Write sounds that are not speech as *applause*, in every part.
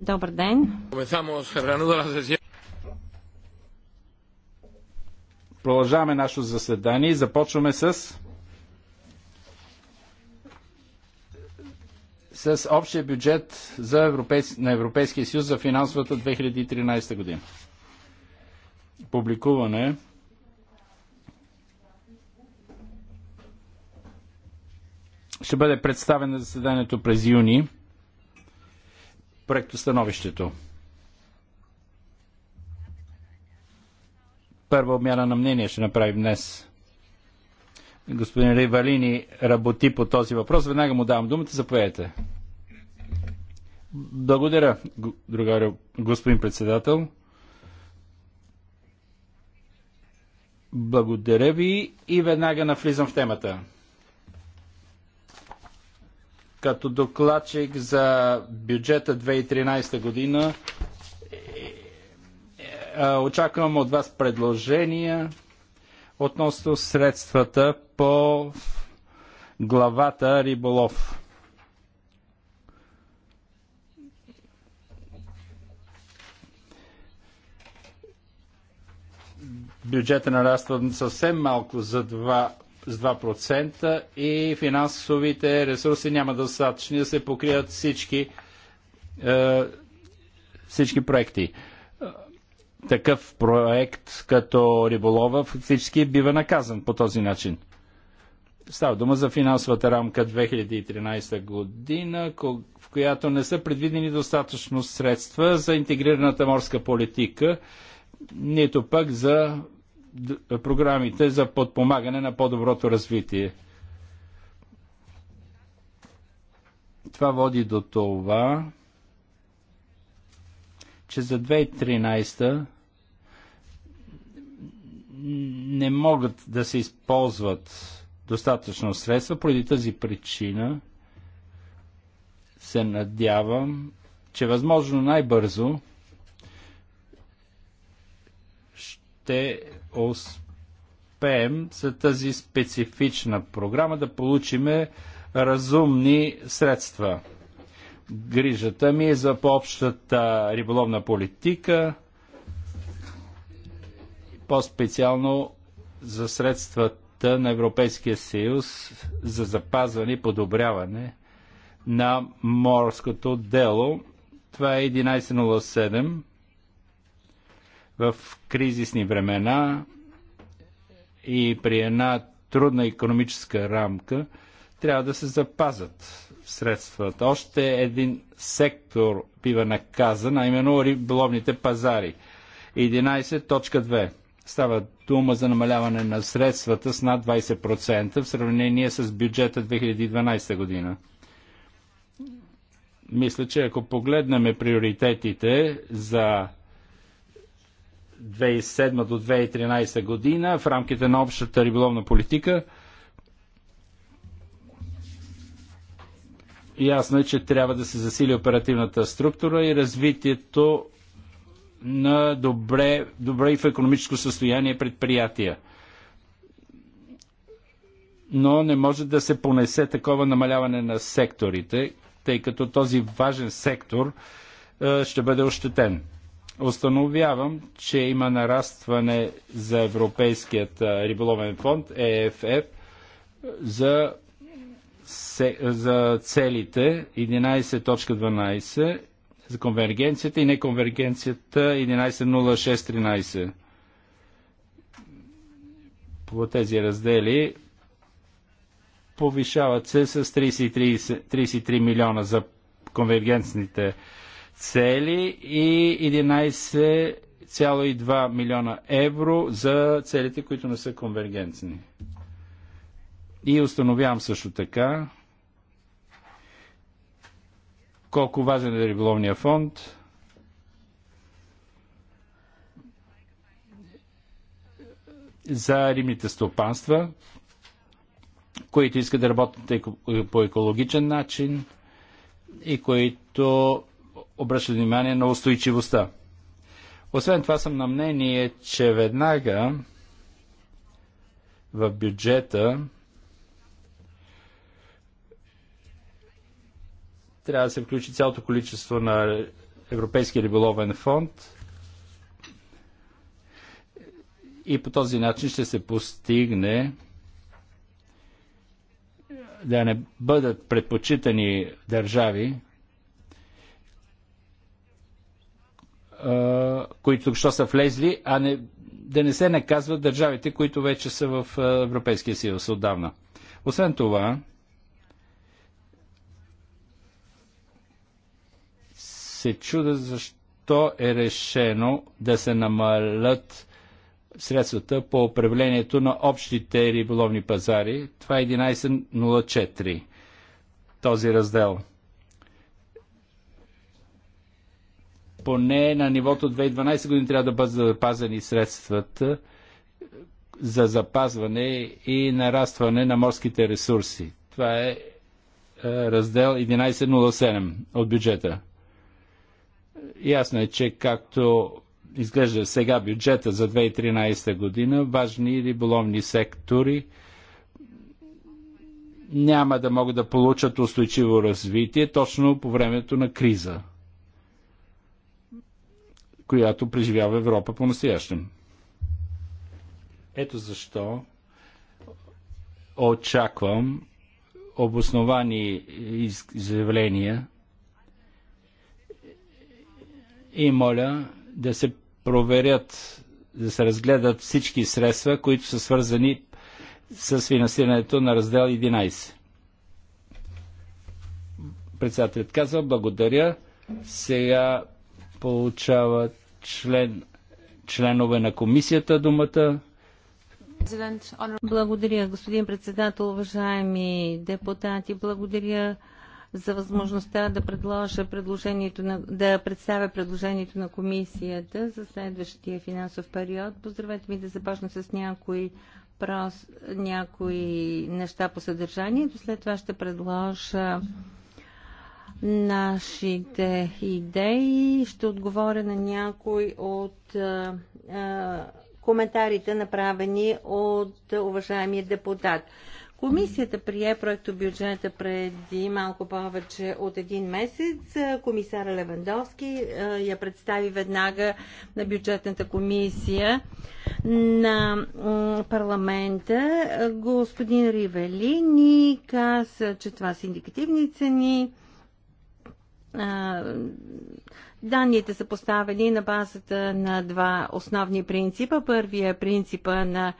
Добър ден. Продължаваме нашето заседание и започваме с с общия бюджет за Европейс... на Европейския съюз за финансовата 2013 година. Публикуване ще бъде представен на заседанието през юни проектостановището. Първа обмяна на мнение ще направим днес. Господин Ривалини работи по този въпрос. Веднага му давам думата. Заповядайте. Благодаря, другаря, господин председател. Благодаря ви и веднага навлизам в темата като докладчик за бюджета 2013 година е, е, очаквам от вас предложения относно средствата по главата Риболов. Бюджета нараства съвсем малко за два с 2% и финансовите ресурси няма достатъчни да се покрият всички, е, всички проекти. Такъв проект като риболова фактически бива наказан по този начин. Става дума за финансовата рамка 2013 година, в която не са предвидени достатъчно средства за интегрираната морска политика, нито пък за програмите за подпомагане на по-доброто развитие. Това води до това, че за 2013 не могат да се използват достатъчно средства. Поради тази причина се надявам, че възможно най-бързо ще успеем за тази специфична програма да получиме разумни средства. Грижата ми е за по-общата риболовна политика, по-специално за средствата на Европейския съюз за запазване и подобряване на морското дело. Това е 1107 в кризисни времена и при една трудна економическа рамка трябва да се запазят средствата. Още един сектор бива наказан, а именно риболовните пазари. 11.2 Става дума за намаляване на средствата с над 20% в сравнение с бюджета 2012 година. Мисля, че ако погледнем приоритетите за 2007 до 2013 година в рамките на общата риболовна политика. Ясно е, че трябва да се засили оперативната структура и развитието на добре, добре и в економическо състояние предприятия. Но не може да се понесе такова намаляване на секторите, тъй като този важен сектор е, ще бъде ощетен установявам, че има нарастване за Европейският риболовен фонд ЕФФ за, за целите 11.12 за конвергенцията и неконвергенцията 11.06.13. По тези раздели повишават се с 33, 33 милиона за конвергентните цели и 11,2 милиона евро за целите, които не са конвергентни. И установявам също така колко важен е риболовния фонд. за римните стопанства, които искат да работят по екологичен начин и които обръща внимание на устойчивостта. Освен това съм на мнение, че веднага в бюджета трябва да се включи цялото количество на Европейския риболовен фонд и по този начин ще се постигне да не бъдат предпочитани държави, които що са влезли, а не, да не се наказват държавите, които вече са в Европейския съюз отдавна. Освен това, се чуда защо е решено да се намалят средствата по управлението на общите риболовни пазари. Това е 1104, този раздел – поне на нивото 2012 години трябва да бъдат запазени средствата за запазване и нарастване на морските ресурси. Това е, е раздел 1107 от бюджета. Ясно е, че както изглежда сега бюджета за 2013 година, важни риболовни сектори няма да могат да получат устойчиво развитие точно по времето на криза която преживява Европа по-настоящем. Ето защо очаквам обосновани изявления и моля да се проверят, да се разгледат всички средства, които са свързани с финансирането на раздел 11. Председателят казва, благодаря. Сега получават член, членове на комисията думата. Благодаря, господин председател, уважаеми депутати. Благодаря за възможността да предложа предложението на, да представя предложението на комисията за следващия финансов период. Поздравете ми да започна с някои прос, някои неща по съдържанието. След това ще предложа нашите идеи. Ще отговоря на някой от а, а, коментарите, направени от уважаемия депутат. Комисията прие проекто бюджета преди малко повече от един месец. Комисара Левандовски я представи веднага на бюджетната комисия на парламента. Господин Ривелини каза, че това са индикативни цени. Данните са поставени на базата на два основни принципа. Първия е принципа на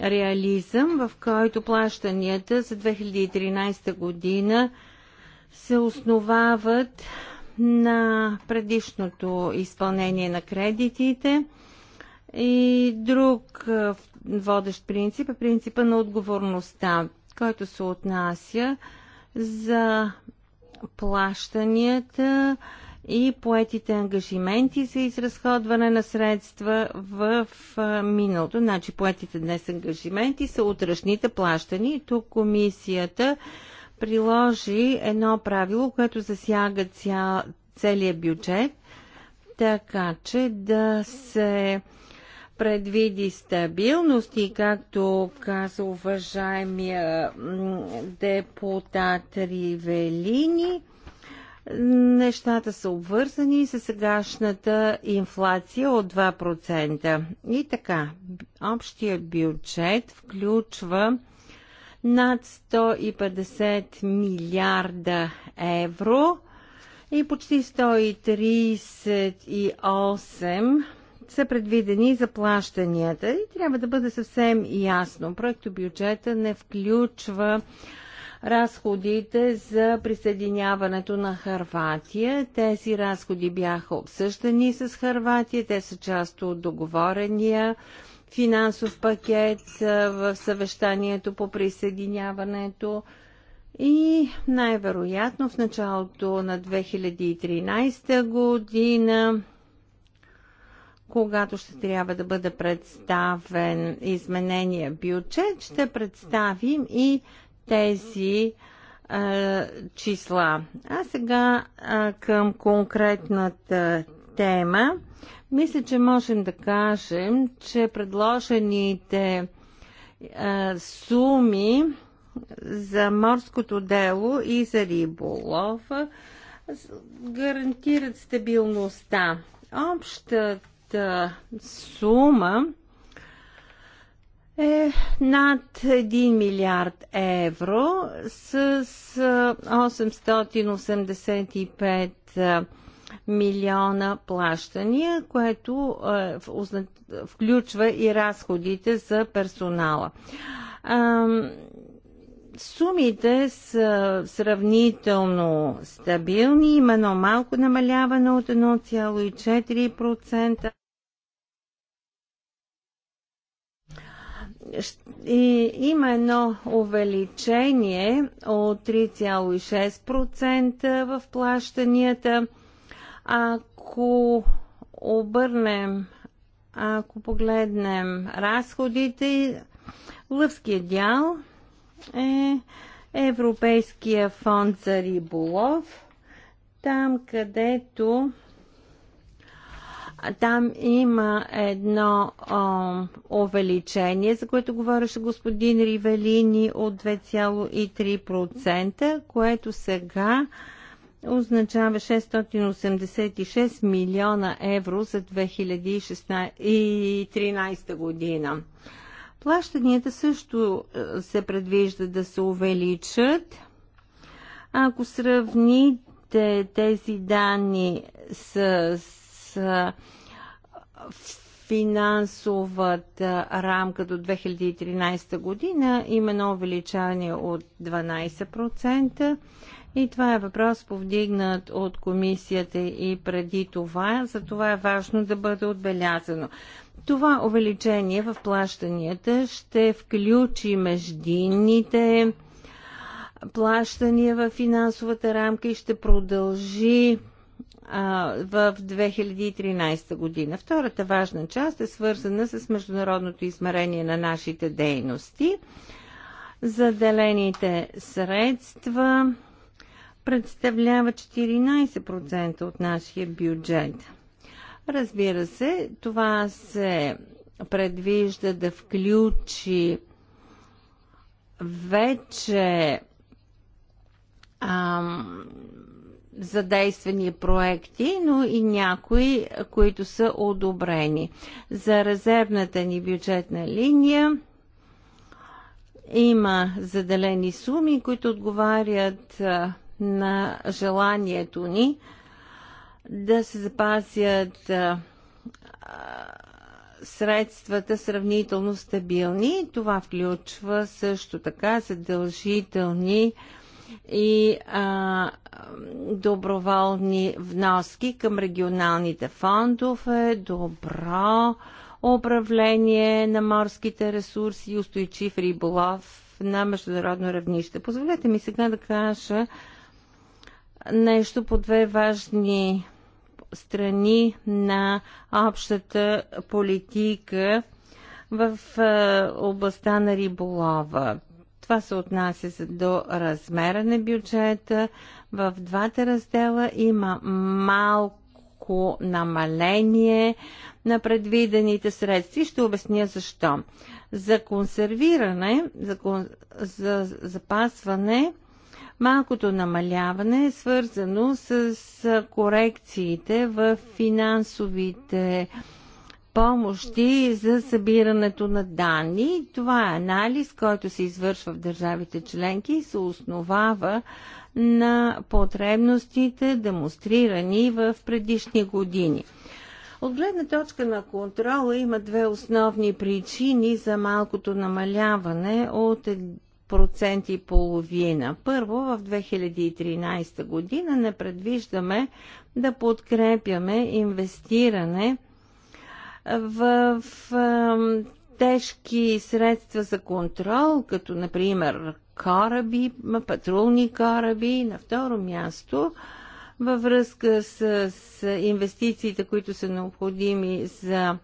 реализъм, в който плащанията за 2013 година се основават на предишното изпълнение на кредитите. И друг водещ принцип е принципа на отговорността, който се отнася за плащанията и поетите ангажименти за изразходване на средства в миналото. Значи поетите днес ангажименти са утрешните плащани. тук комисията приложи едно правило, което засяга ця, целият бюджет, така че да се предвиди стабилност и както каза уважаемия депутат Ривелини, нещата са обвързани с сегашната инфлация от 2%. И така, общият бюджет включва над 150 милиарда евро и почти 138 са предвидени заплащанията и трябва да бъде съвсем ясно. Проекто бюджета не включва разходите за присъединяването на Харватия. Тези разходи бяха обсъждани с Харватия, те са част от договорения финансов пакет в съвещанието по присъединяването. И най-вероятно в началото на 2013 година когато ще трябва да бъде представен изменения бюджет, ще представим и тези а, числа. А сега а, към конкретната тема. Мисля, че можем да кажем, че предложените а, суми за морското дело и за риболов гарантират стабилността. Общата сума е над 1 милиард евро с 885 милиона плащания, което включва и разходите за персонала. Сумите са сравнително стабилни, има едно малко намаляване от 1,4%. и има едно увеличение от 3,6% в плащанията. Ако обърнем, ако погледнем разходите, лъвския дял е Европейския фонд за риболов, там където там има едно о, увеличение, за което говореше господин Ривелини от 2,3%, което сега означава 686 милиона евро за 2013 година. Плащанията също се предвижда да се увеличат. Ако сравните тези данни с финансовата рамка до 2013 година има именно увеличаване от 12%. И това е въпрос повдигнат от комисията и преди това, за това е важно да бъде отбелязано. Това увеличение в плащанията ще включи междинните плащания в финансовата рамка и ще продължи в 2013 година. Втората важна част е свързана с международното измерение на нашите дейности. Заделените средства представлява 14% от нашия бюджет. Разбира се, това се предвижда да включи вече ам, задействани проекти, но и някои, които са одобрени. За резервната ни бюджетна линия има заделени суми, които отговарят на желанието ни да се запазят средствата сравнително стабилни. Това включва също така задължителни и а, доброволни вноски към регионалните фондове, добро управление на морските ресурси и устойчив риболов на международно равнище. Позволете ми сега да кажа нещо по две важни страни на общата политика в областта на риболова. Това се отнася до размера на бюджета. В двата раздела има малко намаление на предвидените средства и ще обясня защо. За консервиране, за, кон... за запасване, малкото намаляване е свързано с корекциите в финансовите помощи за събирането на данни. Това е анализ, който се извършва в държавите членки и се основава на потребностите, демонстрирани в предишни години. От гледна точка на контрола има две основни причини за малкото намаляване от процент и половина. Първо, в 2013 година не предвиждаме да подкрепяме инвестиране – в, в тежки средства за контрол, като например кораби, патрулни кораби. На второ място, във връзка с, с инвестициите, които са необходими за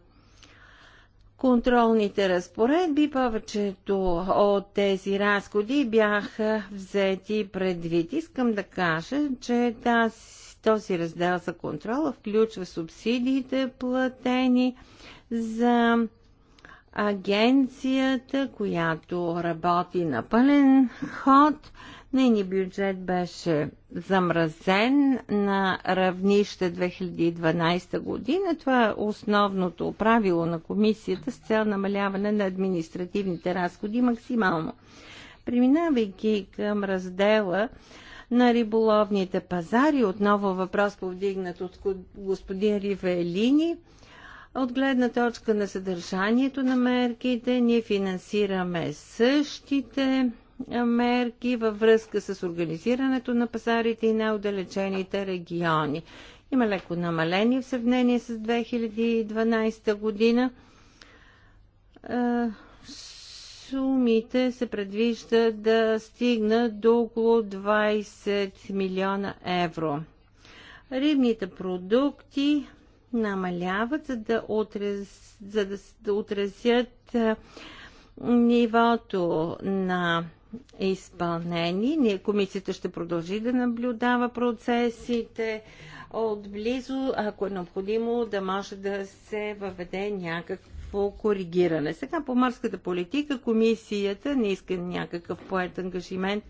контролните разпоредби, повечето от тези разходи бяха взети предвид. Искам да кажа, че тази този раздел за контрола включва субсидиите платени за агенцията, която работи на пълен ход. Нейни бюджет беше замразен на равнище 2012 година. Това е основното правило на комисията с цел намаляване на административните разходи максимално. Преминавайки към раздела на риболовните пазари. Отново въпрос повдигнат от господин Ривелини. От гледна точка на съдържанието на мерките, ние финансираме същите мерки във връзка с организирането на пазарите и на отдалечените региони. Има леко намаление в сравнение с 2012 година. Сумите се предвижда да стигна до около 20 милиона евро. Рибните продукти намаляват, за да, отраз, за да, да отразят нивото на изпълнение. Ние комисията ще продължи да наблюдава процесите отблизо, ако е необходимо да може да се въведе някакъв някакво коригиране. Сега по морската политика комисията не иска някакъв поет ангажимент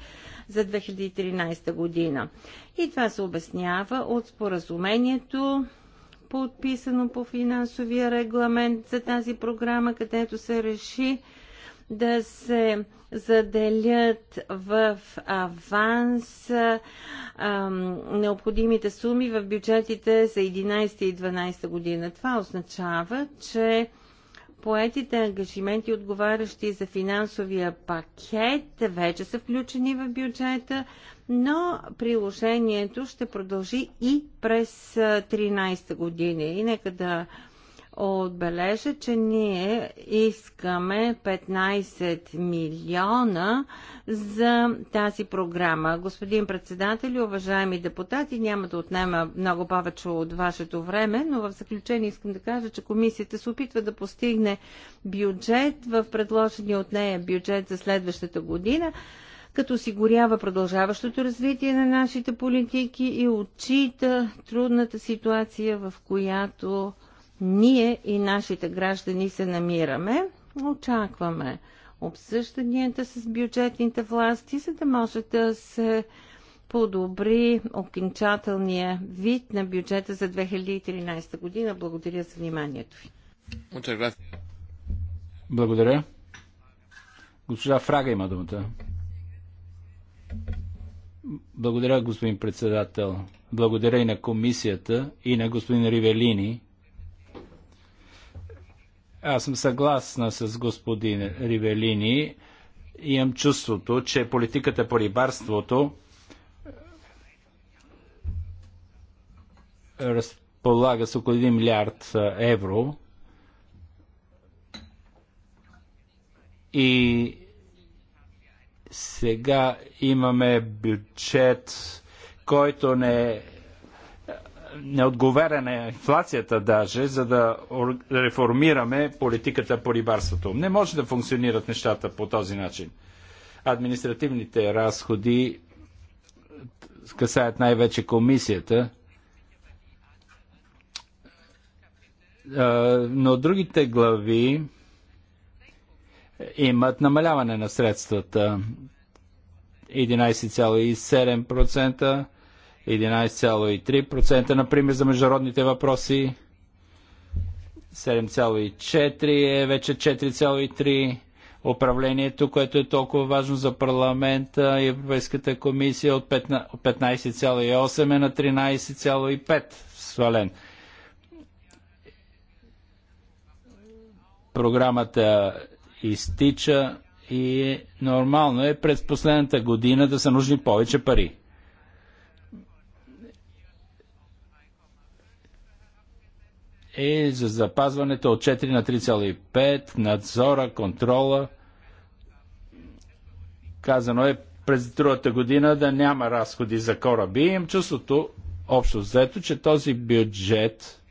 за 2013 година. И това се обяснява от споразумението подписано по финансовия регламент за тази програма, където се реши да се заделят в аванс а, необходимите суми в бюджетите за 11 и 12 година. Това означава, че поетите ангажименти, отговарящи за финансовия пакет, вече са включени в бюджета, но приложението ще продължи и през 13 години. И нека да отбележа, че ние искаме 15 милиона за тази програма. Господин председател, уважаеми депутати, няма да отнема много повече от вашето време, но в заключение искам да кажа, че комисията се опитва да постигне бюджет в предложения от нея бюджет за следващата година като осигурява продължаващото развитие на нашите политики и отчита трудната ситуация, в която ние и нашите граждани се намираме. Очакваме обсъжданията с бюджетните власти, за да може да се подобри окончателния вид на бюджета за 2013 година. Благодаря за вниманието ви. Благодаря. Госпожа Фрага има думата. Благодаря, господин председател. Благодаря и на комисията, и на господин Ривелини аз съм съгласна с господин Ривелини. Имам чувството, че политиката по рибарството е, разполага с около 1 милиард е, евро. И сега имаме бюджет, който не е не отговаря на инфлацията даже, за да реформираме политиката по рибарството. Не може да функционират нещата по този начин. Административните разходи касаят най-вече комисията, но другите глави имат намаляване на средствата. 11,7% 11,3%, например, за международните въпроси. 7,4 е вече 4,3. Управлението, което е толкова важно за парламента и Европейската комисия от 15,8 е на 13,5 свален. Програмата изтича и е нормално е през последната година да са нужни повече пари. и е за запазването от 4 на 3,5, надзора, контрола. Казано е през другата година да няма разходи за кораби. Имам им чувството общо взето, че този бюджет,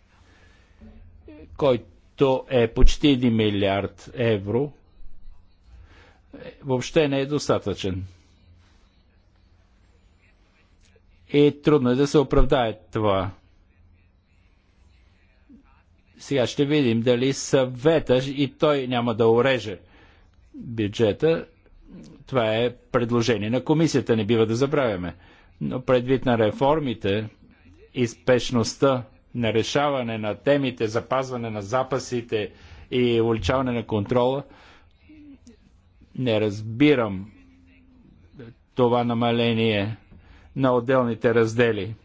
който е почти 1 милиард евро, въобще не е достатъчен. И трудно е да се оправдае това. Сега ще видим дали съвета и той няма да уреже бюджета. Това е предложение на комисията, не бива да забравяме. Но предвид на реформите и спешността на решаване на темите, запазване на запасите и увеличаване на контрола, не разбирам това намаление на отделните раздели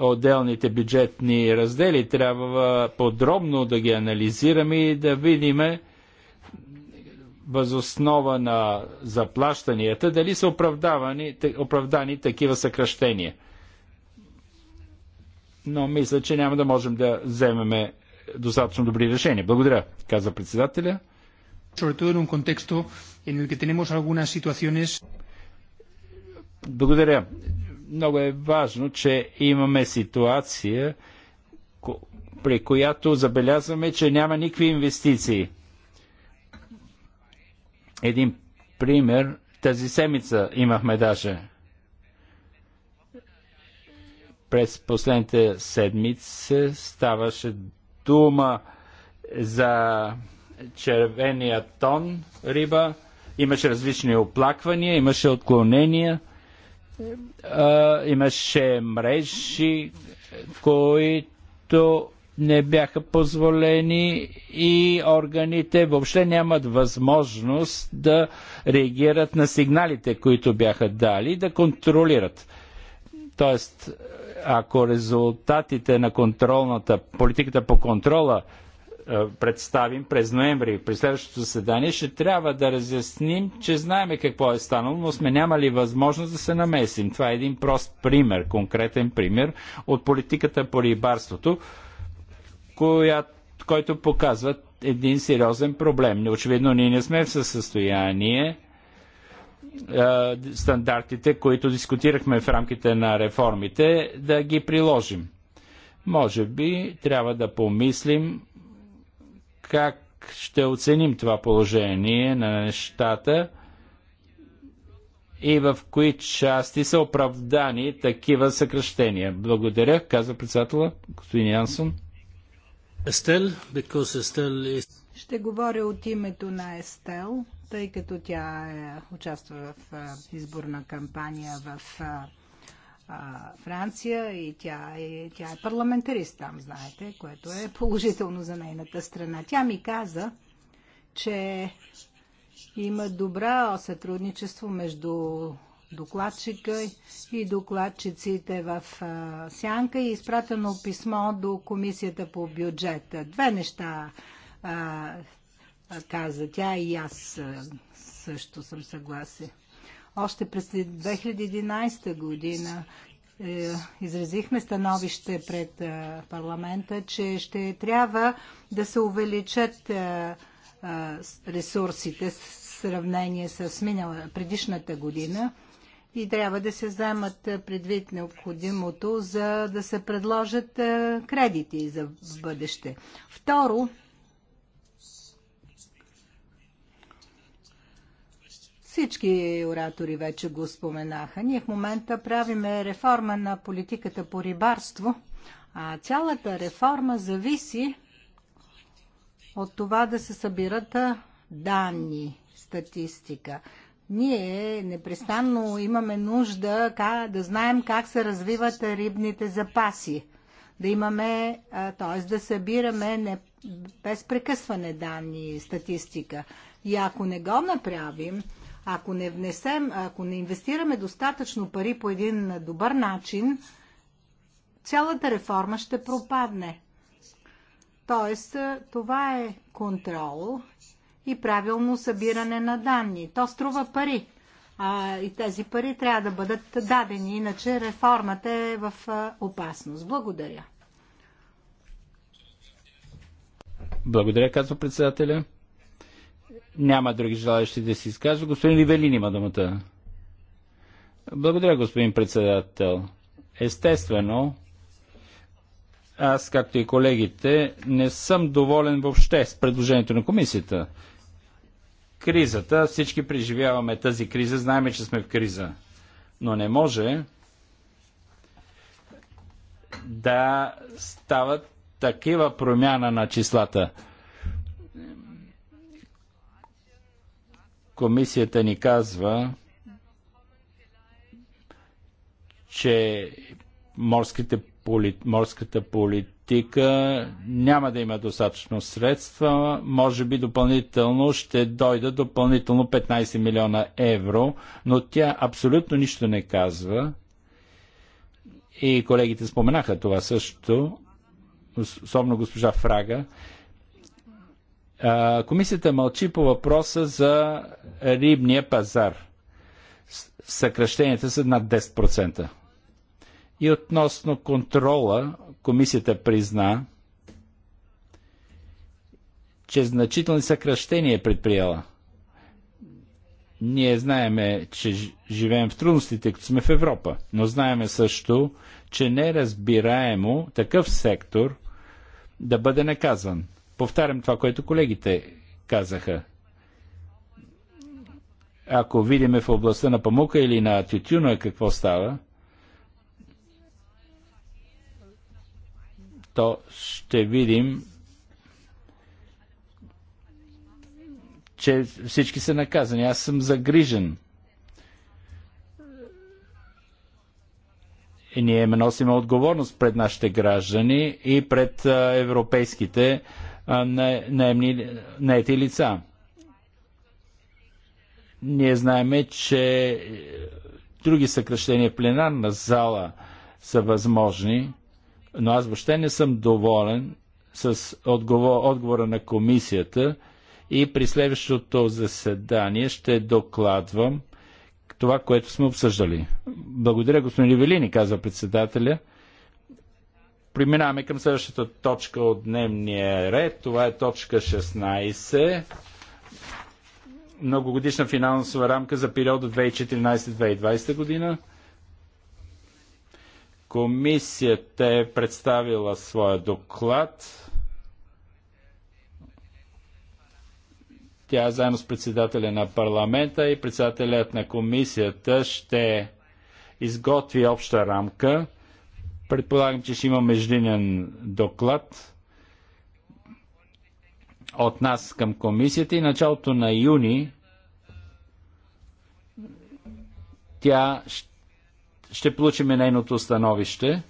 отделните бюджетни раздели. Трябва подробно да ги анализираме и да видим възоснова на заплащанията дали са оправдани, оправдани такива съкръщения. Но мисля, че няма да можем да вземеме достатъчно добри решения. Благодаря, каза председателя. Sobre todo en un contexto en el que tenemos algunas situaciones. Благодаря много е важно, че имаме ситуация, при която забелязваме, че няма никакви инвестиции. Един пример, тази семица имахме даже. През последните седмици ставаше дума за червения тон риба. Имаше различни оплаквания, имаше отклонения – а, имаше мрежи, които не бяха позволени и органите въобще нямат възможност да реагират на сигналите, които бяха дали, да контролират. Тоест, ако резултатите на контролната, политиката по контрола е, представим през ноември, при следващото заседание, ще трябва да разясним, че знаеме какво е станало, но сме нямали възможност да се намесим. Това е един прост пример, конкретен пример от политиката по рибарството, коя, който показва един сериозен проблем. Очевидно, ние не сме в състояние е, стандартите, които дискутирахме в рамките на реформите, да ги приложим. Може би трябва да помислим как ще оценим това положение на нещата и в кои части са оправдани такива съкръщения. Благодаря, казва председателът, господин Янсон. is... Ще говоря от името на Естел, тъй като тя е, участва в изборна кампания в а, Франция и тя е, тя е парламентарист там, знаете, което е положително за нейната страна. Тя ми каза, че има добра сътрудничество между докладчика и докладчиците в а, Сянка и е изпратено писмо до Комисията по бюджета. Две неща а, каза тя и аз също съм съгласен. Още през 2011 година е, изразихме становище пред е, парламента, че ще трябва да се увеличат е, ресурсите в сравнение с минала, предишната година и трябва да се вземат предвид необходимото, за да се предложат кредити за бъдеще. Второ, Всички оратори вече го споменаха. Ние в момента правиме реформа на политиката по рибарство, а цялата реформа зависи от това да се събират данни, статистика. Ние непрестанно имаме нужда да знаем как се развиват рибните запаси. Да имаме, т.е. да събираме не, без прекъсване данни, статистика. И ако не го направим, ако не внесем, ако не инвестираме достатъчно пари по един добър начин, цялата реформа ще пропадне. Тоест, е, това е контрол и правилно събиране на данни. То струва пари. А, и тези пари трябва да бъдат дадени, иначе реформата е в е, опасност. Благодаря. Благодаря, казва председателя. Няма други желаящи да се изкажат. Господин Ливелин има думата. Благодаря, господин председател. Естествено, аз, както и колегите, не съм доволен въобще с предложението на комисията. Кризата, всички преживяваме тази криза, знаем, че сме в криза. Но не може да стават такива промяна на числата. комисията ни казва, че морските полит, морската политика няма да има достатъчно средства. Може би допълнително ще дойда допълнително 15 милиона евро, но тя абсолютно нищо не казва. И колегите споменаха това също, особено госпожа Фрага комисията мълчи по въпроса за рибния пазар. Съкръщенията са над 10%. И относно контрола, комисията призна, че значителни съкръщения е предприела. Ние знаеме, че живеем в трудностите, като сме в Европа, но знаеме също, че не е разбираемо такъв сектор да бъде наказан повтарям това, което колегите казаха. Ако видиме в областта на памука или на тютюна какво става, то ще видим, че всички са наказани. Аз съм загрижен. И ние носим отговорност пред нашите граждани и пред европейските наемни, наети лица. Ние знаеме, че е, други съкръщения пленарна зала са възможни, но аз въобще не съм доволен с отговор, отговора на комисията и при следващото заседание ще докладвам това, което сме обсъждали. Благодаря, господин Ливелини, казва председателя. Преминаваме към следващата точка от дневния ред. Това е точка 16. Многогодишна финансова рамка за периода 2014-2020 година. Комисията е представила своя доклад. Тя е заедно с председателя на парламента и председателят на комисията ще изготви обща рамка Предполагам, че ще има междинен доклад от нас към комисията и началото на юни тя ще получим нейното становище,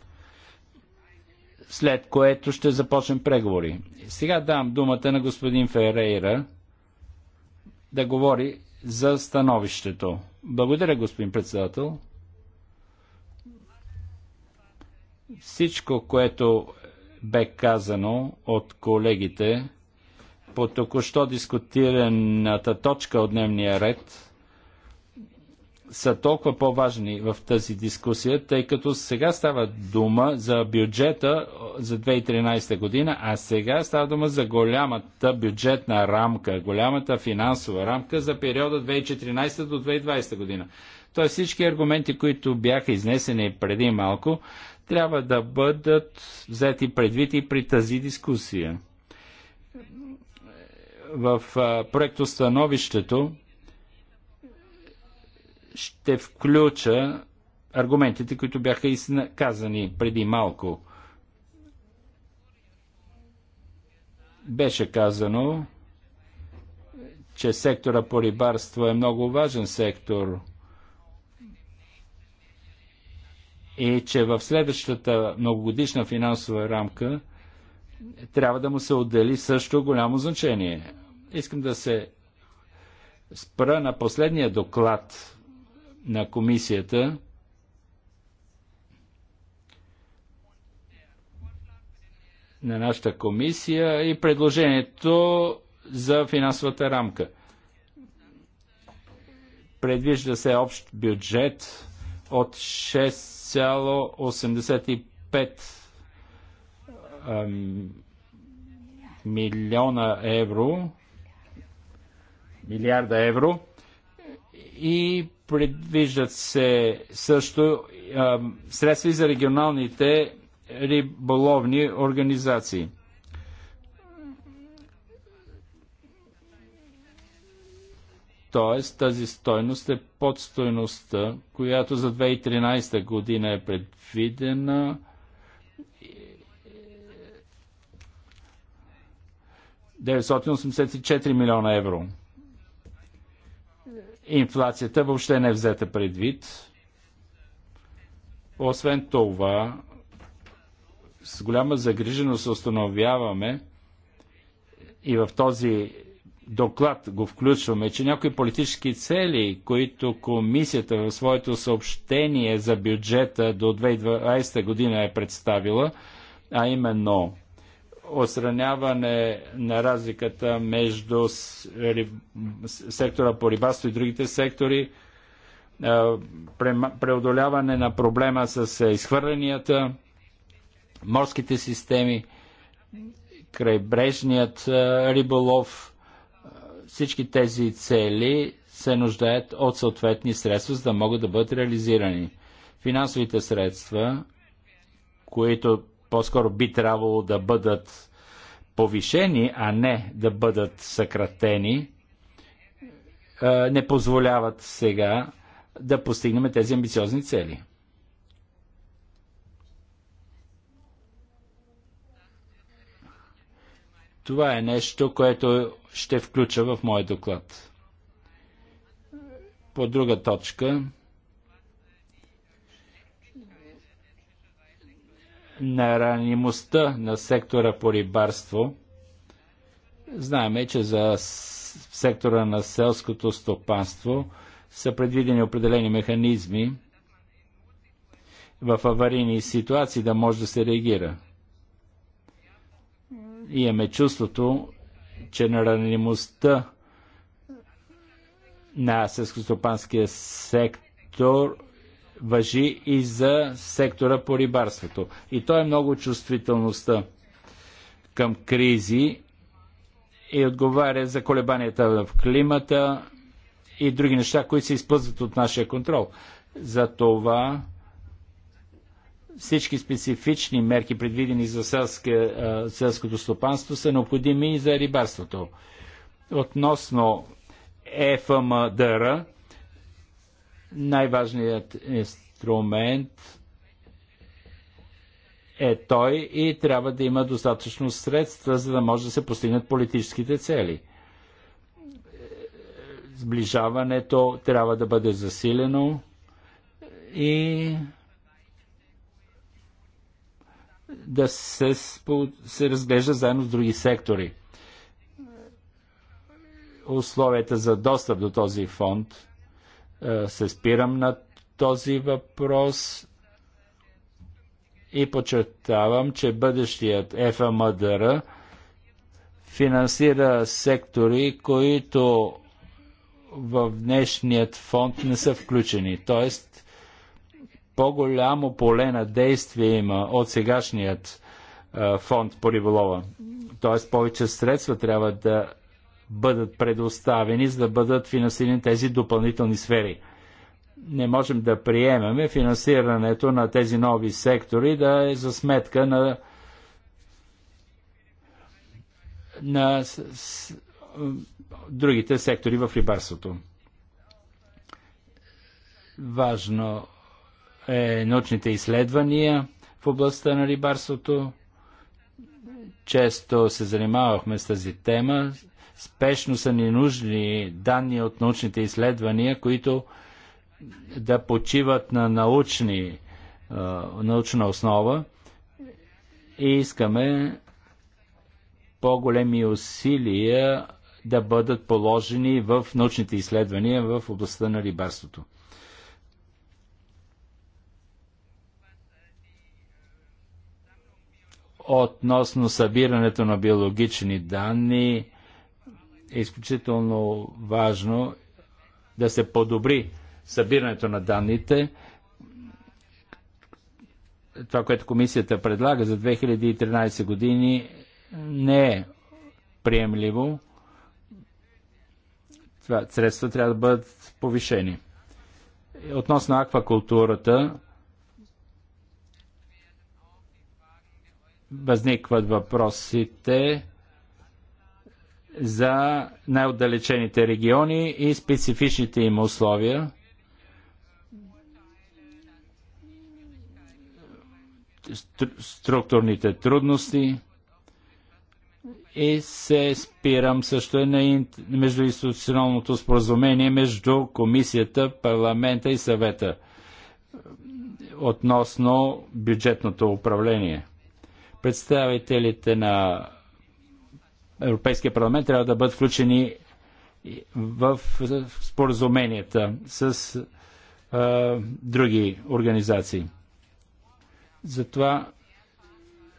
след което ще започнем преговори. Сега дам думата на господин Ферейра да говори за становището. Благодаря, господин председател. Всичко, което бе казано от колегите по току-що дискутираната точка от дневния ред, са толкова по-важни в тази дискусия, тъй като сега става дума за бюджета за 2013 година, а сега става дума за голямата бюджетна рамка, голямата финансова рамка за периода 2014 до 2020 година. Тоест всички аргументи, които бяха изнесени преди малко, трябва да бъдат взети предвид и при тази дискусия. В проектостановището ще включа аргументите, които бяха казани преди малко. Беше казано, че сектора по рибарство е много важен сектор – е, че в следващата многогодишна финансова рамка трябва да му се отдели също голямо значение. Искам да се спра на последния доклад на комисията. на нашата комисия и предложението за финансовата рамка. Предвижда се общ бюджет от 6,85 милиона евро, милиарда евро и предвиждат се също средства за регионалните риболовни организации. Т.е. тази стойност е под стойността, която за 2013 година е предвидена. ...984 милиона евро. Инфлацията въобще не е взета предвид. Освен това, с голяма загриженост установяваме и в този доклад го включваме, че някои политически цели, които комисията в своето съобщение за бюджета до 2020 година е представила, а именно осраняване на разликата между сектора по рибарство и другите сектори, преодоляване на проблема с е, изхвърленията, морските системи, крайбрежният риболов, всички тези цели се нуждаят от съответни средства, за да могат да бъдат реализирани. Финансовите средства, които по-скоро би трябвало да бъдат повишени, а не да бъдат съкратени, не позволяват сега да постигнем тези амбициозни цели. Това е нещо, което ще включа в моя доклад. По друга точка, на ранимостта на сектора по рибарство, знаеме, че за сектора на селското стопанство са предвидени определени механизми в аварийни ситуации да може да се реагира имаме чувството, че наранеността на селскостопанския сектор въжи и за сектора по рибарството. И то е много чувствителността към кризи и отговаря за колебанията в климата и други неща, които се изпъзват от нашия контрол. За това всички специфични мерки, предвидени за селска, селското стопанство, са необходими и за рибарството. Относно ЕФМДР, най-важният инструмент е той и трябва да има достатъчно средства, за да може да се постигнат политическите цели. Сближаването трябва да бъде засилено и да се, се разглежда заедно с други сектори. Условията за достъп до този фонд е, се спирам на този въпрос и подчертавам, че бъдещият ФМДР финансира сектори, които в днешният фонд не са включени. Тоест, по-голямо поле на действие има от сегашният фонд по риболова. Тоест повече средства трябва да бъдат предоставени, за да бъдат финансирани тези допълнителни сфери. Не можем да приемаме финансирането на тези нови сектори да е за сметка на, на с, с, другите сектори в рибарството. Важно е научните изследвания в областта на рибарството. Често се занимавахме с тази тема. Спешно са ни нужни данни от научните изследвания, които да почиват на научни, научна основа и искаме по-големи усилия да бъдат положени в научните изследвания в областта на рибарството. относно събирането на биологични данни е изключително важно да се подобри събирането на данните. Това, което комисията предлага за 2013 години не е приемливо. Това средства трябва да бъдат повишени. Относно аквакултурата, възникват въпросите за най-отдалечените региони и специфичните им условия. структурните трудности и се спирам също и на междуинституционалното споразумение между комисията, парламента и съвета относно бюджетното управление – представителите на Европейския парламент трябва да бъдат включени в споразуменията с а, други организации. Затова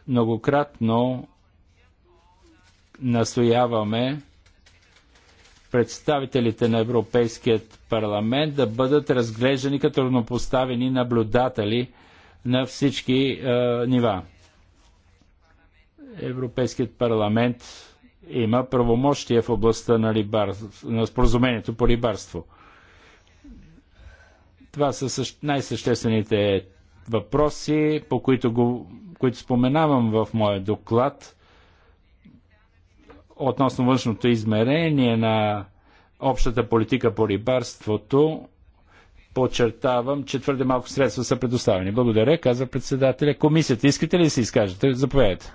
многократно настояваме представителите на Европейският парламент да бъдат разглеждани като равнопоставени наблюдатели на всички а, нива. Европейският парламент има правомощия в областта на, рибар... на споразумението по рибарство. Това са най-съществените въпроси, по които, го... които споменавам в моя доклад относно външното измерение на общата политика по рибарството. Подчертавам, че твърде малко средства са предоставени. Благодаря, каза председателя. Комисията, искате ли да се изкажете? Заповядайте.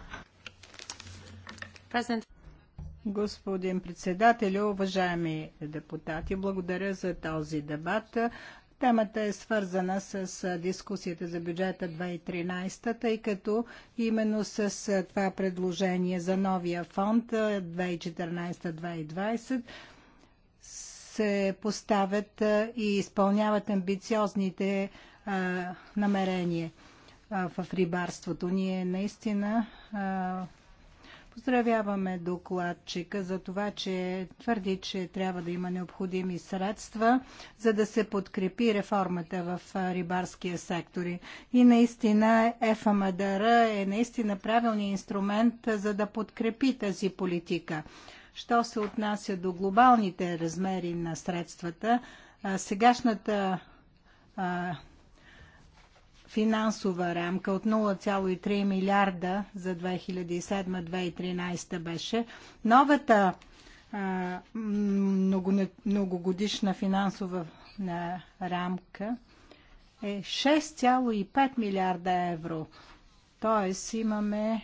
Господин председател, уважаеми депутати, благодаря за този дебат. Темата е свързана с дискусията за бюджета 2013, тъй като именно с това предложение за новия фонд 2014-2020 се поставят и изпълняват амбициозните намерения в рибарството. Ние наистина Поздравяваме докладчика за това, че твърди, че трябва да има необходими средства, за да се подкрепи реформата в рибарския сектор. И наистина ФМДР е наистина правилният инструмент, за да подкрепи тази политика. Що се отнася до глобалните размери на средствата, сегашната финансова рамка от 0,3 милиарда за 2007-2013 беше. Новата многогодишна финансова рамка е 6,5 милиарда евро. Тоест имаме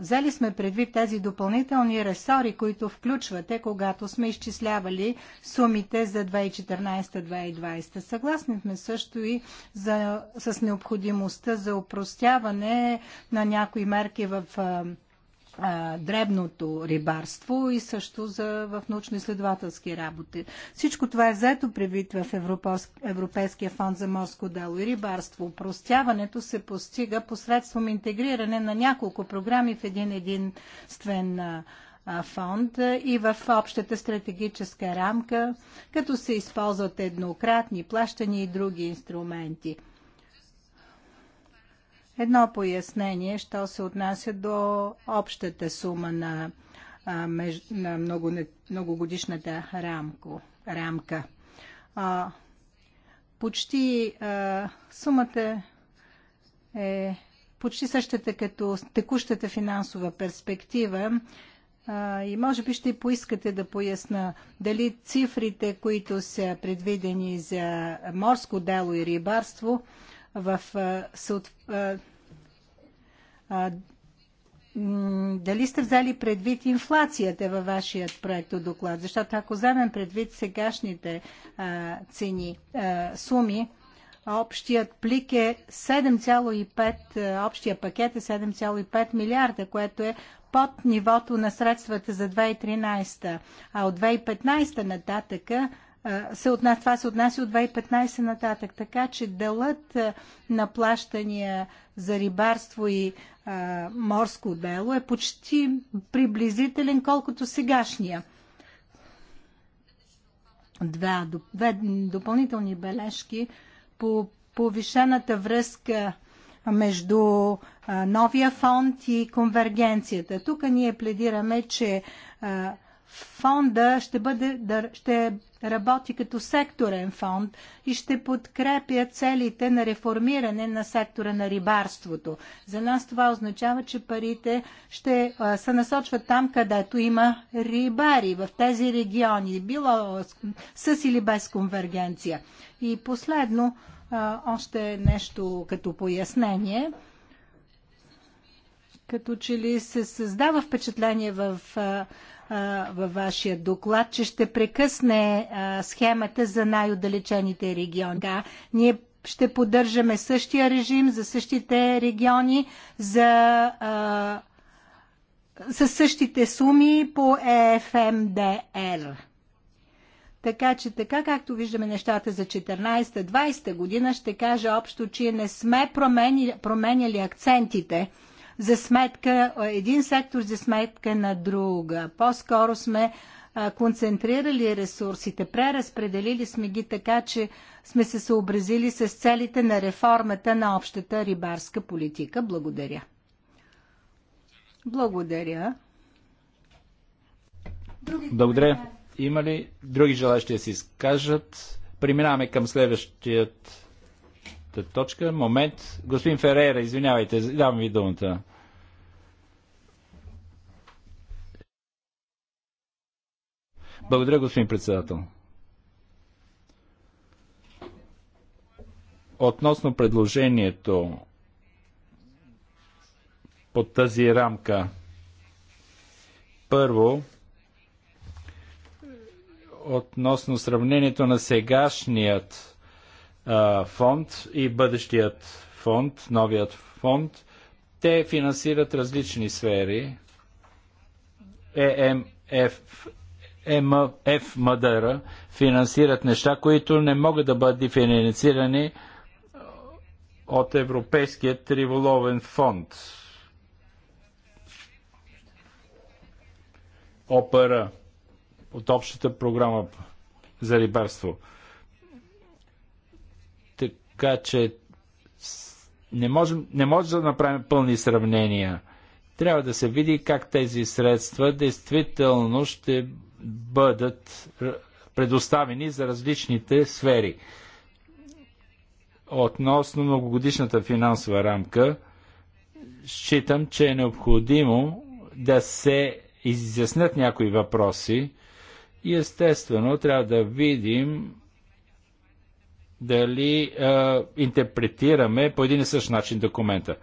взели сме предвид тези допълнителни ресори, които включвате, когато сме изчислявали сумите за 2014-2020. Съгласни сме също и за, с необходимостта за упростяване на някои мерки в а, дребното рибарство и също за, в научно-изследователски работи. Всичко това е взето предвид в Европейския фонд за морско дело и рибарство. Простяването се постига посредством интегриране на няколко програми в един единствен фонд и в общата стратегическа рамка, като се използват еднократни плащания и други инструменти – Едно пояснение, що се отнася до общата сума на, на многогодишната рамко, рамка. А, почти а, сумата е почти същата като текущата финансова перспектива а, и може би ще поискате да поясна дали цифрите, които са предвидени за морско дело и рибарство – в съответствие дали сте взели предвид инфлацията във вашият проекто доклад? Защото ако вземем предвид сегашните а, цени, а, суми, общият плик е 7,5, общия пакет е 7,5 милиарда, което е под нивото на средствата за 2013. А от 2015 нататъка се отнася, това се отнася от 2015 нататък, така че делът на плащания за рибарство и а, морско дело е почти приблизителен колкото сегашния. Два, две допълнителни бележки по повишената връзка между а, новия фонд и конвергенцията. Тук ние пледираме, че а, фонда ще, бъде, да, ще работи като секторен фонд и ще подкрепя целите на реформиране на сектора на рибарството. За нас това означава, че парите ще а, се насочват там, където има рибари, в тези региони, било с или без конвергенция. И последно, а, още нещо като пояснение като че ли се създава впечатление в във вашия доклад, че ще прекъсне схемата за най-отдалечените региони. Да, ние ще поддържаме същия режим за същите региони, за, а, със същите суми по ЕФМДР. Така че така, както виждаме нещата за 14-20 година, ще кажа общо, че не сме променили променяли акцентите за сметка, един сектор за сметка на друга. По-скоро сме концентрирали ресурсите, преразпределили сме ги така, че сме се съобразили с целите на реформата на общата рибарска политика. Благодаря. Благодаря. Други... Благодаря. Има ли други желащи да се изкажат? Преминаваме към следващият следващата точка. Момент. Господин Ферейра, извинявайте, дам ви думата. Благодаря, господин председател. Относно предложението по тази рамка, първо, относно сравнението на сегашният фонд и бъдещият фонд, новият фонд, те финансират различни сфери. ЕМФ, е ФМДР финансират неща, които не могат да бъдат финансирани от Европейският триволовен фонд. ОПР от общата програма за рибарство. Така че не, можем, не може да направим пълни сравнения. Трябва да се види как тези средства действително ще бъдат предоставени за различните сфери. Относно многогодишната финансова рамка, считам, че е необходимо да се изяснят някои въпроси и естествено трябва да видим дали а, интерпретираме по един и същ начин документа.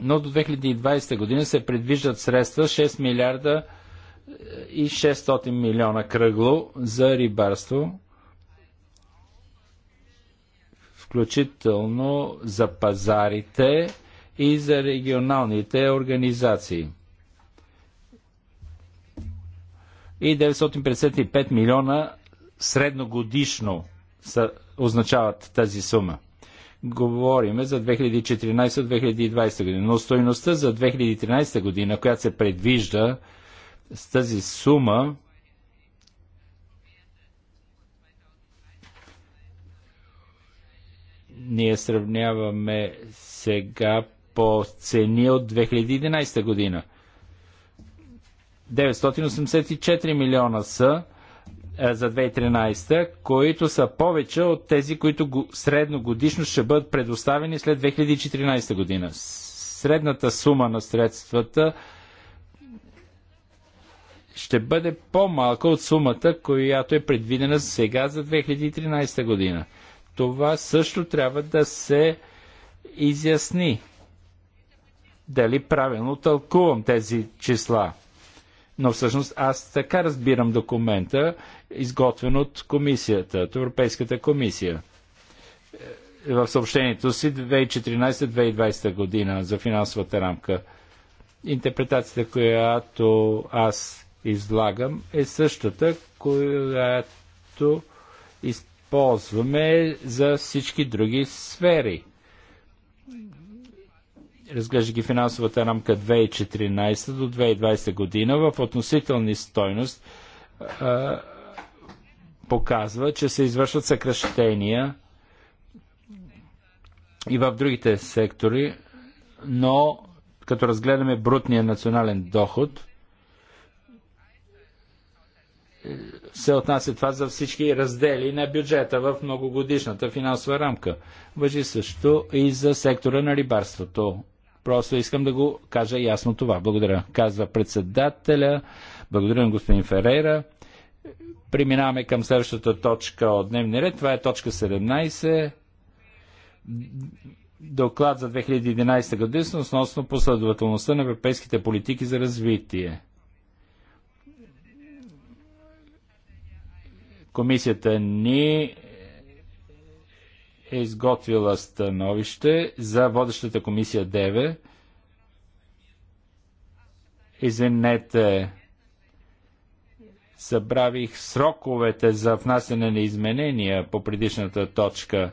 Но до 2020 година се предвиждат средства 6 милиарда и 600 милиона кръгло за рибарство, включително за пазарите и за регионалните организации. И 955 милиона средногодишно са, означават тази сума. Говориме за 2014-2020 година, но стоеността за 2013 година, която се предвижда с тази сума, ние сравняваме сега по цени от 2011 година. 984 милиона са е, за 2013, които са повече от тези, които средно годишно ще бъдат предоставени след 2014 година. Средната сума на средствата ще бъде по-малка от сумата, която е предвидена сега за 2013 година. Това също трябва да се изясни. Дали правилно тълкувам тези числа. Но всъщност аз така разбирам документа изготвен от комисията, от Европейската комисия. Е, в съобщението си 2014-2020 година за финансовата рамка. Интерпретацията, която аз излагам, е същата, която използваме за всички други сфери разглеждайки финансовата рамка 2014 до 2020 година в относителни стойност показва, че се извършват съкръщения и в другите сектори, но като разгледаме брутния национален доход, се отнася това за всички раздели на бюджета в многогодишната финансова рамка. Въжи също и за сектора на рибарството. Просто искам да го кажа ясно това. Благодаря, казва председателя. Благодаря господин Ферейра. Преминаваме към следващата точка от дневния ред. Това е точка 17. Доклад за 2011 година относно последователността на европейските политики за развитие. Комисията ни е изготвила становище за водещата комисия 9. Извинете, събравих сроковете за внасяне на изменения по предишната точка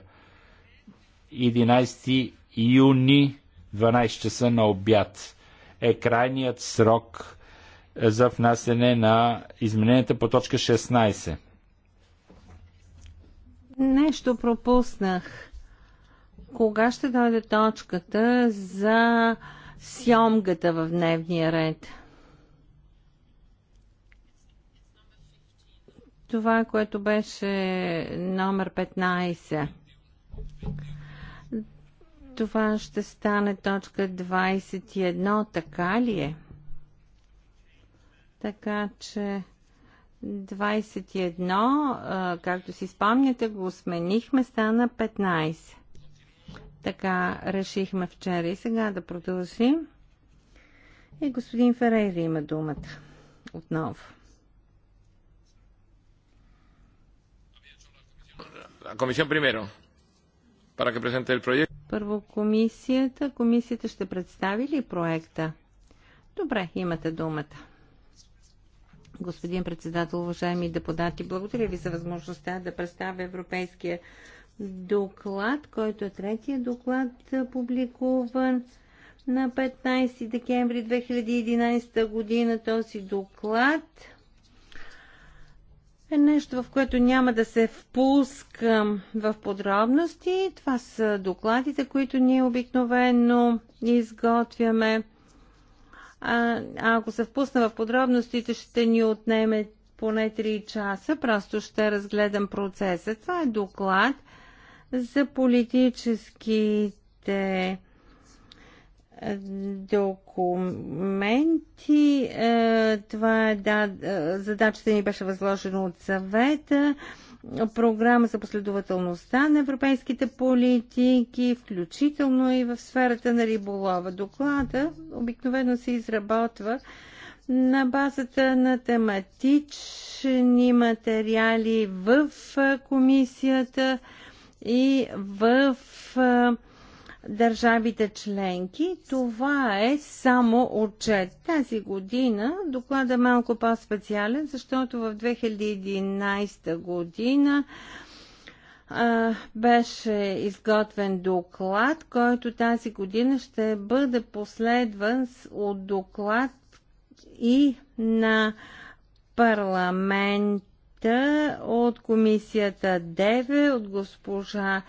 11 юни 12 часа на обяд е крайният срок е, за внасяне на измененията по точка 16. Нещо пропуснах. Кога ще дойде точката за сьомгата в дневния ред? това, което беше номер 15. Това ще стане точка 21, така ли е? Така че 21, както си спомняте, го сменихме, стана 15. Така решихме вчера и сега да продължим. И господин Ферейри има думата отново. La comisión primero, para que presente Първо комисията. Комисията ще представи ли проекта? Добре, имате думата. Господин председател, уважаеми депутати, благодаря ви за възможността да представя Европейския доклад, който е третия доклад, публикуван на 15 декември 2011 година. Този доклад е нещо, в което няма да се впускам в подробности. Това са докладите, които ние обикновено изготвяме. А, ако се впусна в подробностите, ще ни отнеме поне 3 часа. Просто ще разгледам процеса. Това е доклад за политическите документи. Е, това е, да, е, задачата ни беше възложена от съвета. Програма за последователността на европейските политики, включително и в сферата на риболова. Доклада обикновено се изработва на базата на тематични материали в е, комисията и в държавите членки. Това е само отчет. Тази година доклада е малко по-специален, защото в 2011 година беше изготвен доклад, който тази година ще бъде последван от доклад и на парламента от комисията ДЕВЕ, от госпожа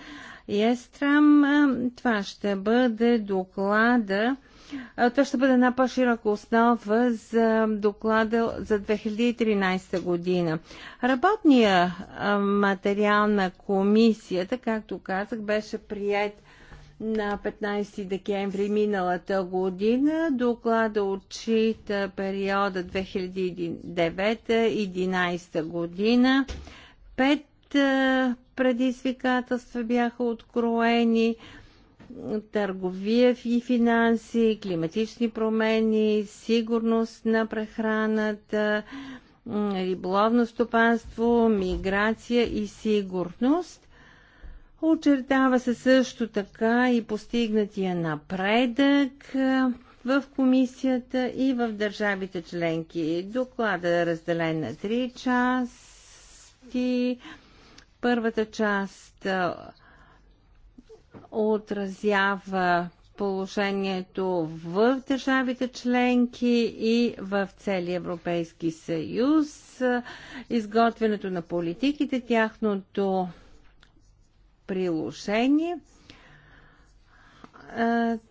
Естрам. Това ще бъде доклада. Това ще бъде една по-широка основа за доклада за 2013 година. Работният материал на комисията, както казах, беше прият на 15 декември миналата година. Доклада отчита периода 2009-2011 година. Пет предизвикателства бяха откроени търговия и финанси, климатични промени, сигурност на прехраната, риболовно стопанство, миграция и сигурност. Очертава се също така и постигнатия напредък в комисията и в държавите членки. Доклада е разделен на три части. Първата част отразява положението в държавите членки и в целия Европейски съюз, изготвянето на политиките, тяхното приложение.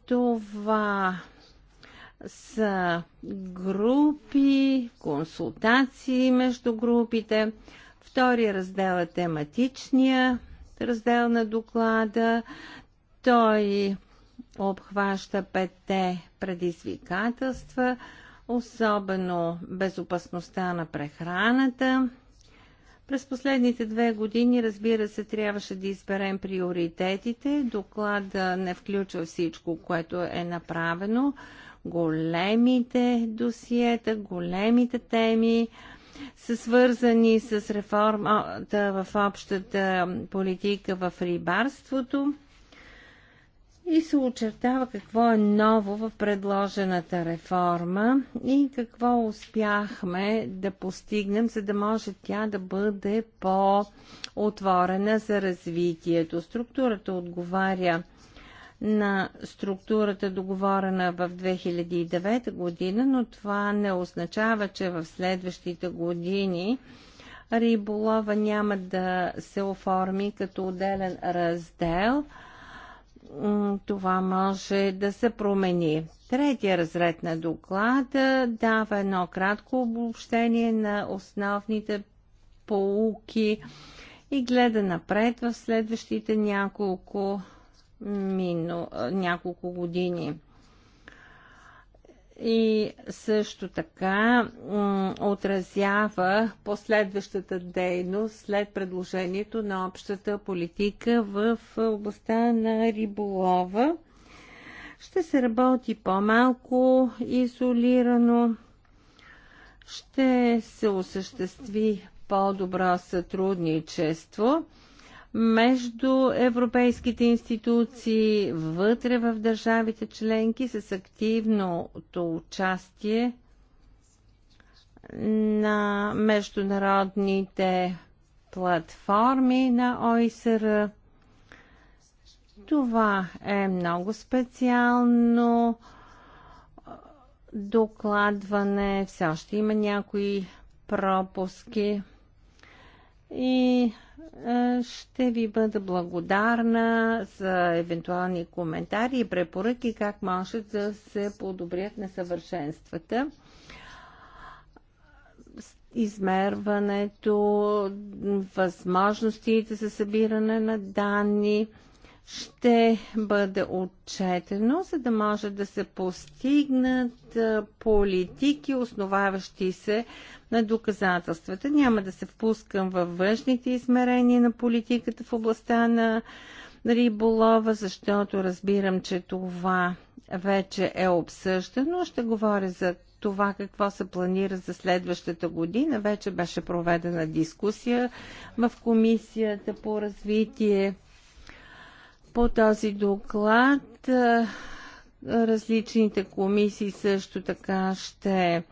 Това са групи, консултации между групите. Втория раздел е тематичния раздел на доклада. Той обхваща петте предизвикателства, особено безопасността на прехраната. През последните две години, разбира се, трябваше да изберем приоритетите. Доклада не включва всичко, което е направено. Големите досиета, големите теми, са свързани с реформата в общата политика в рибарството и се очертава какво е ново в предложената реформа и какво успяхме да постигнем, за да може тя да бъде по-отворена за развитието. Структурата отговаря на структурата договорена в 2009 година, но това не означава, че в следващите години риболова няма да се оформи като отделен раздел. Това може да се промени. Третия разред на доклада дава едно кратко обобщение на основните полуки и гледа напред в следващите няколко мину, няколко години. И също така отразява последващата дейност след предложението на общата политика в областта на риболова. Ще се работи по-малко изолирано, ще се осъществи по-добро сътрудничество между европейските институции, вътре в държавите членки с активното участие на международните платформи на ОИСР. Това е много специално докладване. Все още има някои пропуски. И е, ще ви бъда благодарна за евентуални коментари и препоръки как може да се подобрят несъвършенствата. Измерването, възможностите за събиране на данни – ще бъде отчетено, за да може да се постигнат политики, основаващи се на доказателствата. Няма да се впускам във външните измерения на политиката в областта на риболова, защото разбирам, че това вече е обсъждано. Ще говоря за това какво се планира за следващата година. Вече беше проведена дискусия в Комисията по развитие по този доклад различните комисии също така ще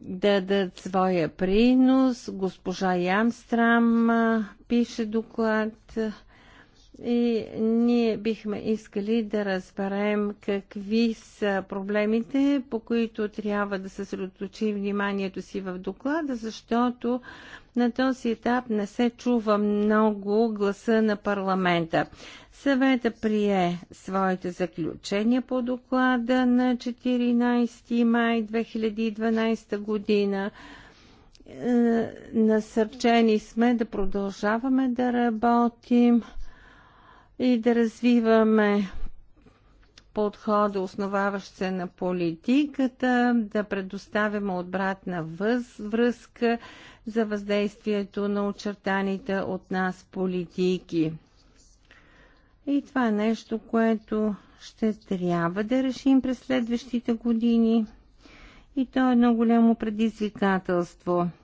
дадат своя принос. Госпожа Ямстрам пише доклад. И ние бихме искали да разберем какви са проблемите, по които трябва да съсредоточи вниманието си в доклада, защото на този етап не се чува много гласа на парламента. Съвета прие своите заключения по доклада на 14 май 2012 година е, насърчени сме да продължаваме да работим и да развиваме подхода, основаващ се на политиката, да предоставяме обратна въз, връзка за въздействието на очертаните от нас политики. И това е нещо, което ще трябва да решим през следващите години. И то е едно голямо предизвикателство –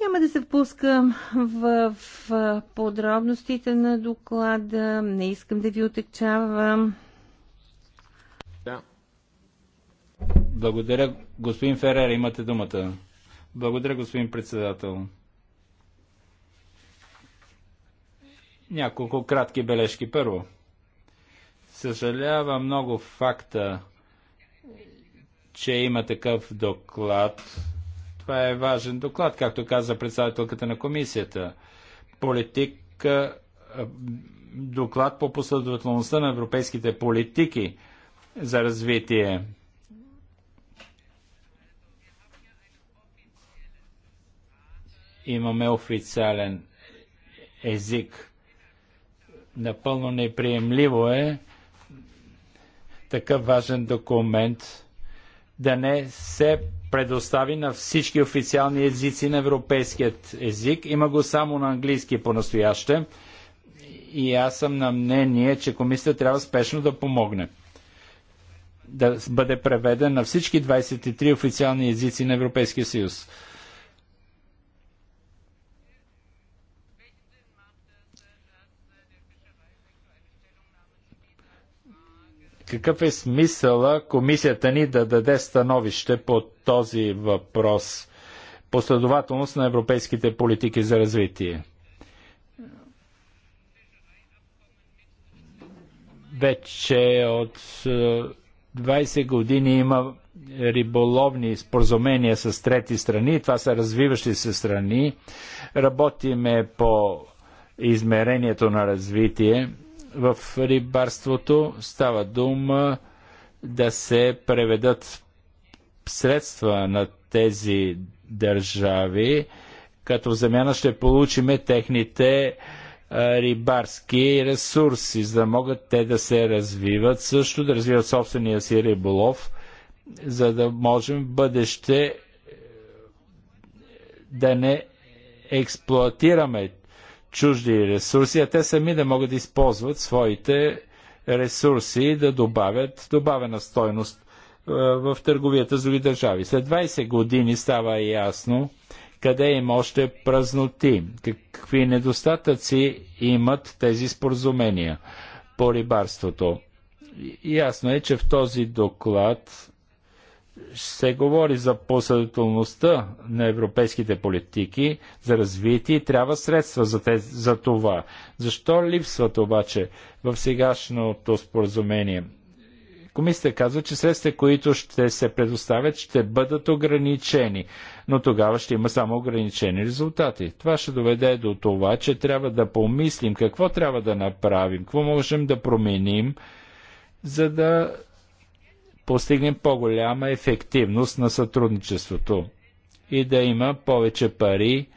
няма да се впускам в, в подробностите на доклада. Не искам да ви отекчавам. Да. Благодаря, господин Ферер, имате думата. Благодаря, господин председател. Няколко кратки бележки. Първо, съжалява много факта, че има такъв доклад това е важен доклад, както каза председателката на комисията. Политик, доклад по последователността на европейските политики за развитие. Имаме официален език. Напълно неприемливо е такъв важен документ да не се предостави на всички официални езици на европейският език. Има го само на английски по-настояще. И аз съм на мнение, че комисията трябва спешно да помогне да бъде преведен на всички 23 официални езици на Европейския съюз. какъв е смисъла комисията ни да даде становище по този въпрос? Последователност на европейските политики за развитие. Вече от 20 е, години има риболовни споразумения с трети страни. Това са развиващи се страни. Работиме по измерението на развитие в рибарството става дума да се преведат средства на тези държави, като в замяна ще получиме техните рибарски ресурси, за да могат те да се развиват също, да развиват собствения си риболов, за да можем в бъдеще е, да не експлоатираме чужди ресурси, а те сами да могат да използват своите ресурси и да добавят добавена стойност е, в търговията с други държави. След 20 години става ясно къде има още празноти, какви недостатъци имат тези споразумения по рибарството. Ясно е, че в този доклад се говори за последователността на европейските политики за развитие и трябва средства за, тези, за това. Защо липсват обаче в сегашното споразумение? Комисията казва, че средствата, които ще се предоставят, ще бъдат ограничени, но тогава ще има само ограничени резултати. Това ще доведе до това, че трябва да помислим какво трябва да направим, какво можем да променим, за да постигнем по-голяма ефективност на сътрудничеството и да има повече пари,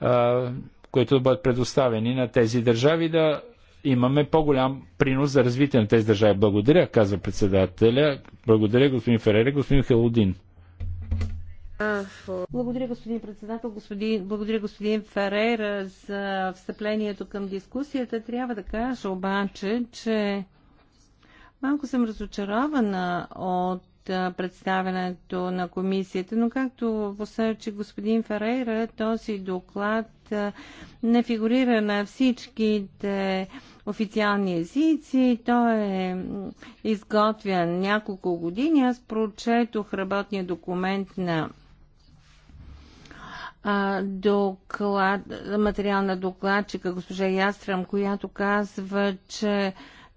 а, които да бъдат предоставени на тези държави, да имаме по-голям принос за развитие на тези държави. Благодаря, казва председателя. Благодаря, господин Ферере, господин Хелудин. Благодаря, господин председател. Господин, благодаря, господин Ферер, за встъплението към дискусията. Трябва да кажа обаче, че Малко съм разочарована от представенето на комисията, но както посочи господин Ферейра, този доклад не фигурира на всичките официални езици. Той е изготвен няколко години. Аз прочетох работния документ на доклад, материал на докладчика госпожа Ястрам, която казва, че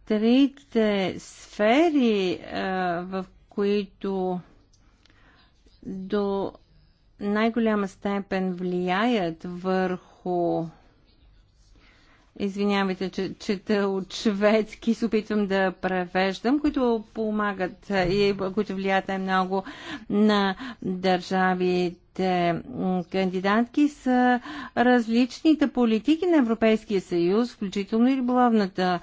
трите сфери, е, в които до най-голяма степен влияят върху Извинявайте, че чета от шведски, се опитвам да превеждам, които помагат и е, които влияят най-много на държавите страните кандидатки са различните политики на Европейския съюз, включително и любовната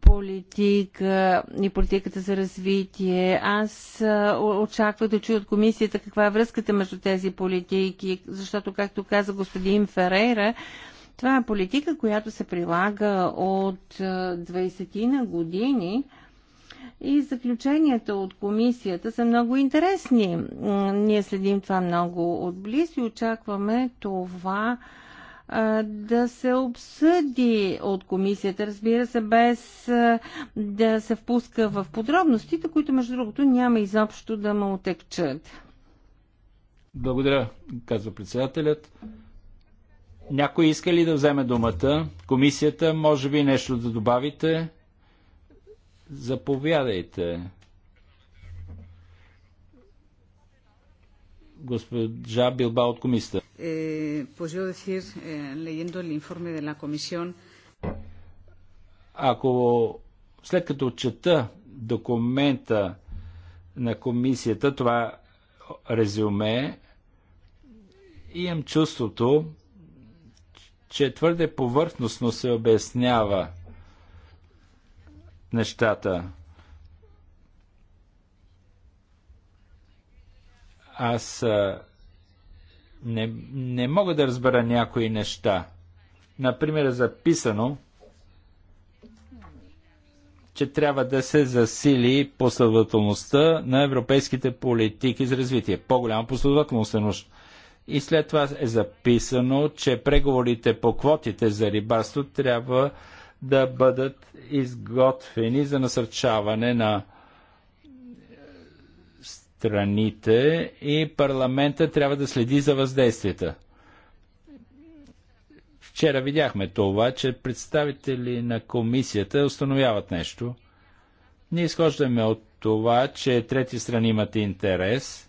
политика и политиката за развитие. Аз очаквах да чуя от комисията каква е връзката между тези политики, защото, както каза господин Ферейра, това е политика, която се прилага от 20 ти на години и заключенията от комисията са много интересни. Ние следим това много отблизо и очакваме това да се обсъди от комисията, разбира се, без да се впуска в подробностите, които, между другото, няма изобщо да ме отекчат. Благодаря, казва председателят. Някой иска ли да вземе думата? Комисията, може би нещо да добавите? Заповядайте. Госпожа Билба от комисията. Е, е, Ако след като чета документа на комисията, това резюме, имам чувството, че твърде повърхностно се обяснява нещата. Аз не, не мога да разбера някои неща. Например, е записано, че трябва да се засили последователността на европейските политики за развитие. По-голяма последователност е нужна. И след това е записано, че преговорите по квотите за рибарство трябва да бъдат изготвени за насърчаване на страните и парламента трябва да следи за въздействията. Вчера видяхме това, че представители на комисията установяват нещо. Ние изхождаме от това, че трети страни имат интерес,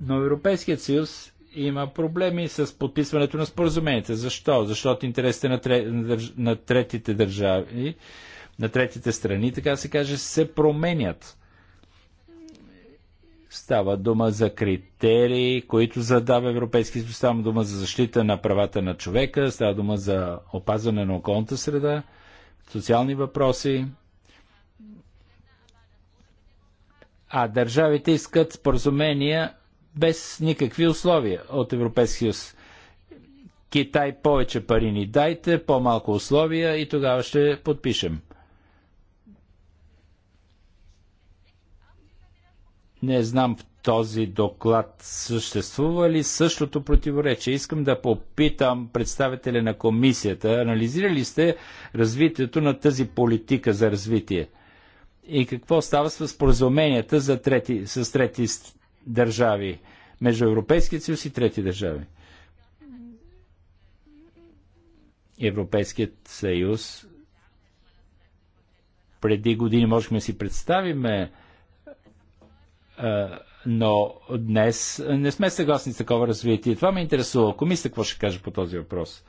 но Европейският съюз има проблеми с подписването на споразумените. Защо? Защото интересите на, тре, на третите държави, на третите страни, така се каже, се променят. Става дума за критерии, които задава Европейски съюз. Става дума за защита на правата на човека, става дума за опазване на околната среда, социални въпроси. А държавите искат споразумения без никакви условия от Европейския съюз. Китай повече пари ни дайте, по-малко условия и тогава ще подпишем. Не знам в този доклад съществува ли същото противоречие. Искам да попитам представителя на комисията, анализирали сте развитието на тази политика за развитие? И какво става с споразуменията за трети, с трети държави, между Европейския съюз и трети държави. Европейският съюз преди години можехме да си представиме, но днес не сме съгласни с такова развитие. Това ме интересува. Комисията какво ще каже по този въпрос?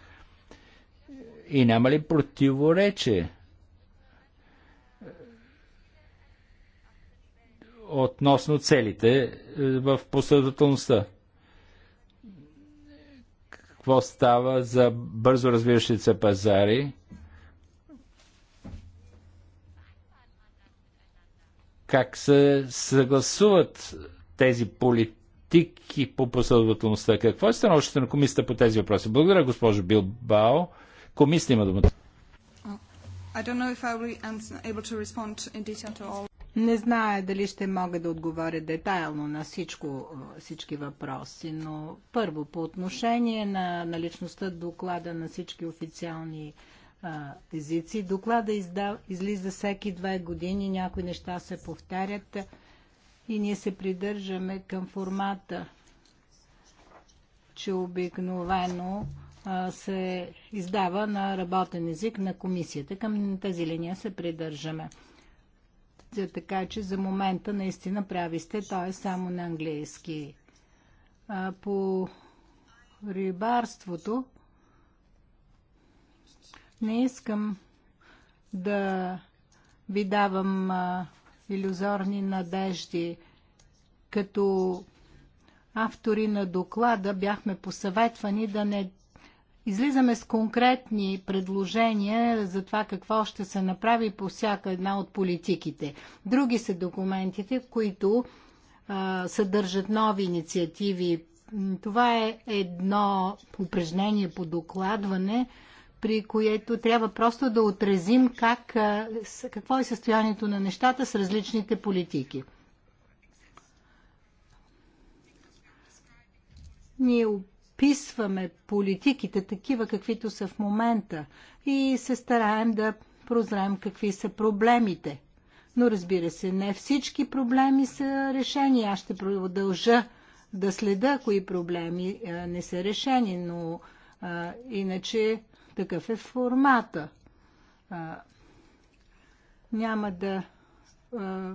И няма ли противоречие? относно целите е, в последователността. Какво става за бързо развиващите се пазари? Как се съгласуват тези политики по последователността? Какво е становището на комисията по тези въпроси? Благодаря, госпожо Билбао. Комисията има думата. I don't know if I will be able to respond in detail to all. Не знае дали ще мога да отговоря детайлно на всичко, е, всички въпроси, но първо по отношение на наличността доклада на всички официални а, е, езици. Доклада изда, излиза всеки две години, някои неща се повтарят и ние се придържаме към формата, че обикновено а, е, се издава на работен език на комисията. Към тази линия се придържаме. Е, така че за момента наистина прави сте, той е само на английски. А, по рибарството не искам да ви давам а, иллюзорни надежди. Като автори на доклада бяхме посъветвани да не Излизаме с конкретни предложения за това какво ще се направи по всяка една от политиките. Други са документите, в които а, съдържат нови инициативи. Това е едно упражнение по докладване, при което трябва просто да отразим как, какво е състоянието на нещата с различните политики. Ние описваме политиките такива, каквито са в момента и се стараем да прозраем какви са проблемите. Но разбира се, не всички проблеми са решени. Аз ще продължа да следа кои проблеми не са решени, но а, иначе такъв е формата. А, няма да а,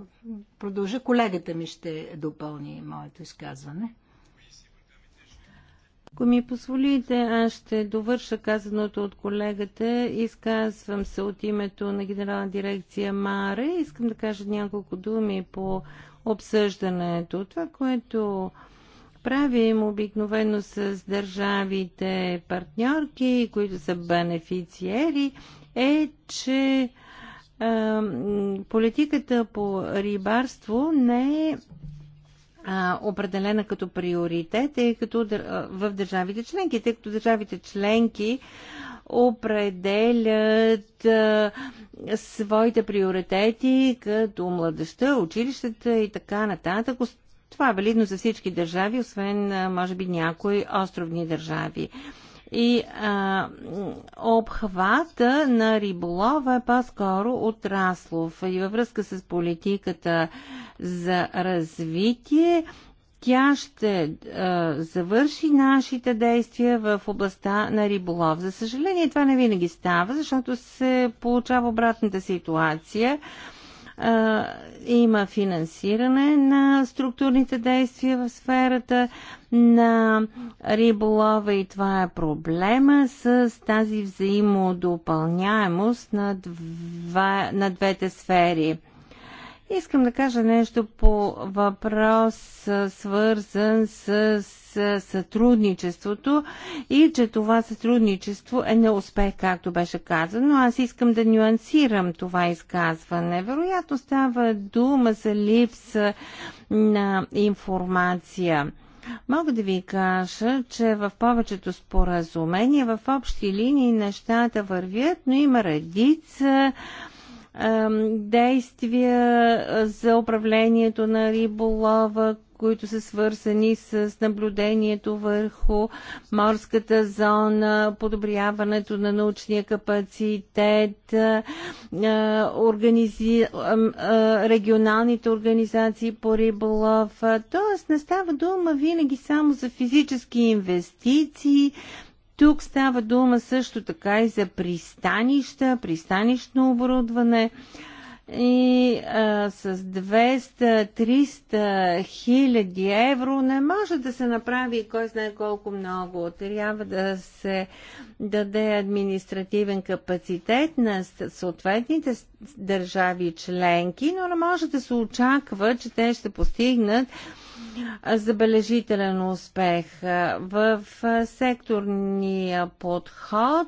продължа. Колегата ми ще допълни моето изказване. Ако ми позволите, аз ще довърша казаното от колегата. Изказвам се от името на генерална дирекция Маре. Искам да кажа няколко думи по обсъждането. Това, което правим обикновено с държавите партньорки, които са бенефициери, е, че политиката по рибарство не е а, определена като приоритет, е като в държавите членки, тъй като държавите членки определят а, своите приоритети като младеща, училищата и така нататък. Това е валидно за всички държави, освен, може би, някои островни държави. А, и а, обхвата на риболова е по-скоро отраслов. И във връзка с политиката за развитие, тя ще а, завърши нашите действия в областта на риболов. За съжаление, това не винаги става, защото се получава обратната ситуация има финансиране на структурните действия в сферата на риболова и това е проблема с тази взаимодопълняемост на, два, на двете сфери. Искам да кажа нещо по въпрос, свързан с сътрудничеството и че това сътрудничество е неуспех, както беше казано. Аз искам да нюансирам това изказване. Вероятно става дума за липса на информация. Мога да ви кажа, че в повечето споразумения в общи линии нещата вървят, но има редица действия за управлението на риболова, които са свързани с наблюдението върху морската зона, подобряването на научния капацитет, организи... регионалните организации по риболов. Тоест не става дума винаги само за физически инвестиции, тук става дума също така и за пристанища, пристанищно оборудване и а, с 200-300 хиляди евро не може да се направи кой знае колко много. Трябва да се даде административен капацитет на съответните държави членки, но не може да се очаква, че те ще постигнат забележителен успех. В секторния подход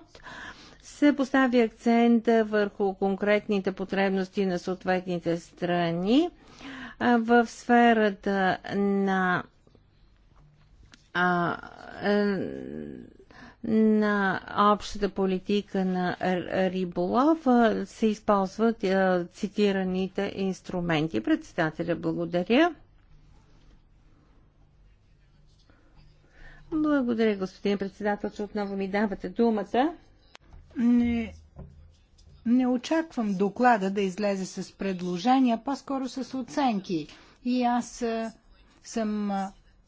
се постави акцент върху конкретните потребности на съответните страни в сферата на е, на общата политика на риболов се използват цитираните инструменти. Председателя, благодаря. Благодаря, господин председател, че отново ми давате думата. Не, не очаквам доклада да излезе с предложения, по-скоро с оценки. И аз съм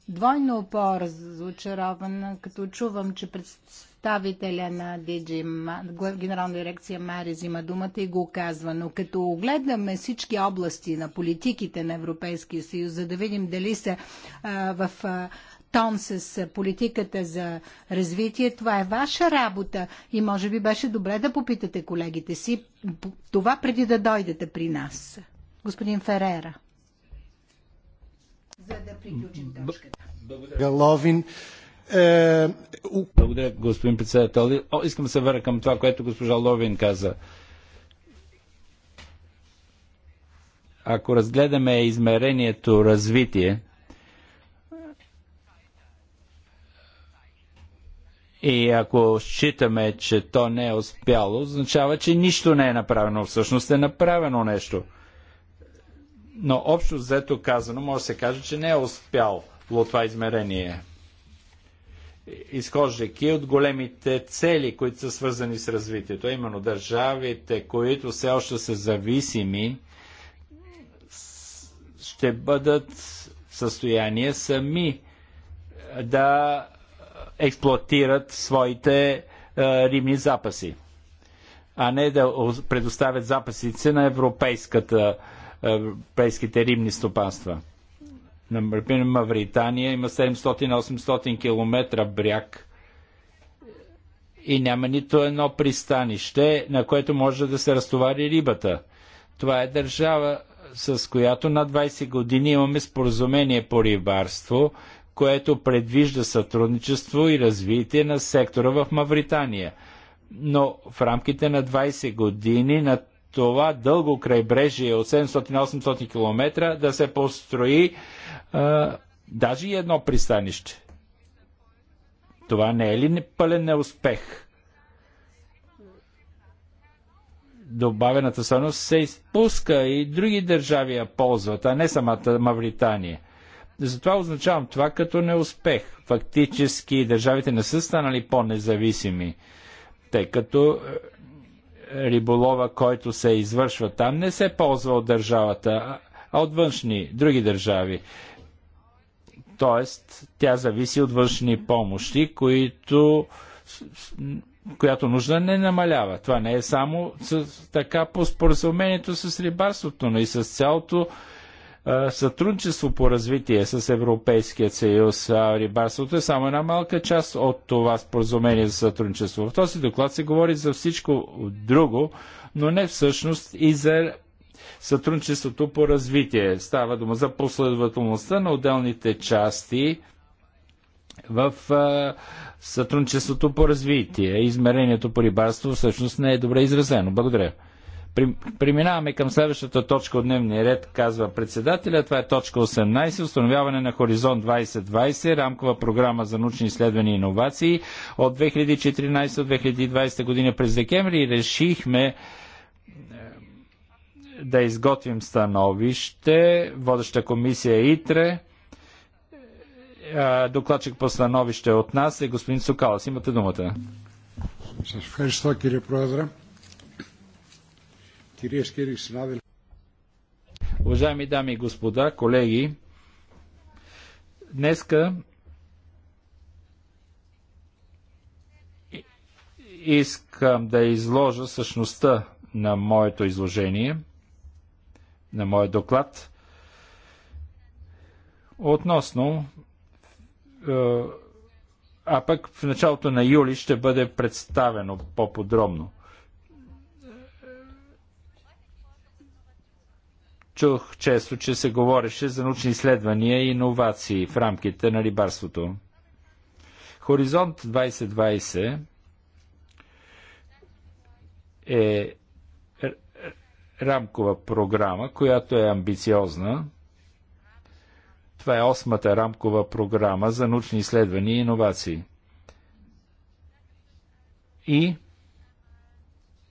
двойно по-разочарована, като чувам, че представителя на DG, генерална дирекция Мари взима думата и го казва. Но като огледаме всички области на политиките на Европейския съюз, за да видим дали са а, в а, тон с политиката за развитие. Това е ваша работа и може би беше добре да попитате колегите си това преди да дойдете при нас. Господин Ферера. За да приключим точката. Благодаря. Е, благодаря, господин председател. О, искам да се върна към това, което госпожа Ловин каза. Ако разгледаме измерението развитие, И ако считаме, че то не е успяло, означава, че нищо не е направено. Всъщност е направено нещо. Но общо взето казано, може да се каже, че не е успяло това измерение. Изхождайки от големите цели, които са свързани с развитието, именно държавите, които все още са зависими, ще бъдат в състояние сами да експлуатират своите е, рибни запаси, а не да предоставят запасите на европейската, европейските рибни стопанства. Например, Мавритания има 700-800 км бряг и няма нито едно пристанище, на което може да се разтовари рибата. Това е държава, с която на 20 години имаме споразумение по рибарство – което предвижда сътрудничество и развитие на сектора в Мавритания. Но в рамките на 20 години на това дълго крайбрежие от 700-800 км да се построи а, даже и едно пристанище. Това не е ли пълен неуспех? Добавената стойност се изпуска и други държави я ползват, а не самата Мавритания. Затова означавам това като неуспех. Фактически държавите не са станали по-независими, тъй като е, риболова, който се извършва там, не се ползва от държавата, а от външни, други държави. Тоест, тя зависи от външни помощи, които, която нужда не намалява. Това не е само с, така по споразумението с рибарството, но и с цялото сътрудничество по развитие с Европейския съюз, рибарството е само една малка част от това споразумение за сътрудничество. В този доклад се говори за всичко друго, но не всъщност и за сътрудничеството по развитие. Става дума за последователността на отделните части в сътрудничеството по развитие. Измерението по рибарство всъщност не е добре изразено. Благодаря. Преминаваме към следващата точка от дневния ред, казва председателя. Това е точка 18. Установяване на Хоризонт 2020, рамкова програма за научни изследвания и иновации от 2014-2020 година през декември. Решихме е, да изготвим становище. Водеща комисия е ИТРЕ. Е, докладчик по становище от нас е господин Сокалас. Имате думата. Σας Уважаеми дами и господа, колеги, днеска искам да изложа същността на моето изложение, на моят доклад, относно е, а пък в началото на юли ще бъде представено по-подробно. Чух често, че се говореше за научни изследвания и иновации в рамките на рибарството. Хоризонт 2020 е рамкова програма, която е амбициозна. Това е осмата рамкова програма за научни изследвания и иновации. И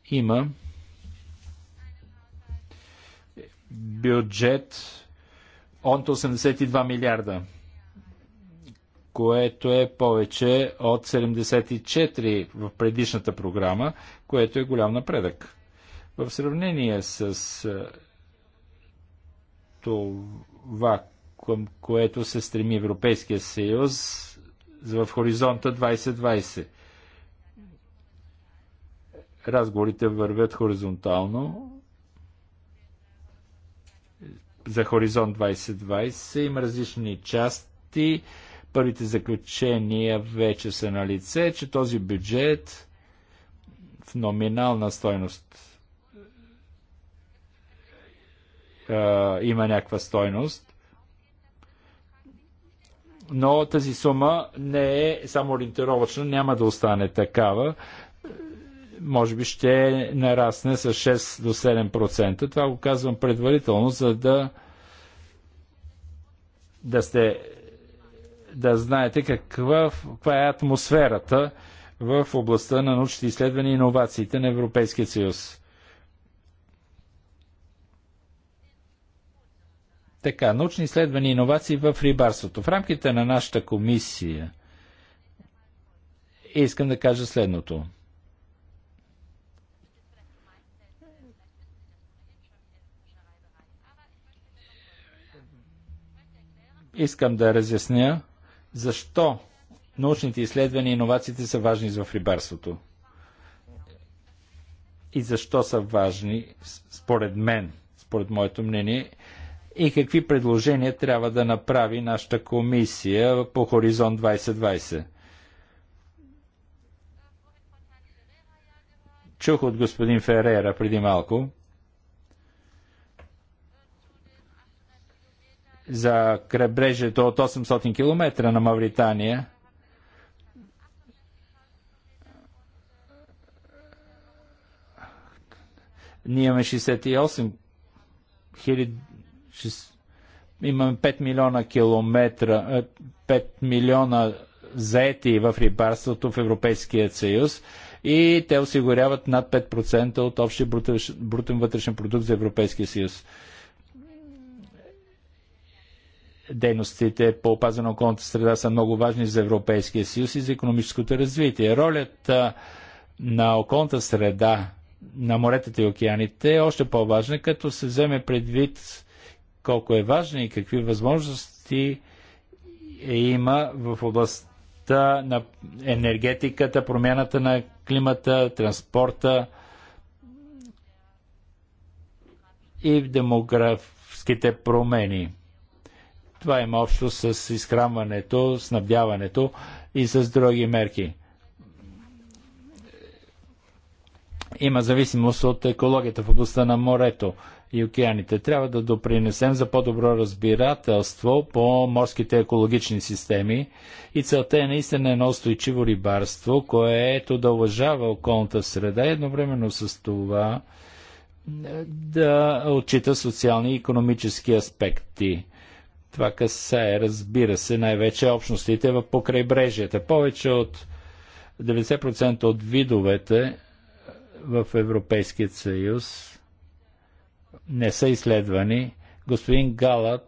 има бюджет от 82 милиарда, което е повече от 74 в предишната програма, което е голям напредък. В сравнение с е, това, към което се стреми Европейския съюз в хоризонта 2020. Разговорите вървят хоризонтално за Хоризонт 2020 има различни части. Първите заключения вече са на лице, че този бюджет в номинална стойност е, има някаква стойност, но тази сума не е само ориентировъчна, няма да остане такава може би ще нарасне с 6 до 7%. Това го казвам предварително, за да да сте да знаете каква, каква е атмосферата в областта на научните изследвания и иновациите на Европейския съюз. Така, научни изследвания и иновации в рибарството. В рамките на нашата комисия искам да кажа следното – искам да разясня защо научните изследвания и иновациите са важни в рибарството. И защо са важни според мен, според моето мнение, и какви предложения трябва да направи нашата комисия по Хоризонт 2020. Чух от господин Ферера преди малко, за крайбрежието от 800 км на Мавритания. Ние имаме 68 000, имаме 5 милиона километра, 5 е, милиона заети в рибарството в Европейския съюз и те осигуряват над 5% от общия брутен вътрешен продукт за Европейския съюз дейностите по опазване на околната среда са много важни за Европейския съюз и за економическото развитие. Ролята на околната среда на моретата и океаните е още по-важна, като се вземе предвид колко е важна и какви възможности е има в областта на енергетиката, промяната на климата, транспорта и в демографските промени. Това има общо с изхранването, снабдяването и с други мерки. Има зависимост от екологията в областта на морето и океаните. Трябва да допринесем за по-добро разбирателство по морските екологични системи и целта е наистина едно устойчиво рибарство, което да уважава околната среда и едновременно с това е, да отчита социални и економически аспекти. Това касае, разбира се, най-вече общностите в покрайбрежията. Повече от 90% от видовете в Европейския съюз не са изследвани. Господин Галат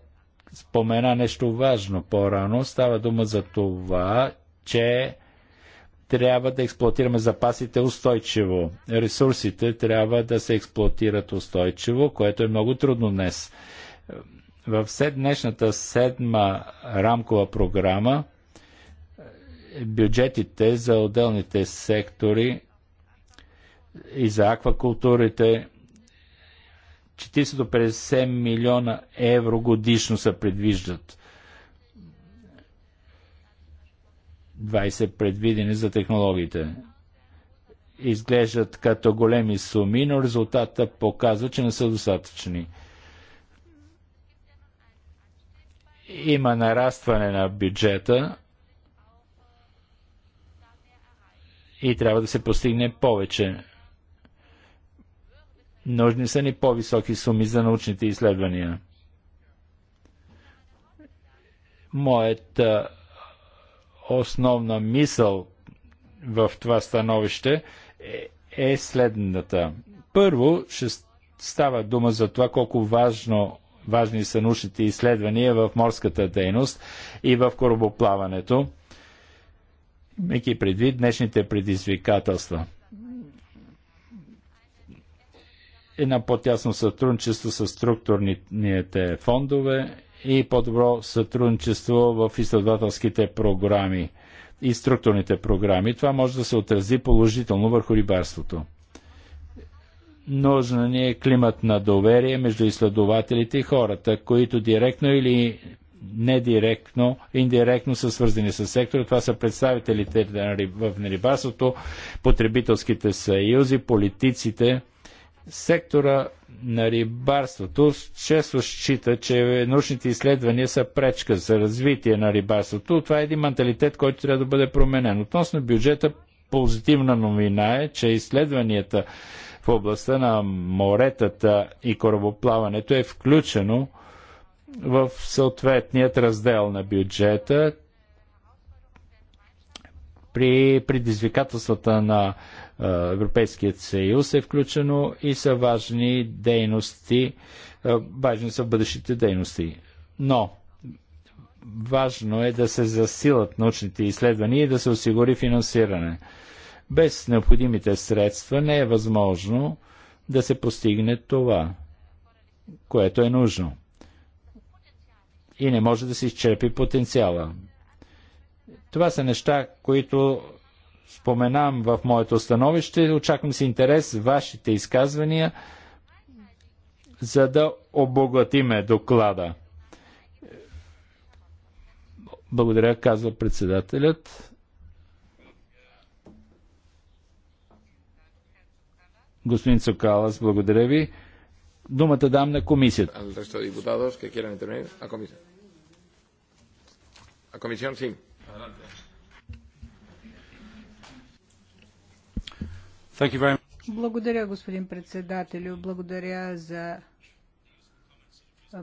спомена нещо важно по-рано. Става дума за това, че трябва да експлуатираме запасите устойчиво. Ресурсите трябва да се експлуатират устойчиво, което е много трудно днес. В сед, днешната седма рамкова програма е, бюджетите за отделните сектори и за аквакултурите 450 милиона евро годишно се предвиждат. 20 предвидени за технологиите. Изглеждат като големи суми, но резултата показва, че не са достатъчни. има нарастване на бюджета и трябва да се постигне повече. Нужни са ни по-високи суми за научните изследвания. Моята основна мисъл в това становище е, е следната. Първо, ще става дума за това колко важно важни са научните изследвания в морската дейност и в корабоплаването, имайки предвид днешните предизвикателства. Една по-тясно сътрудничество с структурните фондове и по-добро сътрудничество в изследователските програми и структурните програми. Това може да се отрази положително върху рибарството. Нужен ни е климат на доверие между изследователите и хората, които директно или недиректно, индиректно са свързани с сектора. Това са представителите в рибарството, потребителските съюзи, политиците. Сектора на рибарството често счита, че научните изследвания са пречка за развитие на рибарството. Това е един менталитет, който трябва да бъде променен. Относно бюджета, позитивна новина е, че изследванията в областта на моретата и корабоплаването е включено в съответният раздел на бюджета. При предизвикателствата на Европейският съюз е включено и са важни дейности, важни са бъдещите дейности. Но важно е да се засилат научните изследвания и да се осигури финансиране. Без необходимите средства не е възможно да се постигне това, което е нужно. И не може да се изчерпи потенциала. Това са неща, които споменам в моето становище. Очаквам с интерес вашите изказвания, за да обогатиме доклада. Благодаря, казва председателят. Господин Цокалас, благодаря ви. Думата дам на комисията. Благодаря, господин председателю. Благодаря за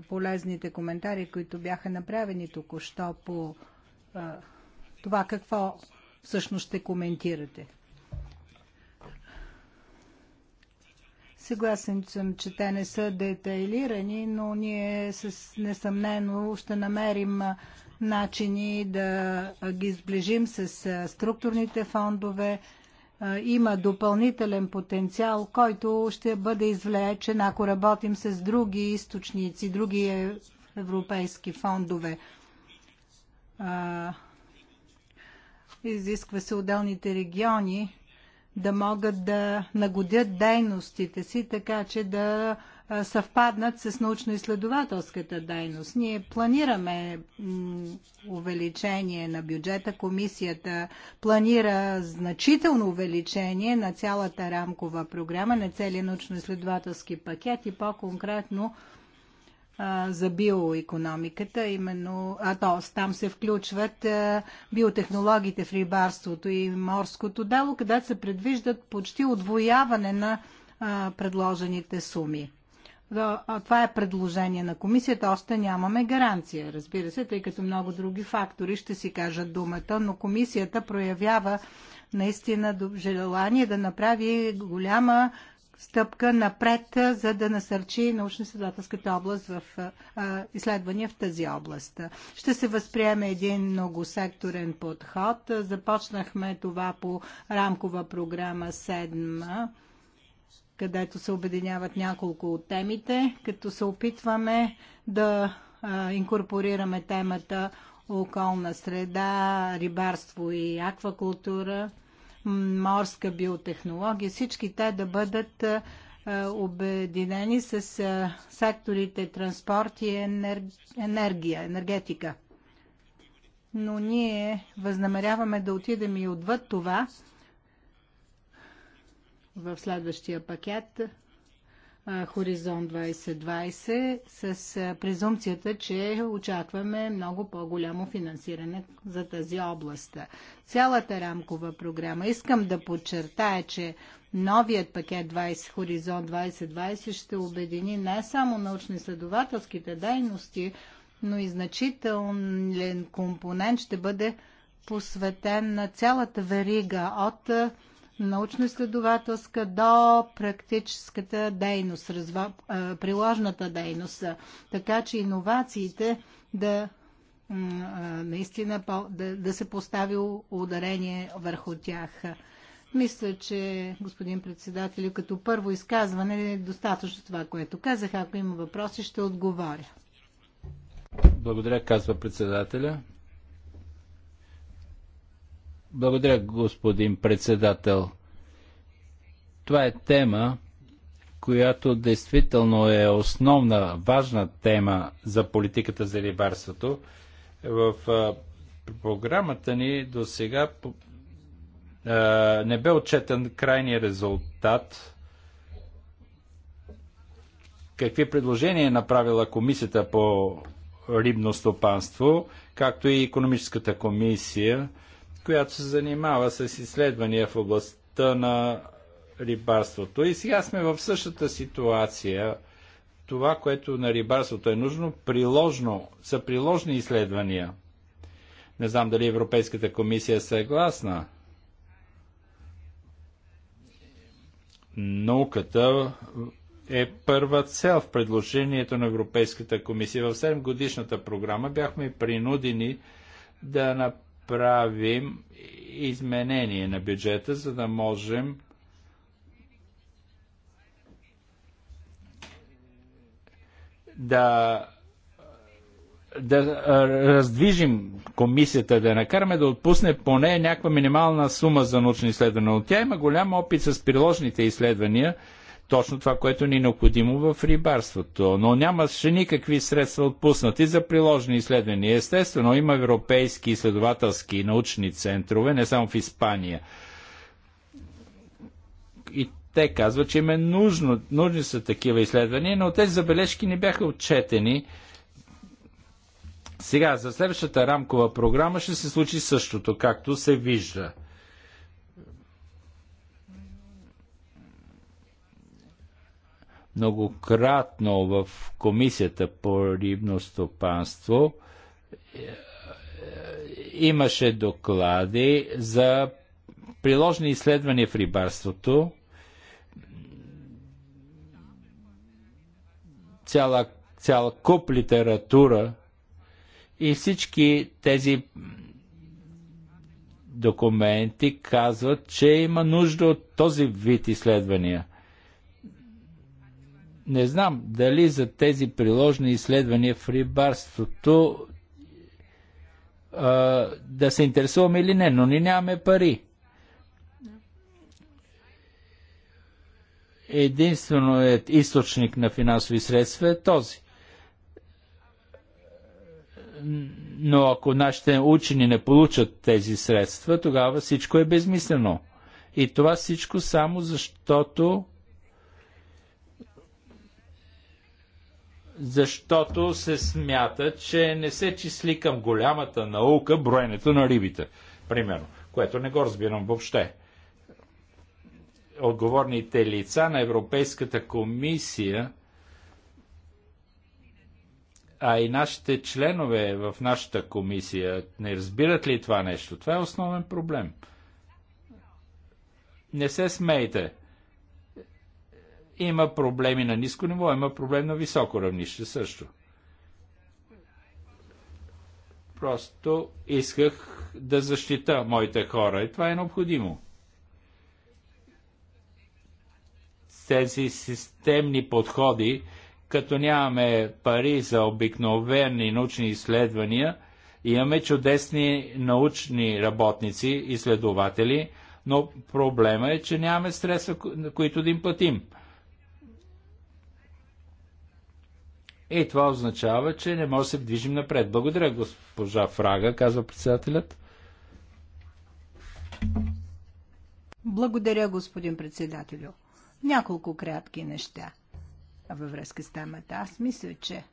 полезните коментари, които бяха направени току-що по това какво всъщност ще коментирате. Съгласен съм, че те не са детайлирани, но ние с несъмнено ще намерим начини да ги сближим с структурните фондове. Има допълнителен потенциал, който ще бъде извлечен, ако работим с други източници, други е, европейски фондове. Изисква се отделните региони да могат да нагодят дейностите си, така че да съвпаднат с научно-изследователската дейност. Ние планираме увеличение на бюджета. Комисията планира значително увеличение на цялата рамкова програма, на целия научно-изследователски пакет и по-конкретно за биоекономиката, именно, а то, там се включват биотехнологите в рибарството и морското дело, където се предвиждат почти отвояване на предложените суми. Това е предложение на комисията. Още нямаме гаранция, разбира се, тъй като много други фактори ще си кажат думата, но комисията проявява наистина желание да направи голяма стъпка напред, за да насърчи научно-изследователската област в а, изследвания в тази област. Ще се възприеме един многосекторен подход. Започнахме това по рамкова програма 7 където се обединяват няколко от темите, като се опитваме да а, инкорпорираме темата околна среда, рибарство и аквакултура – морска биотехнология, всички те да бъдат обединени с секторите транспорт и енергия, енергетика. Но ние възнамеряваме да отидем и отвъд това в следващия пакет – Хоризонт 2020 с презумцията, че очакваме много по-голямо финансиране за тази област. Цялата рамкова програма. Искам да подчертая, че новият пакет 20, Хоризонт 2020 ще обедини не само научно-изследователските дейности, но и значителен компонент ще бъде посветен на цялата верига от научно-изследователска до практическата дейност, разва, приложната дейност. Така че иновациите да наистина да, да се постави ударение върху тях. Мисля, че господин председател, като първо изказване е достатъчно това, което казах. Ако има въпроси, ще отговоря. Благодаря, казва председателя. Благодаря, господин председател. Това е тема, която действително е основна, важна тема за политиката за рибарството. В а, програмата ни до сега не бе отчетен крайния резултат. Какви предложения е направила комисията по рибно стопанство, както и економическата комисия – която се занимава с изследвания в областта на рибарството. И сега сме в същата ситуация. Това, което на рибарството е нужно, приложно, са приложни изследвания. Не знам дали Европейската комисия е съгласна. Науката е първа цел в предложението на Европейската комисия. В 7 годишната програма бяхме принудени да направим правим изменение на бюджета, за да можем да да раздвижим комисията, да накараме да отпусне поне някаква минимална сума за научни изследвания. Но тя има голям опит с приложните изследвания точно това, което ни е необходимо в рибарството. Но нямаше никакви средства отпуснати за приложни изследвания. Естествено, има европейски изследователски и научни центрове, не само в Испания. И те казват, че им е нужно, нужни са такива изследвания, но тези забележки не бяха отчетени. Сега, за следващата рамкова програма ще се случи същото, както се вижда – многократно в комисията по рибно стопанство имаше доклади за приложни изследвания в рибарството. Цяла, цяла куп литература и всички тези документи казват, че има нужда от този вид изследвания – не знам дали за тези приложни изследвания в рибарството а, да се интересуваме или не, но ние нямаме пари. Единственият източник на финансови средства е този. Но ако нашите учени не получат тези средства, тогава всичко е безмислено. И това всичко само защото защото се смята, че не се числи към голямата наука броенето на рибите, примерно, което не го разбирам въобще. Отговорните лица на Европейската комисия, а и нашите членове в нашата комисия, не разбират ли това нещо? Това е основен проблем. Не се смейте. Има проблеми на ниско ниво, има проблем на високо равнище също. Просто исках да защита моите хора и това е необходимо. Тези системни подходи, като нямаме пари за обикновени научни изследвания, имаме чудесни научни работници, изследователи, но проблема е, че нямаме средства, които да им платим. И това означава, че не може да се движим напред. Благодаря, госпожа Фрага, казва председателят. Благодаря, господин председателю. Няколко кратки неща във връзка с темата. Аз мисля, че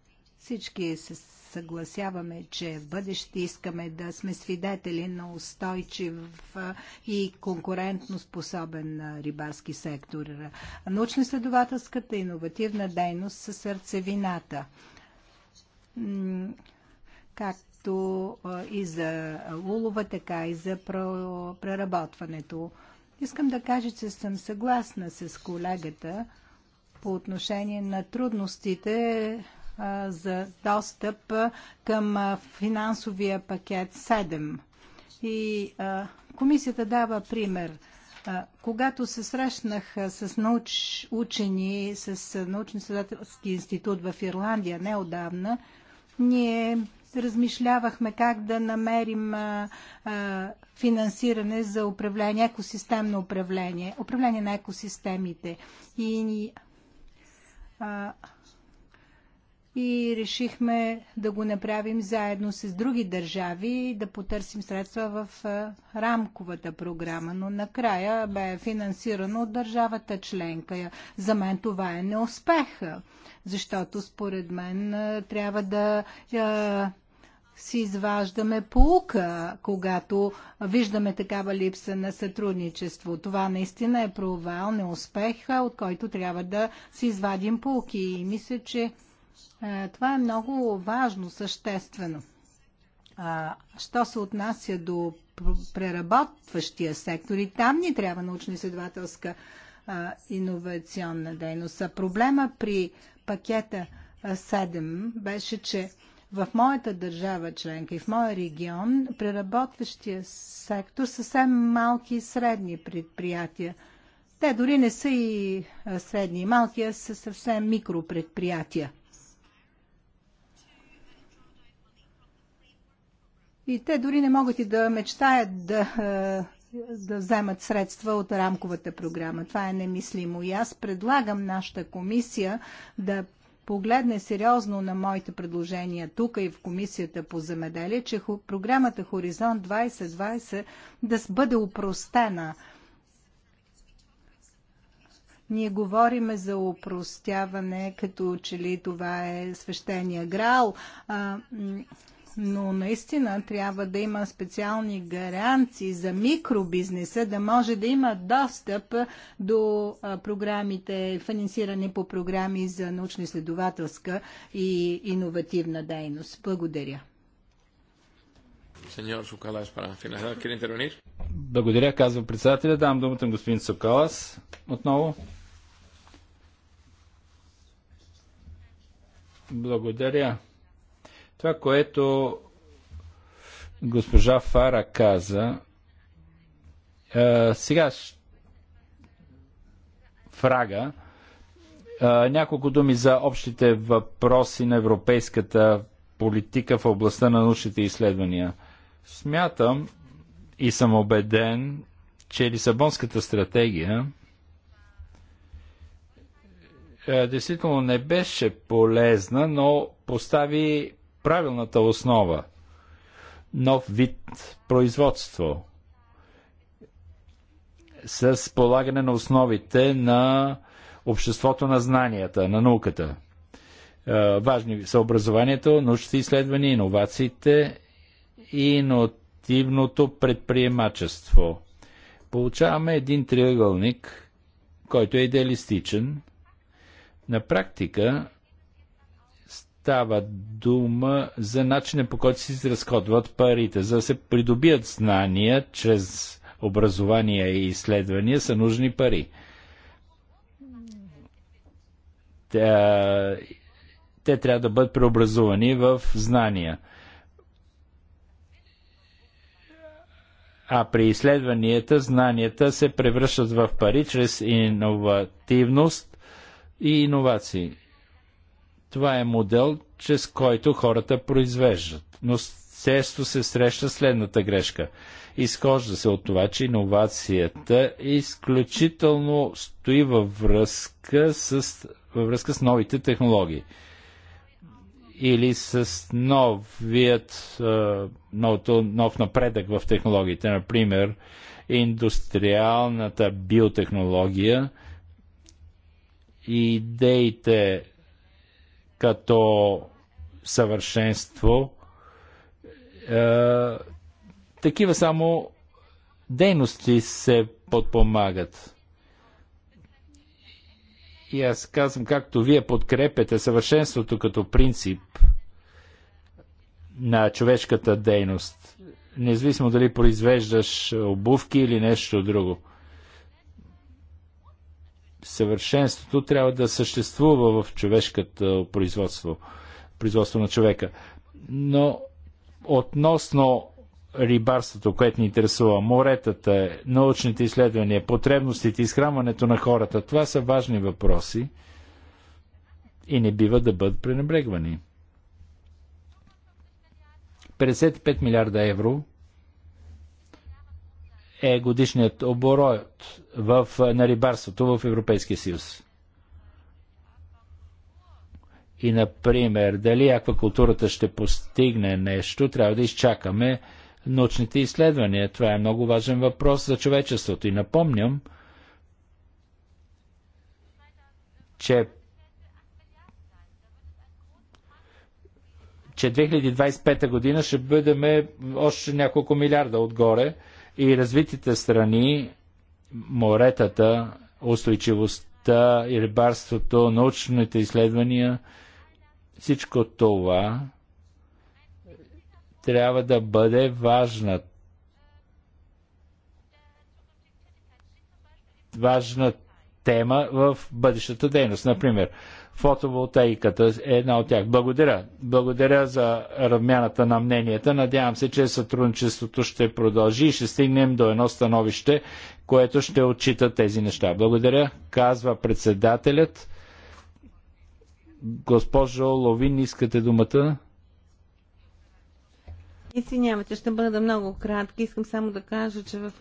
всички се съгласяваме, че в бъдеще искаме да сме свидетели на устойчив и конкурентно способен рибарски сектор. Научно-следователската иновативна дейност със сърцевината. Както и за улова, така и за преработването. Искам да кажа, че съм съгласна с колегата по отношение на трудностите, за достъп към финансовия пакет 7. И комисията дава пример. Когато се срещнах с науч, учени, с научно-съдателски институт в Ирландия неодавна, ние размишлявахме как да намерим а, а, финансиране за управление, екосистемно управление, управление на екосистемите. И а, и решихме да го направим заедно с други държави и да потърсим средства в рамковата програма, но накрая бе финансирано от държавата членка. За мен това е неуспех, защото според мен трябва да си изваждаме полука, когато виждаме такава липса на сътрудничество. Това наистина е провал, неуспех, от който трябва да си извадим полки. И мисля, че е, това е много важно, съществено. А, що се отнася до преработващия сектор и там ни трябва научно-изследователска иновационна дейност. А проблема при пакета 7 беше, че в моята държава членка и в моя регион преработващия сектор съвсем малки и средни предприятия. Те дори не са и средни и малки, а са съвсем микропредприятия. И те дори не могат и да мечтаят да, е, да вземат средства от рамковата програма. Това е немислимо. И аз предлагам нашата комисия да погледне сериозно на моите предложения тук и в Комисията по земеделие, че програмата Хоризонт 2020 да бъде упростена. Ние говориме за упростяване, като че ли това е свещения грал. А, но наистина трябва да има специални гаранции за микробизнеса, да може да има достъп до програмите, финансиране по програми за научно-изследователска и иновативна дейност. Благодаря. Сеньор Сокалас, Благодаря, казва председателя. Дам думата на господин Сокалас отново. Благодаря. Това, което госпожа Фара каза, а, сега фрага, а, няколко думи за общите въпроси на европейската политика в областта на научните изследвания. Смятам и съм убеден, че Лисабонската стратегия действително не беше полезна, но постави правилната основа. Нов вид производство с полагане на основите на обществото на знанията, на науката. Е, важни са образованието, научните изследвания, иновациите и иновативното предприемачество. Получаваме един триъгълник, който е идеалистичен. На практика става дума за начина по който се изразходват парите. За да се придобият знания чрез образование и изследвания са нужни пари. Те, те трябва да бъдат преобразувани в знания. А при изследванията знанията се превръщат в пари чрез иновативност и иновации. Това е модел, чрез който хората произвеждат. Но често се среща следната грешка. Изхожда се от това, че иновацията изключително стои във връзка с, във връзка с новите технологии или с новият, новото, нов напредък в технологиите. Например, индустриалната биотехнология и идеите като съвършенство. Е, такива само дейности се подпомагат. И аз казвам, както вие подкрепяте съвършенството като принцип на човешката дейност, независимо дали произвеждаш обувки или нещо друго – съвършенството трябва да съществува в човешката производство, производство на човека. Но относно рибарството, което ни интересува, моретата, научните изследвания, потребностите, изхранването на хората, това са важни въпроси и не бива да бъдат пренебрегвани. 55 милиарда евро е годишният оборот в, на рибарството в Европейския съюз? И, например, дали аквакултурата ще постигне нещо, трябва да изчакаме научните изследвания. Това е много важен въпрос за човечеството. И напомням, че че 2025 година ще бъдем още няколко милиарда отгоре и развитите страни, моретата, устойчивостта и рибарството, научните изследвания, всичко това трябва да бъде важна важна тема в бъдещата дейност. Например, фотоволтейката е една от тях. Благодаря. Благодаря за размяната на мненията. Надявам се, че сътрудничеството ще продължи и ще стигнем до едно становище, което ще отчита тези неща. Благодаря, казва председателят. Госпожо Ловин, искате думата? Извинявайте, ще бъда много кратки. Искам само да кажа, че в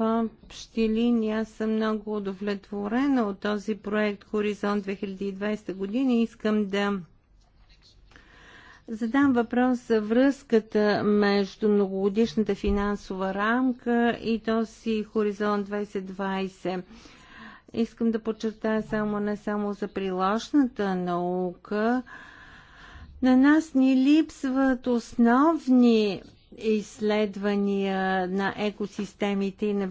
общи линии аз съм много удовлетворена от този проект Хоризонт 2020 година. Искам да задам въпрос за връзката между многогодишната финансова рамка и този Хоризонт 2020. Искам да подчертая само не само за приложната наука, на нас ни липсват основни изследвания на екосистемите и на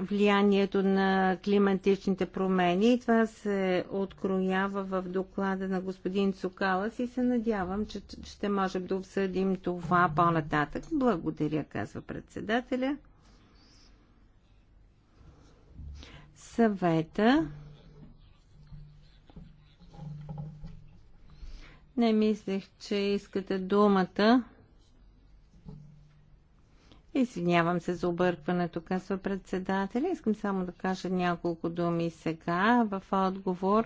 влиянието на климатичните промени. И това се откроява в доклада на господин Цукалас и се надявам, че ще можем да обсъдим това по-нататък. Благодаря, казва председателя. Съвета. Не мислех, че искате думата. Извинявам се за объркването, казва председателя. Искам само да кажа няколко думи сега в отговор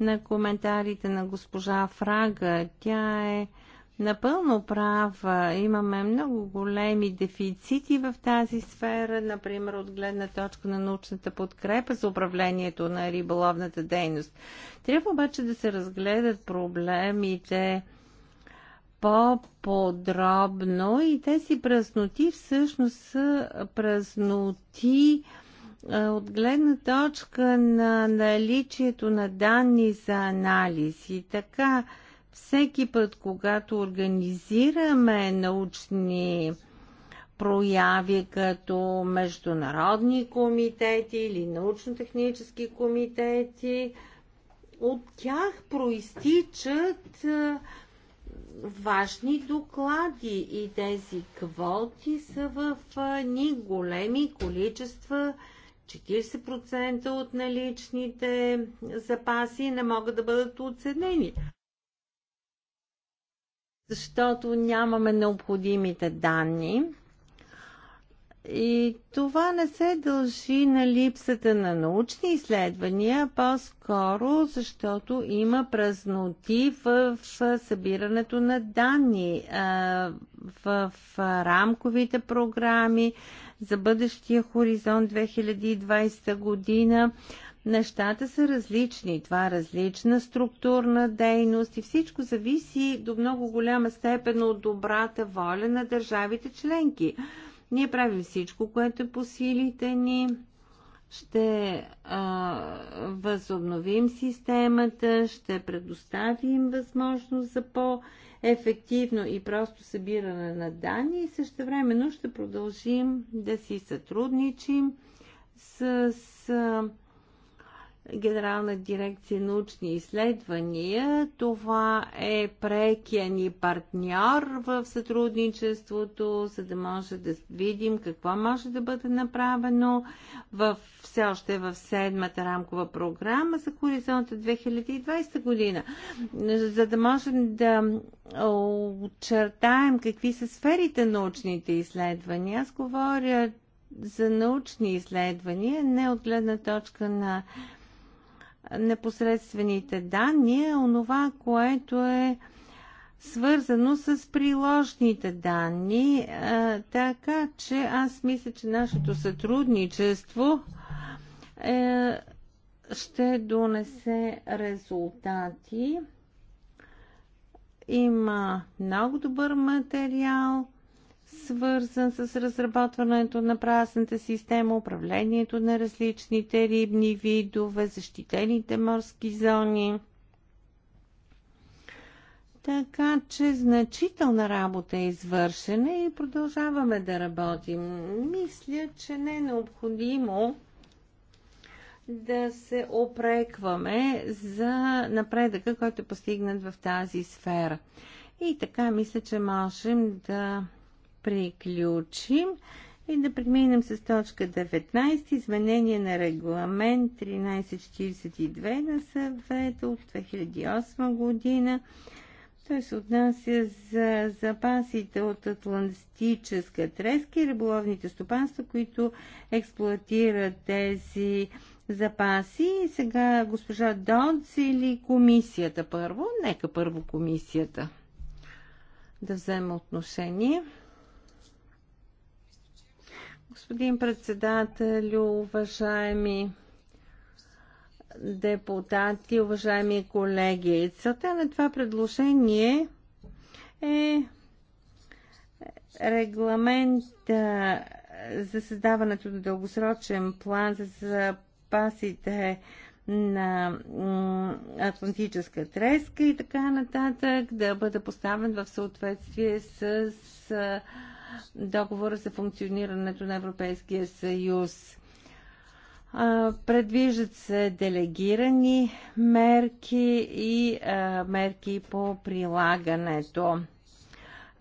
на коментарите на госпожа Фрага. Тя е напълно права. Имаме много големи дефицити в тази сфера, например от гледна точка на научната подкрепа за управлението на риболовната дейност. Трябва обаче да се разгледат проблемите по-подробно и тези празноти всъщност са празноти от гледна точка на наличието на данни за анализ. И така, всеки път, когато организираме научни прояви като международни комитети или научно-технически комитети, от тях проистичат важни доклади и тези квоти са в ни големи количества. 40% от наличните запаси не могат да бъдат оценени. Защото нямаме необходимите данни и това не се дължи на липсата на научни изследвания, по-скоро защото има празноти в, събирането на данни, в, в рамковите програми за бъдещия хоризонт 2020 година. Нещата са различни. Това е различна структурна дейност и всичко зависи до много голяма степен от добрата воля на държавите членки. Ние правим всичко, което е по силите ни. Ще а, възобновим системата, ще предоставим възможност за по-ефективно и просто събиране на данни и същевременно ще продължим да си сътрудничим с. А, Генерална дирекция научни изследвания. Това е прекия ни партньор в сътрудничеството, за да може да видим какво може да бъде направено в, все още в седмата рамкова програма за хоризонта 2020 година, за да можем да очертаем какви са сферите научните изследвания. Аз говоря за научни изследвания, не от гледна точка на непосредствените данни е онова, което е свързано с приложните данни, е, така че аз мисля, че нашето сътрудничество е, ще донесе резултати. Има много добър материал свързан с разработването на прасната система, управлението на различните рибни видове, защитените морски зони. Така че значителна работа е извършена и продължаваме да работим. Мисля, че не е необходимо да се опрекваме за напредъка, който е постигнат в тази сфера. И така мисля, че можем да приключим и да преминем с точка 19, изменение на регламент 1342 на съвета от 2008 година. Той се отнася за запасите от Атлантическа треска и риболовните стопанства, които експлуатират тези запаси. И сега госпожа Додс или комисията първо? Нека първо комисията да вземе отношение. Господин председател, уважаеми депутати, уважаеми колеги, целта на това предложение е регламент за създаването на дългосрочен план за запасите на Атлантическа треска и така нататък да бъде поставен в съответствие с договора за функционирането на Европейския съюз. Предвиждат се делегирани мерки и мерки по прилагането.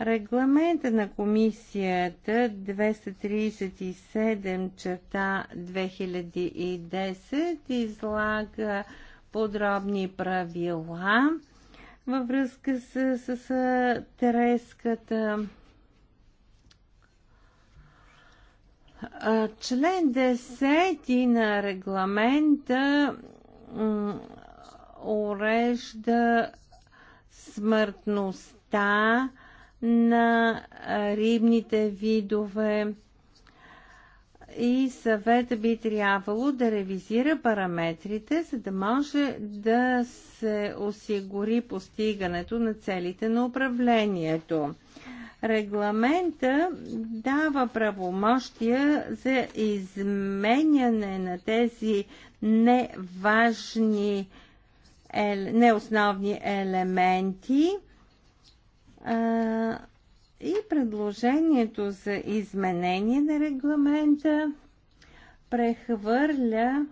Регламента на комисията 237 черта 2010 излага подробни правила във връзка с, с, с треската Член 10 на регламента урежда смъртността на рибните видове и съвета би трябвало да ревизира параметрите, за да може да се осигури постигането на целите на управлението. Регламента дава правомощия за изменяне на тези неважни, неосновни елементи и предложението за изменение на регламента прехвърля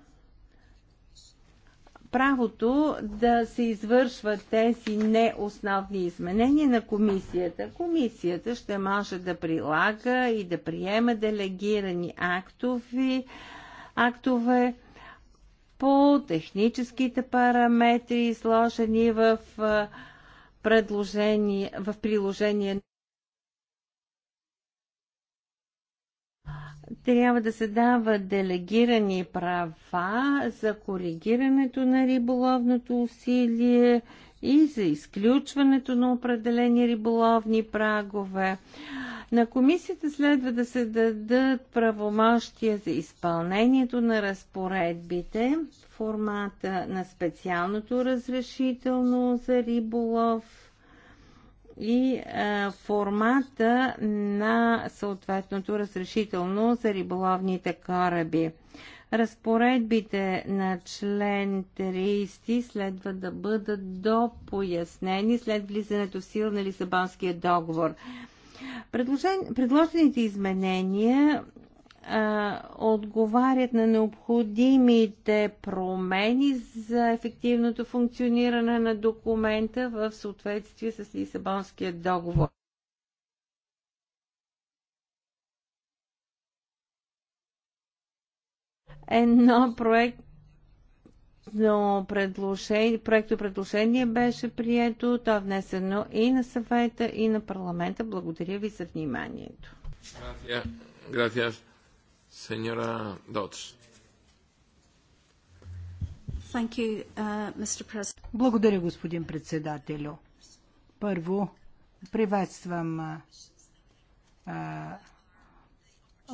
правото да се извършват тези неосновни изменения на комисията. Комисията ще може да прилага и да приема делегирани актови, актове по техническите параметри, изложени в предложение, в приложение трябва да се дават делегирани права за коригирането на риболовното усилие и за изключването на определени риболовни прагове. На комисията следва да се дадат правомощия за изпълнението на разпоредбите, формата на специалното разрешително за риболов и а, формата на съответното разрешително за риболовните кораби. Разпоредбите на член 30 следва да бъдат допояснени след влизането в сила на Лисабонския договор. Предложен, предложените изменения а, отговарят на необходимите промени за ефективното функциониране на документа в съответствие с Лисабонския договор. Едно проект но предложение, проекто предложение беше прието, то е внесено и на съвета, и на парламента. Благодаря ви за вниманието. Gracias. Gracias. Dodds. Thank you, uh, Mr. Благодаря, господин председателю. Първо, приветствам а,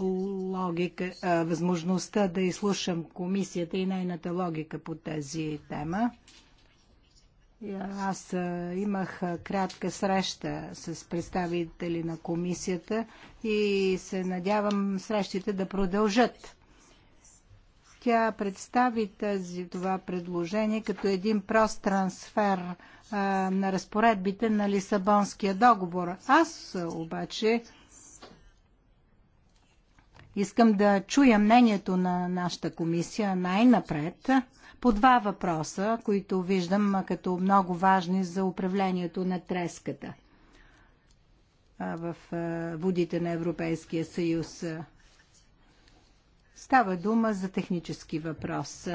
логика, а, възможността да изслушам комисията и нейната логика по тази тема. Аз имах кратка среща с представители на комисията и се надявам срещите да продължат. Тя представи тази, това предложение като един прост трансфер а, на разпоредбите на Лисабонския договор. Аз обаче Искам да чуя мнението на нашата комисия най-напред по два въпроса, които виждам като много важни за управлението на треската в водите на Европейския съюз. Става дума за технически въпрос.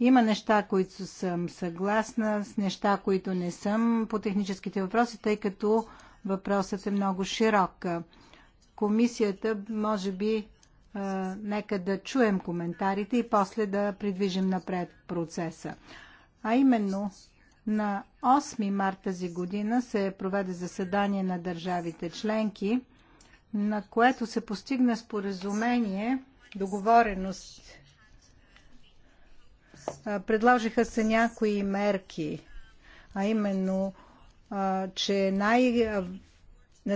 Има неща, които съм съгласна, с неща, които не съм по техническите въпроси, тъй като въпросът е много широк комисията, може би нека да чуем коментарите и после да придвижим напред процеса. А именно, на 8 марта тази година се проведе заседание на държавите членки, на което се постигна споразумение, договореност. Предложиха се някои мерки, а именно, че най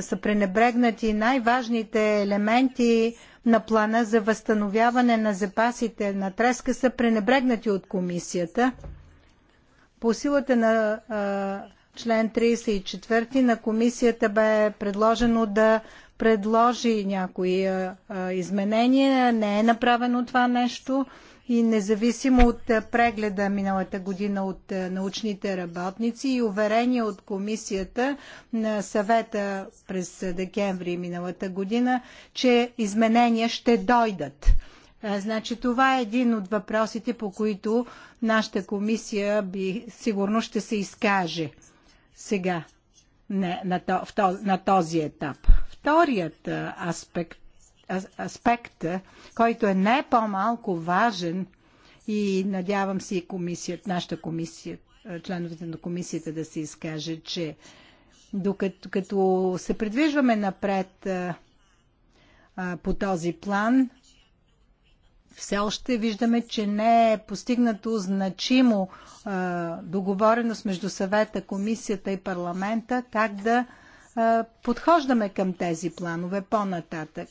са пренебрегнати най-важните елементи на плана за възстановяване на запасите на треска са пренебрегнати от комисията. По силата на а, член 34 на комисията бе предложено да предложи някои а, изменения. Не е направено това нещо и независимо от прегледа миналата година от научните работници и уверение от комисията на съвета през декември миналата година, че изменения ще дойдат. Значи това е един от въпросите, по които нашата комисия би, сигурно ще се изкаже сега не, на, то, на този етап. Вторият аспект аспект, който е не по-малко важен и надявам се и комисията, нашата комисия, членовете на комисията да се изкаже, че докато като се придвижваме напред а, а, по този план, все още виждаме, че не е постигнато значимо а, договореност между съвета, комисията и парламента как да а, подхождаме към тези планове по-нататък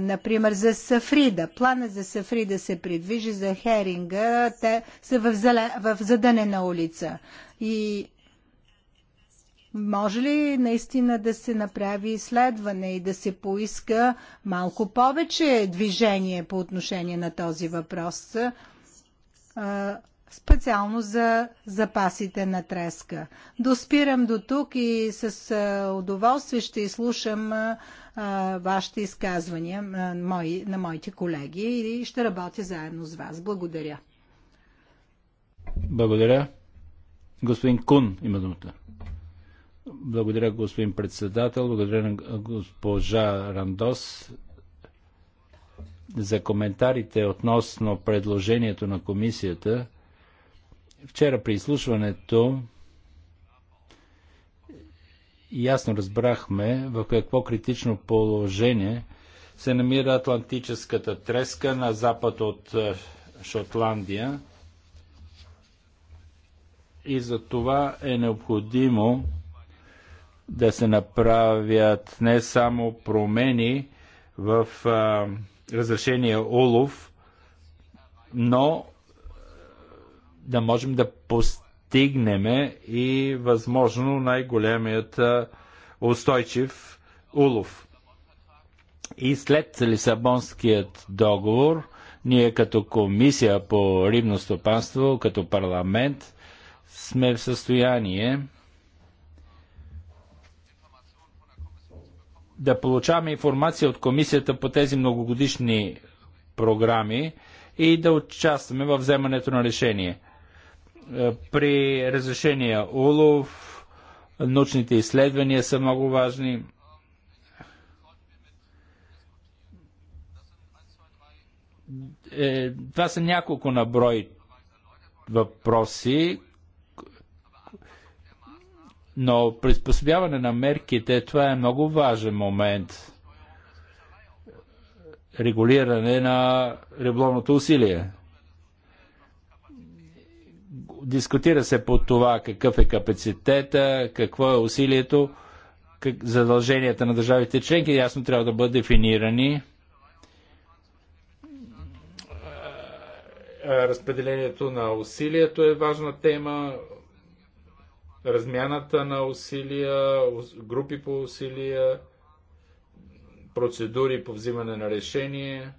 например, за Сафрида. Плана за Сафрида се придвижи за Херинга. Те са в, зале, в задънена улица. И може ли наистина да се направи изследване и да се поиска малко повече движение по отношение на този въпрос, специално за запасите на треска? Доспирам до тук и с удоволствие ще изслушам вашите изказвания на, мои, на моите колеги и ще работя заедно с вас. Благодаря. Благодаря. Господин Кун има думата. Благодаря, господин председател. Благодаря на госпожа Рандос за коментарите относно предложението на комисията. Вчера при изслушването ясно разбрахме в какво критично положение се намира Атлантическата треска на запад от е, Шотландия. И за това е необходимо да се направят не само промени в а, е, разрешение Олов, но да можем да пост постигнеме и възможно най-големият устойчив улов. И след Лисабонският договор, ние като комисия по рибно стопанство, като парламент, сме в състояние да получаваме информация от комисията по тези многогодишни програми и да участваме в вземането на решение – е, при разрешения улов, научните изследвания са много важни. Е, това са няколко наброй въпроси, но приспособяване на мерките, това е много важен момент. Регулиране на риболовното усилие. Дискутира се по това какъв е капацитета, какво е усилието, как задълженията на държавите членки ясно трябва да бъдат дефинирани. Е, разпределението на усилието е важна тема. Размяната на усилия, групи по усилия, процедури по взимане на решение.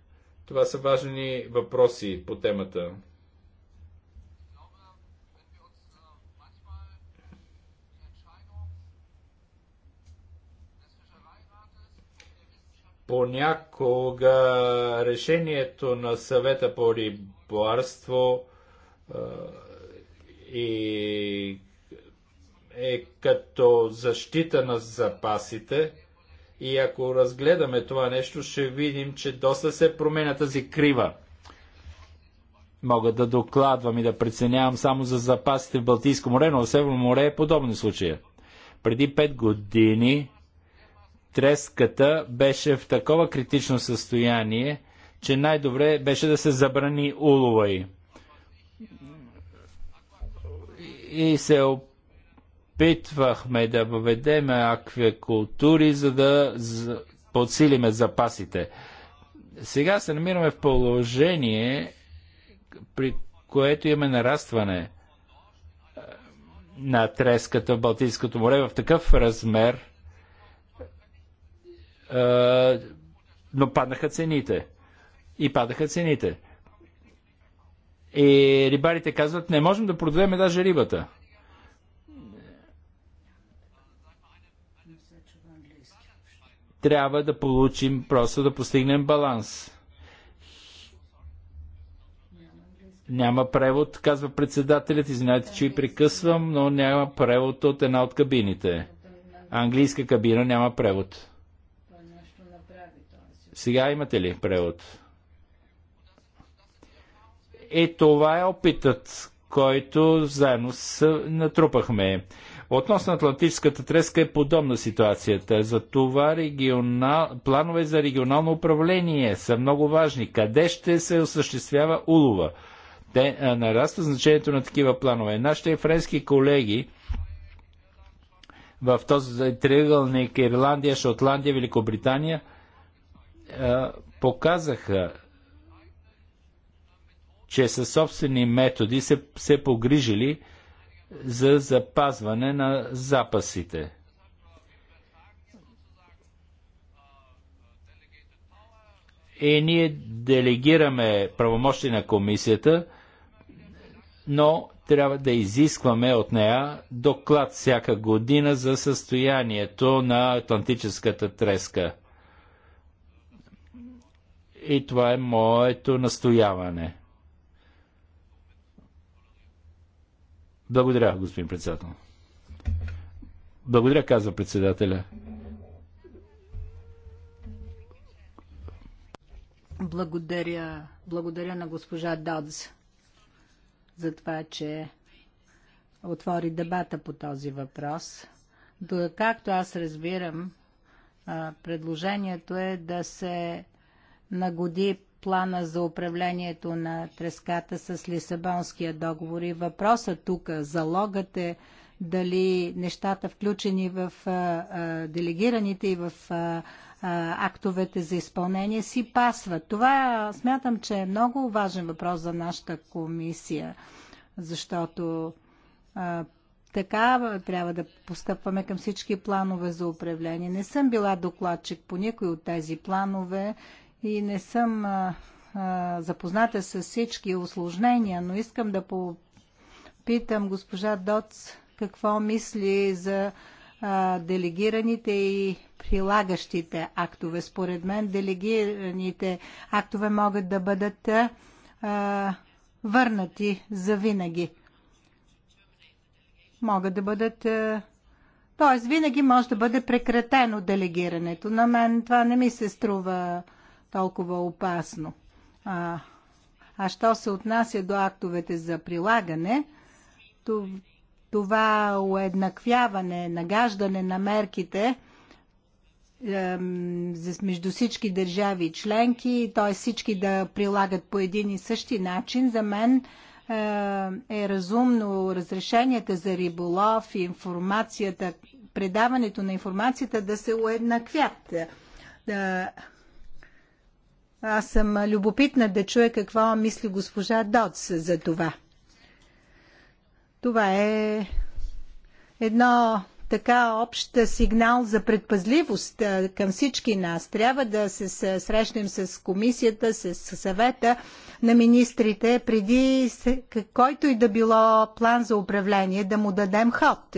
Това са важни въпроси по темата. Понякога решението на съвета по рибарство е, е като защита на запасите. И ако разгледаме това нещо, ще видим, че доста се променя тази крива. Мога да докладвам и да преценявам само за запасите в Балтийско море, но в Северно море е подобен случаи. Преди 5 години треската беше в такова критично състояние, че най-добре беше да се забрани улова й. И се опитвахме да въведеме аквакултури, за да подсилиме запасите. Сега се намираме в положение, при което имаме нарастване е, на треската в Балтийското море в такъв размер – е, но паднаха цените. И падаха цените. И рибарите казват, не можем да продадем даже рибата. Трябва да получим, просто да постигнем баланс. Няма превод, казва председателят. Извинявайте, че ви прекъсвам, но няма превод от една от кабините. Английска кабина няма превод. Сега имате ли превод? Е, това е опитът, който заедно с... натрупахме. Относно Атлантическата треска е подобна ситуацията. За това регионал... планове за регионално управление са много важни. Къде ще се осъществява улова? Те а, нараства значението на такива планове. Нашите френски колеги в този е, триъгълник Ирландия, Шотландия, Великобритания – показаха, че със собствени методи се, се погрижили за запазване на запасите. И е, ние делегираме правомощи на комисията, но трябва да изискваме от нея доклад всяка година за състоянието на Атлантическата треска. И това е моето настояване. Благодаря, господин председател. Благодаря, казва председателя. Благодаря, благодаря на госпожа Додз за това, че отвори дебата по този въпрос. Както аз разбирам, предложението е да се нагоди плана за управлението на треската с Лисабонския договор. И въпросът тук, залогът е дали нещата включени в а, а, делегираните и в а, актовете за изпълнение си пасват. Това смятам, че е много важен въпрос за нашата комисия, защото така трябва да постъпваме към всички планове за управление. Не съм била докладчик по никой от тези планове и не съм а, а, запозната с всички осложнения, но искам да попитам госпожа Доц какво мисли за а, делегираните и прилагащите актове. Според мен делегираните актове могат да бъдат а, върнати за винаги. Могат да бъдат а, т.е. винаги може да бъде прекратено делегирането. На мен това не ми се струва толкова опасно. А, а що се отнася до актовете за прилагане, това уеднаквяване, нагаждане на мерките е, между всички държави и членки, т.е. всички да прилагат по един и същи начин, за мен е, е разумно разрешенията за риболов, информацията, предаването на информацията да се уеднаквят. Е, аз съм любопитна да чуя какво мисли госпожа Доц за това. Това е едно така общ сигнал за предпазливост към всички нас. Трябва да се срещнем с комисията, с съвета на министрите, преди който и да било план за управление, да му дадем ход.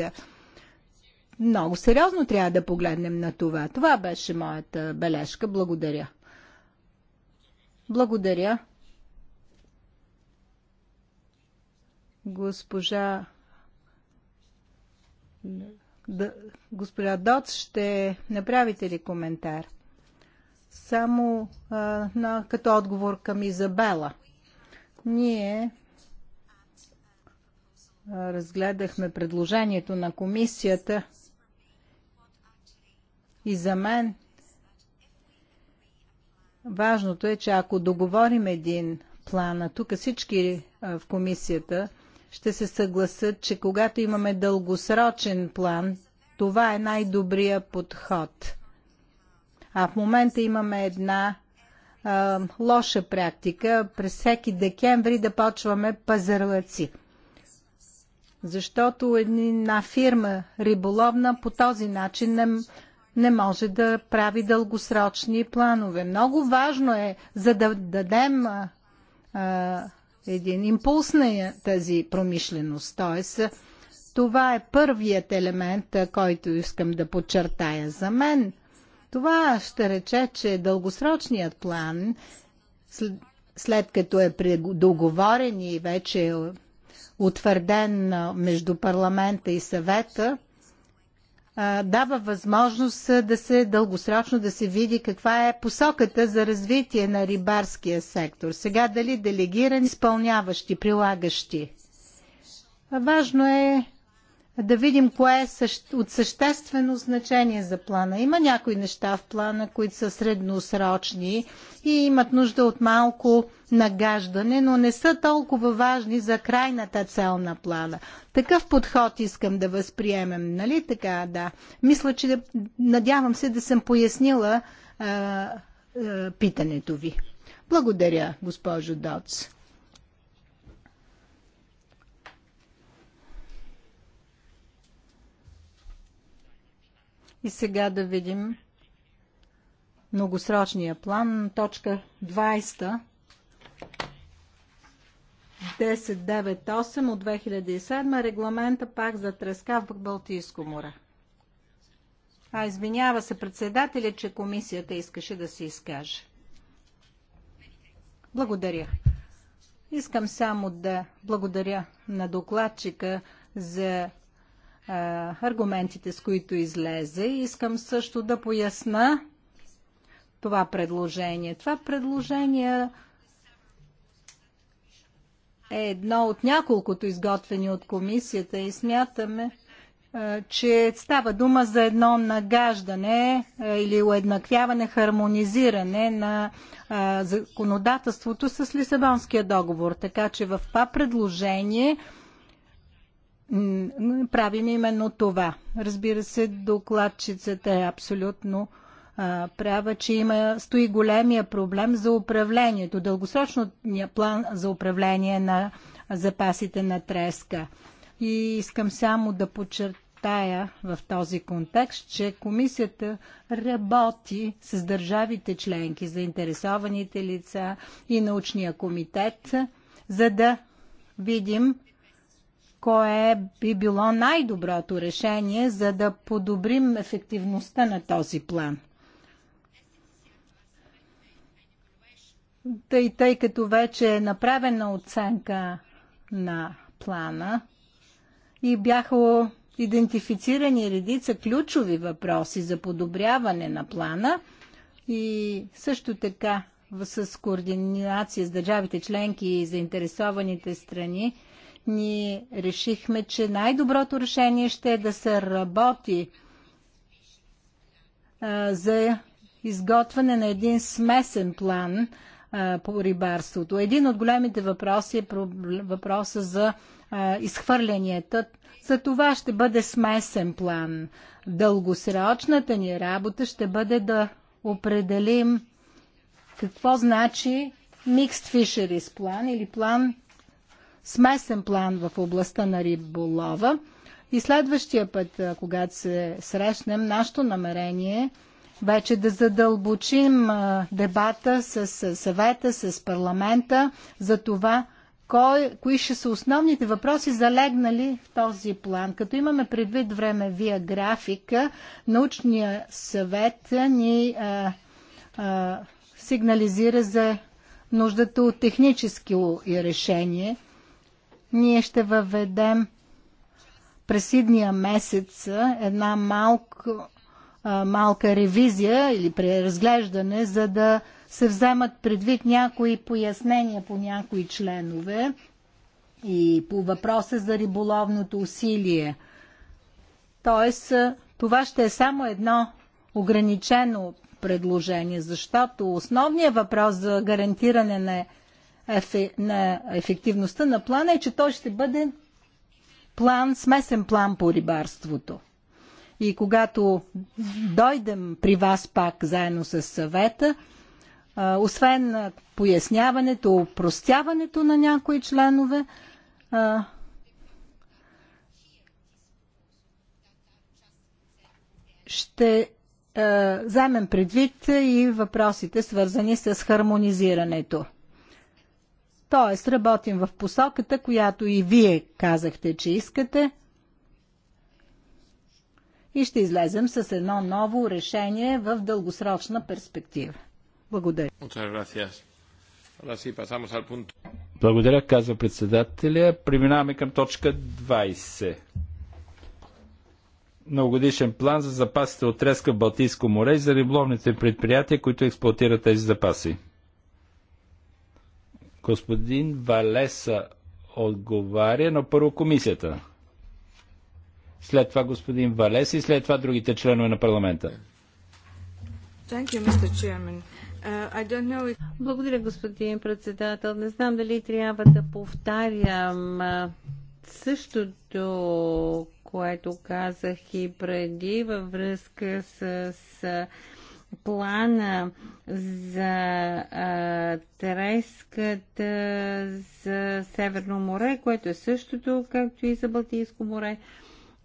Много сериозно трябва да погледнем на това. Това беше моята бележка. Благодаря. Благодаря. Госпожа да, госпожа Доц, ще направите ли коментар? Само а, на, като отговор към Изабела. Ние а, разгледахме предложението на комисията и за мен Важното е, че ако договорим един план, а тук всички в комисията ще се съгласат, че когато имаме дългосрочен план, това е най-добрия подход. А в момента имаме една а, лоша практика през всеки декември да почваме пазарлъци. Защото една фирма риболовна по този начин не не може да прави дългосрочни планове. Много важно е, за да дадем а, а, един импулс на тази промишленост. Тоест, това е първият елемент, който искам да подчертая за мен. Това ще рече, че дългосрочният план, след като е договорен и вече е утвърден между парламента и съвета, дава възможност да се дългосрочно да се види каква е посоката за развитие на рибарския сектор. Сега дали делегирани, изпълняващи, прилагащи. Важно е да видим кое е от съществено значение за плана. Има някои неща в плана, които са средносрочни и имат нужда от малко нагаждане, но не са толкова важни за крайната цел на плана. Такъв подход искам да възприемем, нали така? Да. Мисля, че надявам се да съм пояснила а, а, питането ви. Благодаря, госпожо Доц. И сега да видим многосрочния план. Точка 20. 1098 от 2007 регламента пак за треска в Балтийско море. А извинява се председателя, че комисията искаше да се изкаже. Благодаря. Искам само да благодаря на докладчика за е, аргументите, с които излезе. Искам също да поясна това предложение. Това предложение е едно от няколкото изготвени от комисията и смятаме, е, че става дума за едно нагаждане е, или уеднаквяване, хармонизиране на законодателството с Лисабонския договор. Така че в това предложение правим именно това. Разбира се, докладчицата е абсолютно права, че има, стои големия проблем за управлението, дългосрочния план за управление на запасите на треска. И искам само да подчертая в този контекст, че комисията работи с държавите членки, заинтересованите лица и научния комитет, за да видим кое би било най-доброто решение, за да подобрим ефективността на този план. Тъй, тъй като вече е направена оценка на плана и бяха идентифицирани редица ключови въпроси за подобряване на плана и също така с координация с държавите членки и заинтересованите страни, ние решихме, че най-доброто решение ще е да се работи за изготвяне на един смесен план по рибарството. Един от големите въпроси е въпроса за изхвърлянията. За това ще бъде смесен план. Дългосрочната ни работа ще бъде да определим какво значи Mixed Fisheries план или план смесен план в областта на риболова. И следващия път, когато се срещнем, нашето намерение е вече да задълбочим дебата с съвета, с парламента за това, кой, кои ще са основните въпроси залегнали в този план. Като имаме предвид време вие графика, научния съвет ни а, а, сигнализира за нуждата от технически решение – ние ще въведем през идния месец една малко, малка ревизия или преразглеждане, за да се вземат предвид някои пояснения по някои членове и по въпроса за риболовното усилие. Тоест, това ще е само едно ограничено предложение, защото основният въпрос за гарантиране на на ефективността на плана е, че той ще бъде план, смесен план по рибарството. И когато дойдем при вас пак заедно с съвета, освен поясняването, упростяването на някои членове, ще вземем предвид и въпросите, свързани с хармонизирането. Тоест, работим в посоката, която и вие казахте, че искате. И ще излезем с едно ново решение в дългосрочна перспектива. Благодаря. Благодаря, казва председателя. Преминаваме към точка 20 многогодишен план за запасите от резка в Балтийско море и за рибловните предприятия, които експлуатират тези запаси. Господин Валеса отговаря, но първо комисията. След това господин Валес и след това другите членове на парламента. Uh, Благодаря, господин председател. Не знам дали трябва да повтарям същото, което казах и преди във връзка с плана за а, треската за Северно море, което е същото, както и за Балтийско море.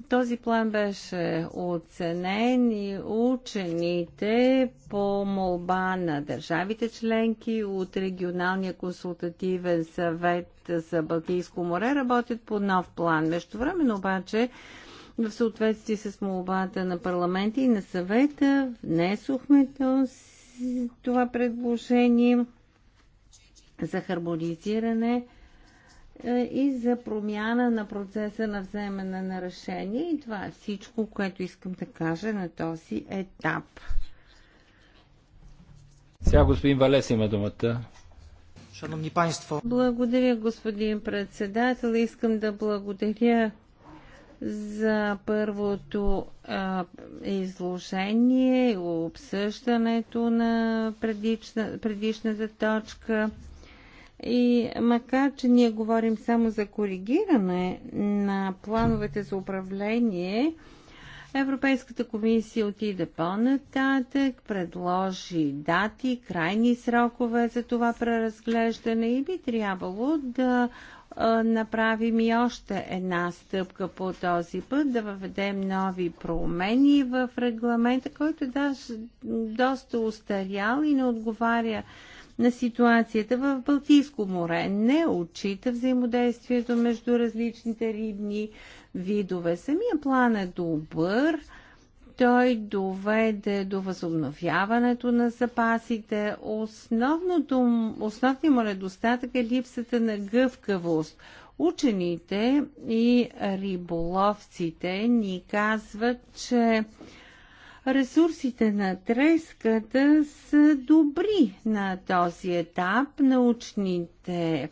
Този план беше оценен и учените по молба на държавите членки от Регионалния консултативен съвет за Балтийско море работят по нов план. Между време обаче в съответствие с молбата на парламента и на съвета внесохме това предложение за хармонизиране е, и за промяна на процеса на вземане на решение. И това е всичко, което искам да кажа на този етап. Сега господин Валес има думата. Благодаря, господин председател. Искам да благодаря за първото а, изложение, обсъждането на предишна, предишната точка. И макар, че ние говорим само за коригиране на плановете за управление, Европейската комисия отиде по-нататък, предложи дати, крайни срокове за това преразглеждане и би трябвало да е, направим и още една стъпка по този път, да въведем нови промени в регламента, който е даже доста устарял и не отговаря на ситуацията в Балтийско море. Не отчита взаимодействието между различните рибни видове. Самия план е добър, той доведе до възобновяването на запасите. Основното, основният му недостатък е липсата на гъвкавост. Учените и риболовците ни казват, че ресурсите на треската са добри на този етап. Научните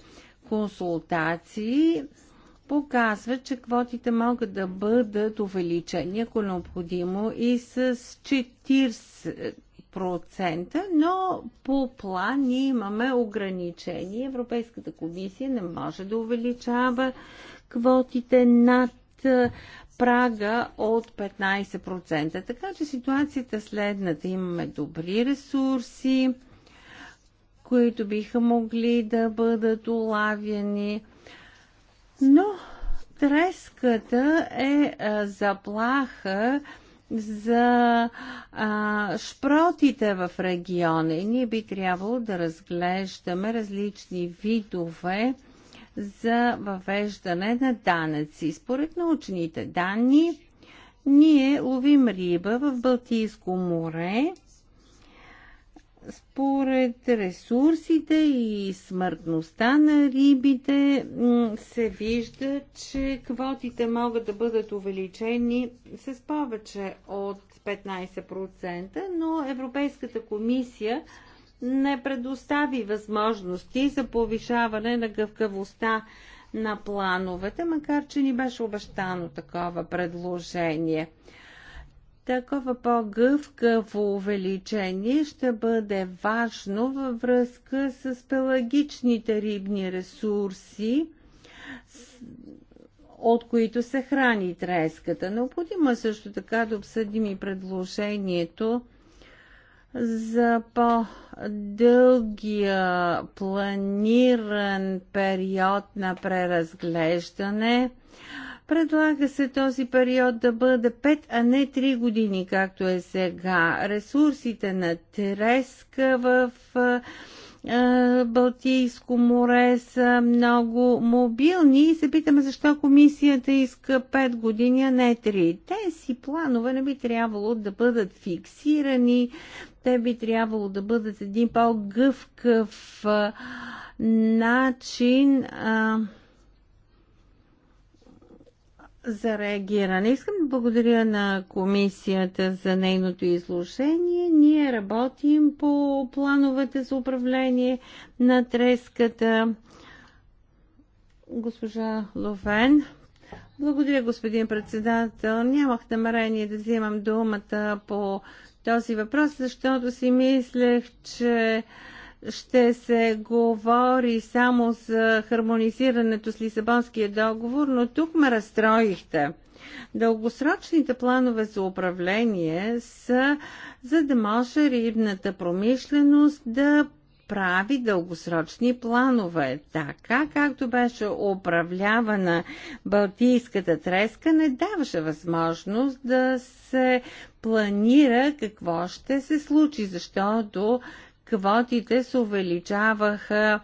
консултации показва, че квотите могат да бъдат увеличени, ако е необходимо, и с 40%, но по план ние имаме ограничение. Европейската комисия не може да увеличава квотите над прага от 15%. Така че ситуацията е следната. Имаме добри ресурси, които биха могли да бъдат улавяни но треската е а, заплаха за а, шпротите в региона и ние би трябвало да разглеждаме различни видове за въвеждане на данъци. Според научните данни, ние ловим риба в Балтийско море според ресурсите и смъртността на рибите се вижда, че квотите могат да бъдат увеличени с повече от 15%, но Европейската комисия не предостави възможности за повишаване на гъвкавостта на плановете, макар че ни беше обещано такова предложение. Такова по-гъвкаво увеличение ще бъде важно във връзка с пелагичните рибни ресурси, от които се храни треската. Необходимо е също така да обсъдим и предложението за по-дългия планиран период на преразглеждане Предлага се този период да бъде 5, а не 3 години, както е сега. Ресурсите на Тереска в Балтийско море са много мобилни и се питаме защо комисията иска 5 години, а не 3. Те си планове не би трябвало да бъдат фиксирани, те би трябвало да бъдат един по-гъвкав начин. А, за реагиране. Искам да благодаря на комисията за нейното изложение. Ние работим по плановете за управление на треската. Госпожа Ловен. Благодаря, господин председател. Нямах намерение да взимам думата по този въпрос, защото си мислех, че ще се говори само за хармонизирането с Лисабонския договор, но тук ме разстроихте. Дългосрочните планове за управление са за да може рибната промишленост да прави дългосрочни планове. Така както беше управлявана Балтийската треска, не даваше възможност да се планира какво ще се случи, защото квотите се увеличаваха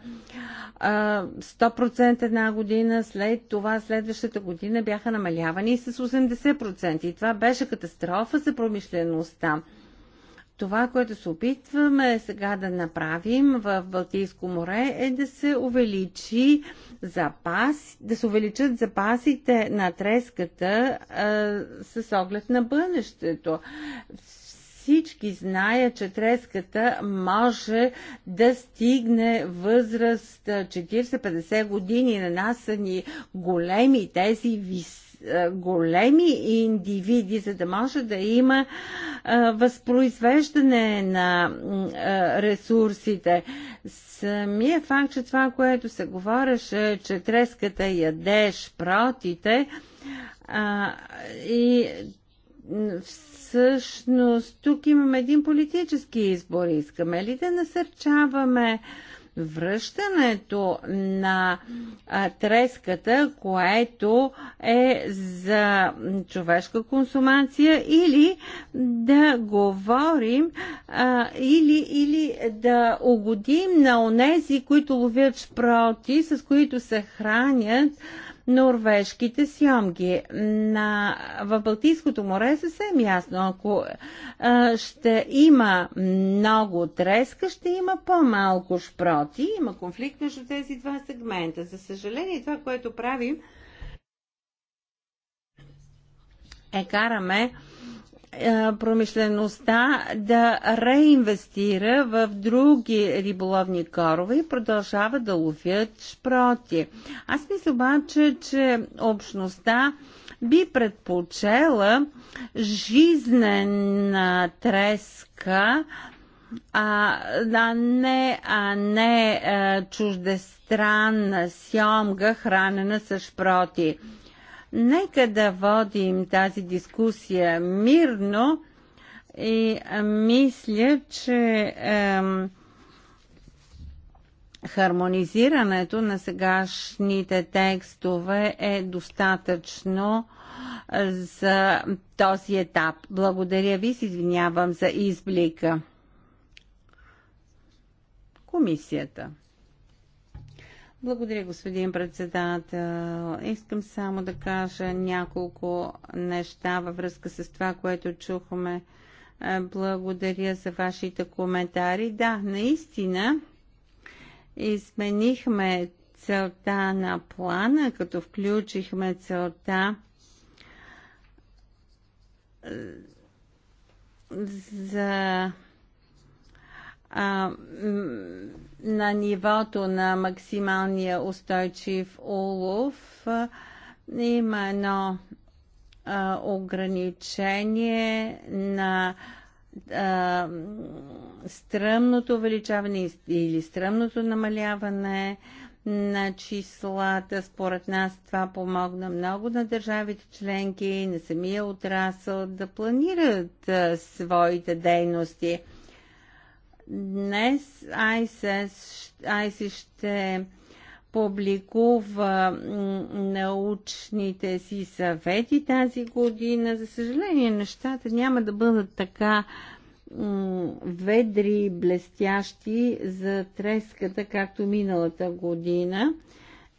100% една година, след това следващата година бяха намалявани с 80%. И това беше катастрофа за промишлеността. Това, което се опитваме сега да направим в Балтийско море е да се увеличи запас, да се увеличат запасите на треската а, с оглед на бъдещето. Всички знаят, че треската може да стигне възраст 40-50 години. На нас са ни големи тези вис големи индивиди, за да може да има а, възпроизвеждане на а, ресурсите. Самия факт, че това, което се говореше, че треската ядеш протите, а, и всъщност тук имаме един политически избор. Искаме ли да насърчаваме връщането на а, треската, което е за човешка консумация или да говорим а, или, или да угодим на онези, които ловят шпроти, с които се хранят а, норвежките сьомги. На, в Балтийското море е съвсем ясно. Ако а, ще има много треска, ще има по-малко шпроти. Има конфликт между тези два сегмента. За съжаление, това, което правим, е караме е, промишлеността да реинвестира в други риболовни корове и продължава да ловят шпроти. Аз мисля обаче, че общността би предпочела жизнена треска, а, а не, а не а, е, чуждестранна сьомга, хранена с шпроти. Нека да водим тази дискусия мирно и мисля, че ем, хармонизирането на сегашните текстове е достатъчно за този етап. Благодаря ви, се извинявам за изблика. Комисията. Благодаря, господин председател. Искам само да кажа няколко неща във връзка с това, което чухме. Е, благодаря за вашите коментари. Да, наистина изменихме целта на плана, като включихме целта е, за а, на нивото на максималния устойчив улов а, има едно а, ограничение на а, стръмното увеличаване или стръмното намаляване на числата. Според нас това помогна много на държавите членки и на самия отрасъл да планират а, своите дейности. Днес ISIS ще публикува научните си съвети тази година. За съжаление, нещата няма да бъдат така ведри, блестящи за треската, както миналата година.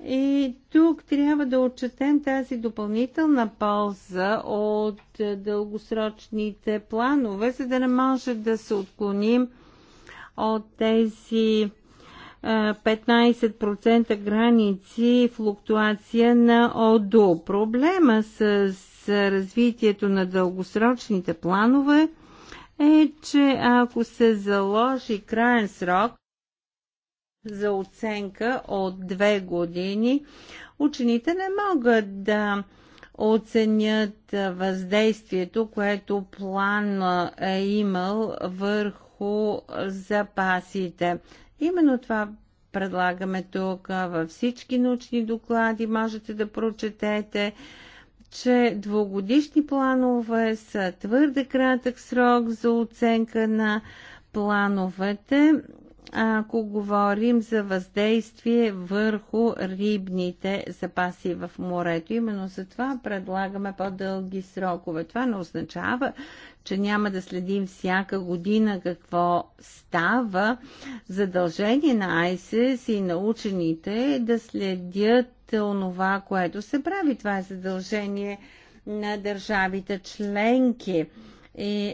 И тук трябва да отчетем тази допълнителна полза от дългосрочните планове, за да не може да се отклоним от тези 15% е, граници флуктуация на ОДО. Проблема с развитието на дългосрочните планове е, че ако се заложи крайен срок за оценка от две години, учените не могат да оценят въздействието, което план е имал върху върху запасите. Именно това предлагаме тук. Във всички научни доклади можете да прочетете, че двогодишни планове са твърде кратък срок за оценка на плановете ако говорим за въздействие върху рибните запаси в морето. Именно за това предлагаме по-дълги срокове. Това не означава, че няма да следим всяка година какво става. Задължение на ISIS и на учените е да следят онова, което се прави. Това е задължение на държавите членки и,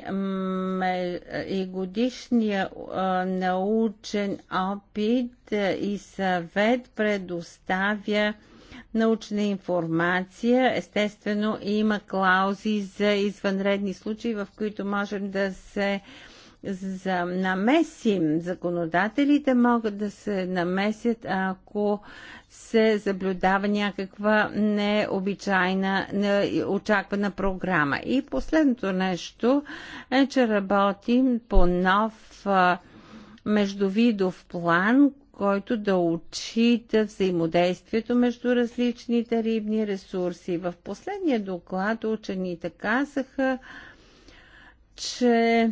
е, и годишния научен опит и съвет предоставя научна информация. Естествено, има клаузи за извънредни случаи, в които можем да се за намесим. Законодателите могат да се намесят, ако се заблюдава някаква необичайна, неочаквана програма. И последното нещо е, че работим по нов междувидов план, който да отчита взаимодействието между различните рибни ресурси. В последния доклад учените казаха, че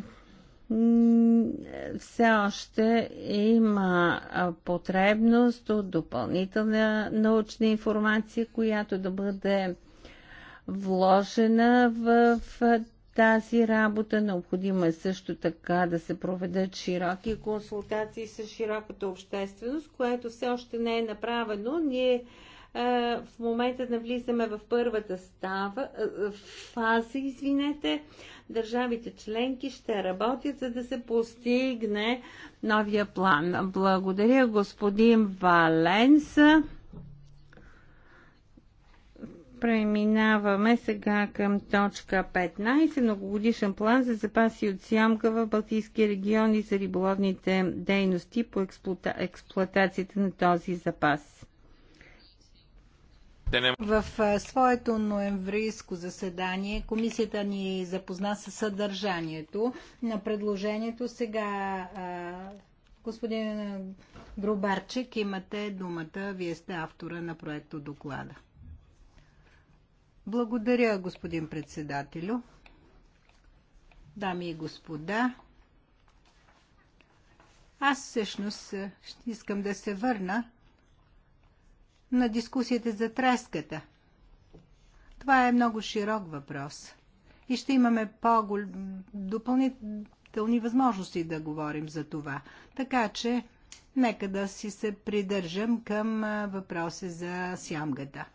все още има потребност от допълнителна научна информация, която да бъде вложена в тази работа. Необходимо е също така да се проведат широки консултации с широката общественост, което все още не е направено. Ние в момента навлизаме в първата става, фаза, извинете, държавите членки ще работят, за да се постигне новия план. Благодаря господин Валенса. Преминаваме сега към точка 15. Многогодишен план за запаси от сямка в Балтийски и за риболовните дейности по експлуата... експлуатацията на този запас. В своето ноемврийско заседание комисията ни запозна с съдържанието на предложението. Сега господин Грубарчик, имате думата. Вие сте автора на проекто доклада. Благодаря, господин председателю. Дами и господа, аз всъщност искам да се върна на дискусията за треската. Това е много широк въпрос. И ще имаме по-допълнителни възможности да говорим за това. Така че, нека да си се придържам към въпроса за сямгата.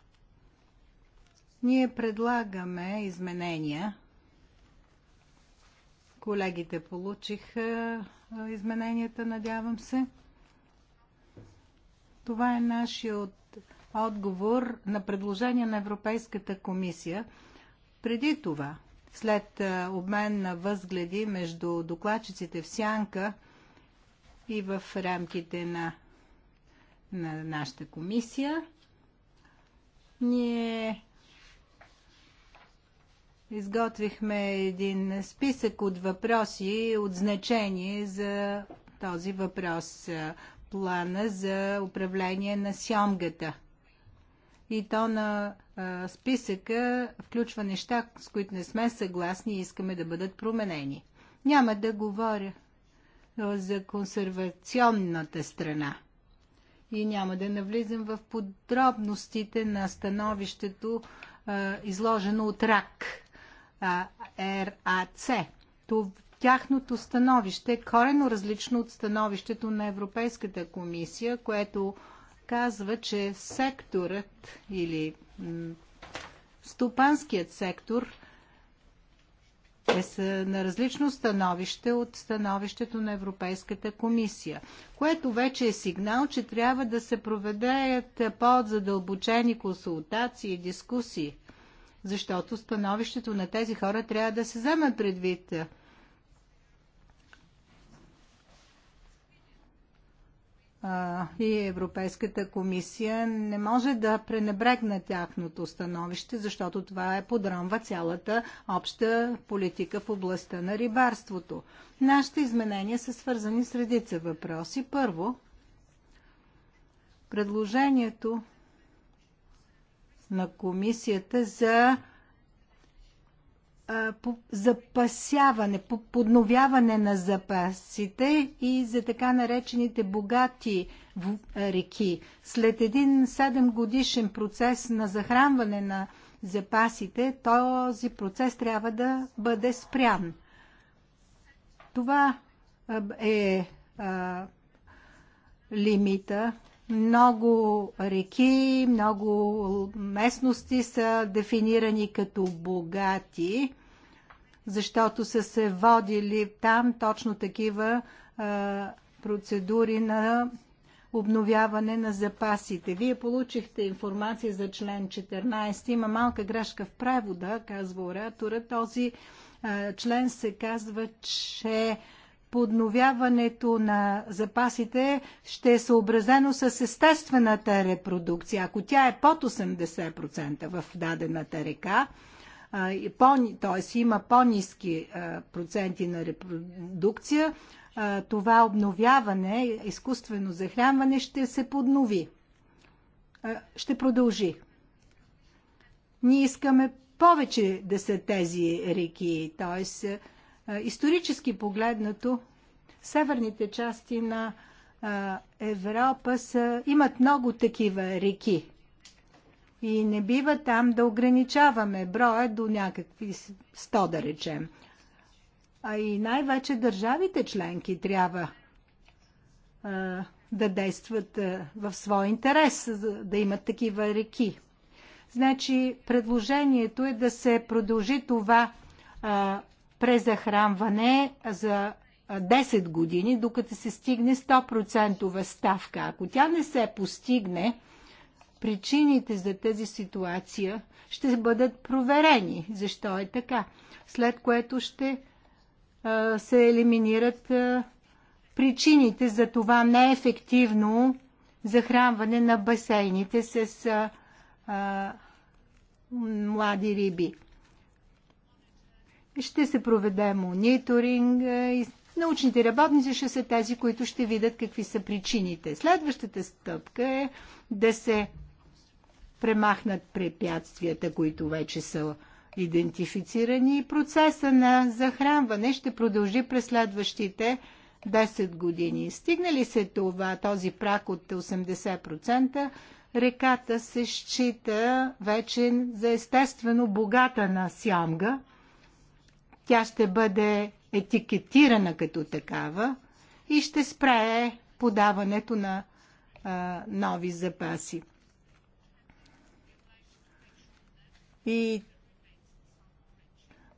Ние предлагаме изменения. Колегите получиха измененията, надявам се. Това е нашият отговор на предложение на Европейската комисия. Преди това, след е, обмен на възгледи между докладчиците в Сянка и в рамките на, на нашата комисия, ние изготвихме един списък от въпроси от значение за този въпрос е, плана за управление на сьомгата и то на а, списъка включва неща, с които не сме съгласни и искаме да бъдат променени. Няма да говоря за консервационната страна. И няма да навлизам в подробностите на становището, а, изложено от РАК, а, РАЦ. Тяхното становище е корено различно от становището на Европейската комисия, което казва, че секторът или стопанският сектор е на различно становище от становището на Европейската комисия, което вече е сигнал, че трябва да се проведеят по-задълбочени консултации и дискусии, защото становището на тези хора трябва да се вземе предвид и Европейската комисия не може да пренебрегне тяхното становище, защото това е подрамва цялата обща политика в областта на рибарството. Нашите изменения са свързани с редица въпроси. Първо, предложението на комисията за запасяване, подновяване на запасите и за така наречените богати реки. След един 7 годишен процес на захранване на запасите, този процес трябва да бъде спрян. Това е а, лимита много реки, много местности са дефинирани като богати, защото са се водили там точно такива а, процедури на обновяване на запасите. Вие получихте информация за член 14. Има малка грешка в превода, казва оратора. Този а, член се казва, че подновяването на запасите ще е съобразено с естествената репродукция. Ако тя е под 80% в дадената река, т.е. има по-низки проценти на репродукция, това обновяване, изкуствено захранване ще се поднови. Ще продължи. Ние искаме повече да са тези реки, т.е исторически погледнато, северните части на Европа са, имат много такива реки. И не бива там да ограничаваме броя до някакви 100, да речем. А и най-вече държавите членки трябва а, да действат а, в свой интерес, да имат такива реки. Значи, предложението е да се продължи това а, презахранване за 10 години, докато се стигне 100% ставка. Ако тя не се постигне, причините за тази ситуация ще бъдат проверени. Защо е така? След което ще а, се елиминират а, причините за това неефективно захранване на басейните с а, а, млади риби ще се проведе мониторинг е, и научните работници ще са тези, които ще видят какви са причините. Следващата стъпка е да се премахнат препятствията, които вече са идентифицирани и процеса на захранване ще продължи през следващите 10 години. Стигнали се това, този прак от 80%, реката се счита вече за естествено богата на сямга – тя ще бъде етикетирана като такава и ще спрае подаването на а, нови запаси. И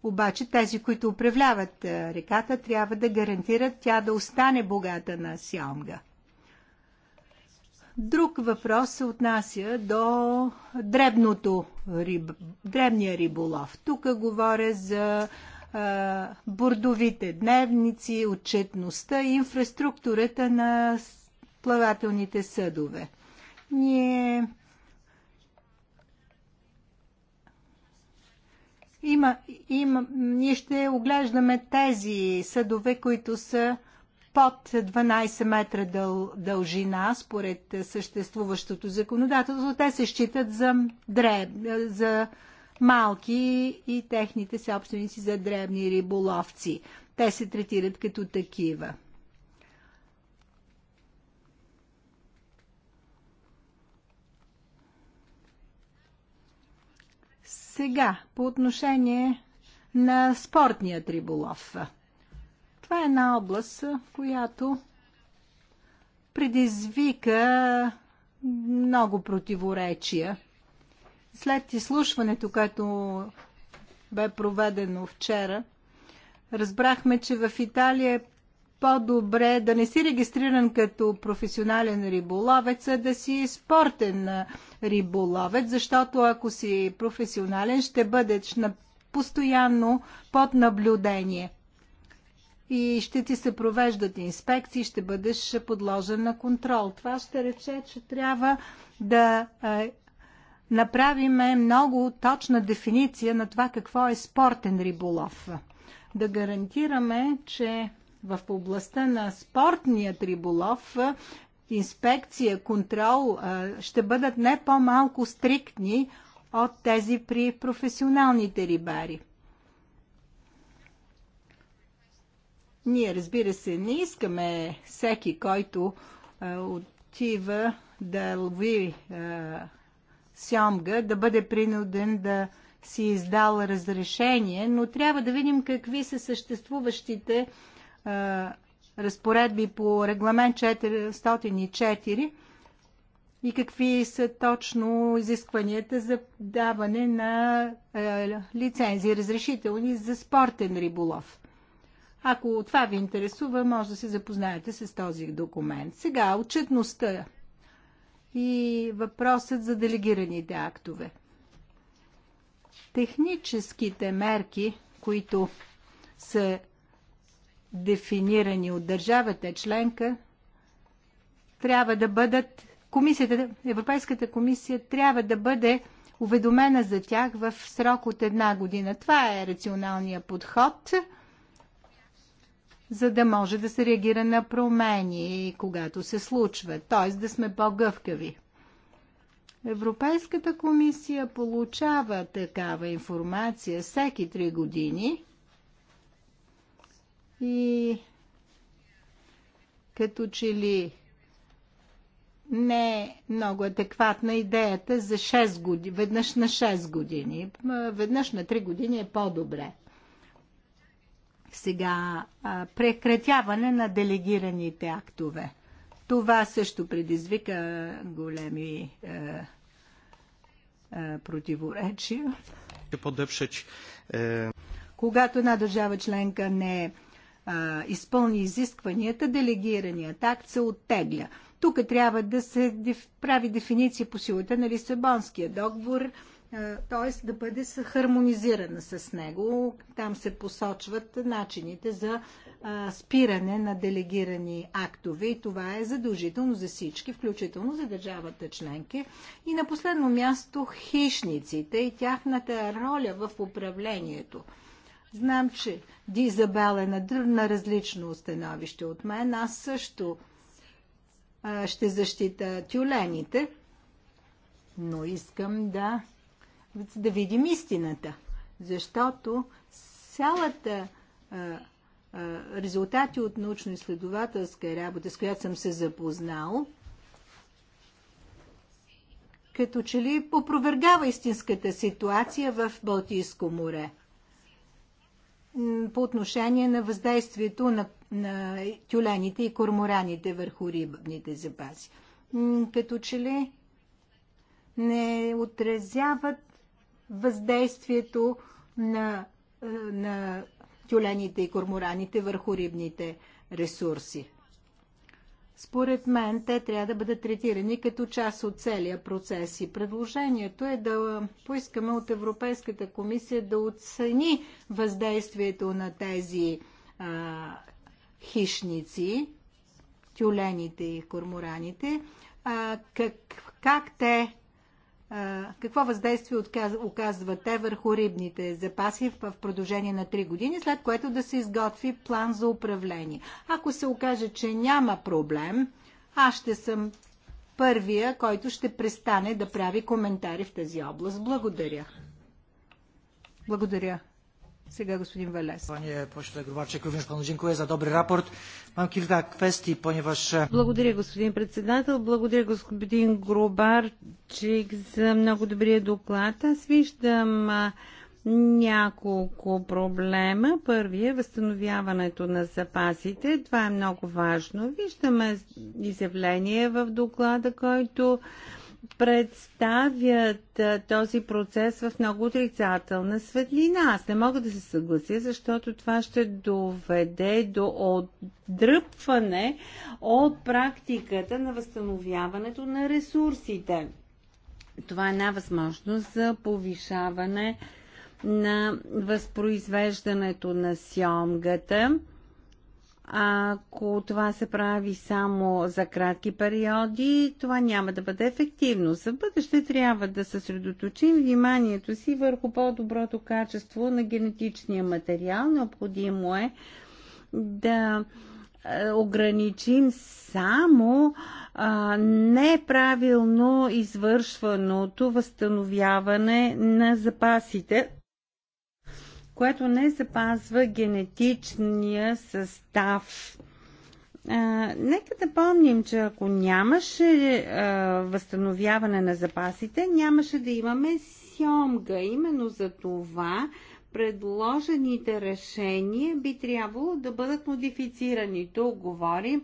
обаче тези, които управляват реката, трябва да гарантират тя да остане богата на Сиомга. Друг въпрос се отнася до дребното риб, дребния риболов. Тук говоря за бордовите дневници, отчетността и инфраструктурата на плавателните съдове. Ние има, има, ние ще оглеждаме тези съдове, които са под 12 метра дъл, дължина, според съществуващото законодателство. Те се считат за, дреб, за малки и техните собственици за древни риболовци. Те се третират като такива. Сега, по отношение на спортния риболов. Това е една област, която предизвика много противоречия след изслушването, което бе проведено вчера, разбрахме, че в Италия е по-добре да не си регистриран като професионален риболовец, а да си спортен риболовец, защото ако си професионален, ще бъдеш на постоянно под наблюдение. И ще ти се провеждат инспекции, ще бъдеш подложен на контрол. Това ще рече, че трябва да е, направиме много точна дефиниция на това какво е спортен риболов. Да гарантираме, че в областта на спортният риболов инспекция, контрол ще бъдат не по-малко стриктни от тези при професионалните рибари. Ние, разбира се, не искаме всеки, който отива да лови Сьомга да бъде принуден да си издал разрешение, но трябва да видим какви са съществуващите а, разпоредби по регламент 404 и какви са точно изискванията за даване на а, лицензии, разрешителни за спортен риболов. Ако това ви интересува, може да се запознаете с този документ. Сега, отчетността и въпросът за делегираните актове. Техническите мерки, които са дефинирани от държавата членка, трябва да бъдат комисията, Европейската комисия трябва да бъде уведомена за тях в срок от една година. Това е рационалният подход – за да може да се реагира на промени, когато се случва, т.е. да сме по-гъвкави. Европейската комисия получава такава информация всеки три години и като че ли не е много адекватна идеята за 6 години, веднъж на 6 години. Веднъж на 3 години е по-добре. Сега, прекратяване на делегираните актове. Това също предизвика големи е, е, противоречия. е... Когато една държава членка не е изпълни изискванията, делегираният акт се оттегля. Тук трябва да се прави дефиниция по силата на Лисабонския договор т.е. да бъде хармонизирана с него. Там се посочват начините за е, спиране на делегирани актове и това е задължително за всички, включително за държавата членки. И на последно място хищниците и тяхната роля в управлението. Знам, че Дизабел е на, на различно установище от мен. Аз също е, ще защита тюлените, но искам да за да видим истината. Защото цялата а, а, резултати от научно-изследователска работа, с която съм се запознал, като че ли опровергава истинската ситуация в Балтийско море по отношение на въздействието на, на тюлените и кормораните върху рибните запаси. Като че ли не отразяват въздействието на, е, на тюлените и кормораните върху рибните ресурси. Според мен те трябва да бъдат третирани като част от целия процес и предложението е да поискаме от Европейската комисия да оцени въздействието на тези а, хищници, тюлените и кормораните, а, как, как те какво въздействие оказва те върху рибните запаси в продължение на 3 години, след което да се изготви план за управление. Ако се окаже, че няма проблем, аз ще съм първия, който ще престане да прави коментари в тази област. Благодаря. Благодаря. Сега господин Валес. E, Благодаря, господин председател. Благодаря, господин Грубарчик, за много добрия доклад. Аз виждам няколко проблема. Първият е възстановяването на запасите. Това е много важно. Виждаме изявление в доклада, който представят този процес в много отрицателна светлина. Аз не мога да се съглася, защото това ще доведе до отдръпване от практиката на възстановяването на ресурсите. Това е една възможност за повишаване на възпроизвеждането на сьомгата ако това се прави само за кратки периоди, това няма да бъде ефективно. За бъдеще трябва да съсредоточим вниманието си върху по-доброто качество на генетичния материал. Необходимо е да е, ограничим само а, неправилно извършваното възстановяване на запасите което не запазва генетичния състав. А, нека да помним, че ако нямаше а, възстановяване на запасите, нямаше да имаме сьомга. Именно за това предложените решения би трябвало да бъдат модифицирани. Тук говорим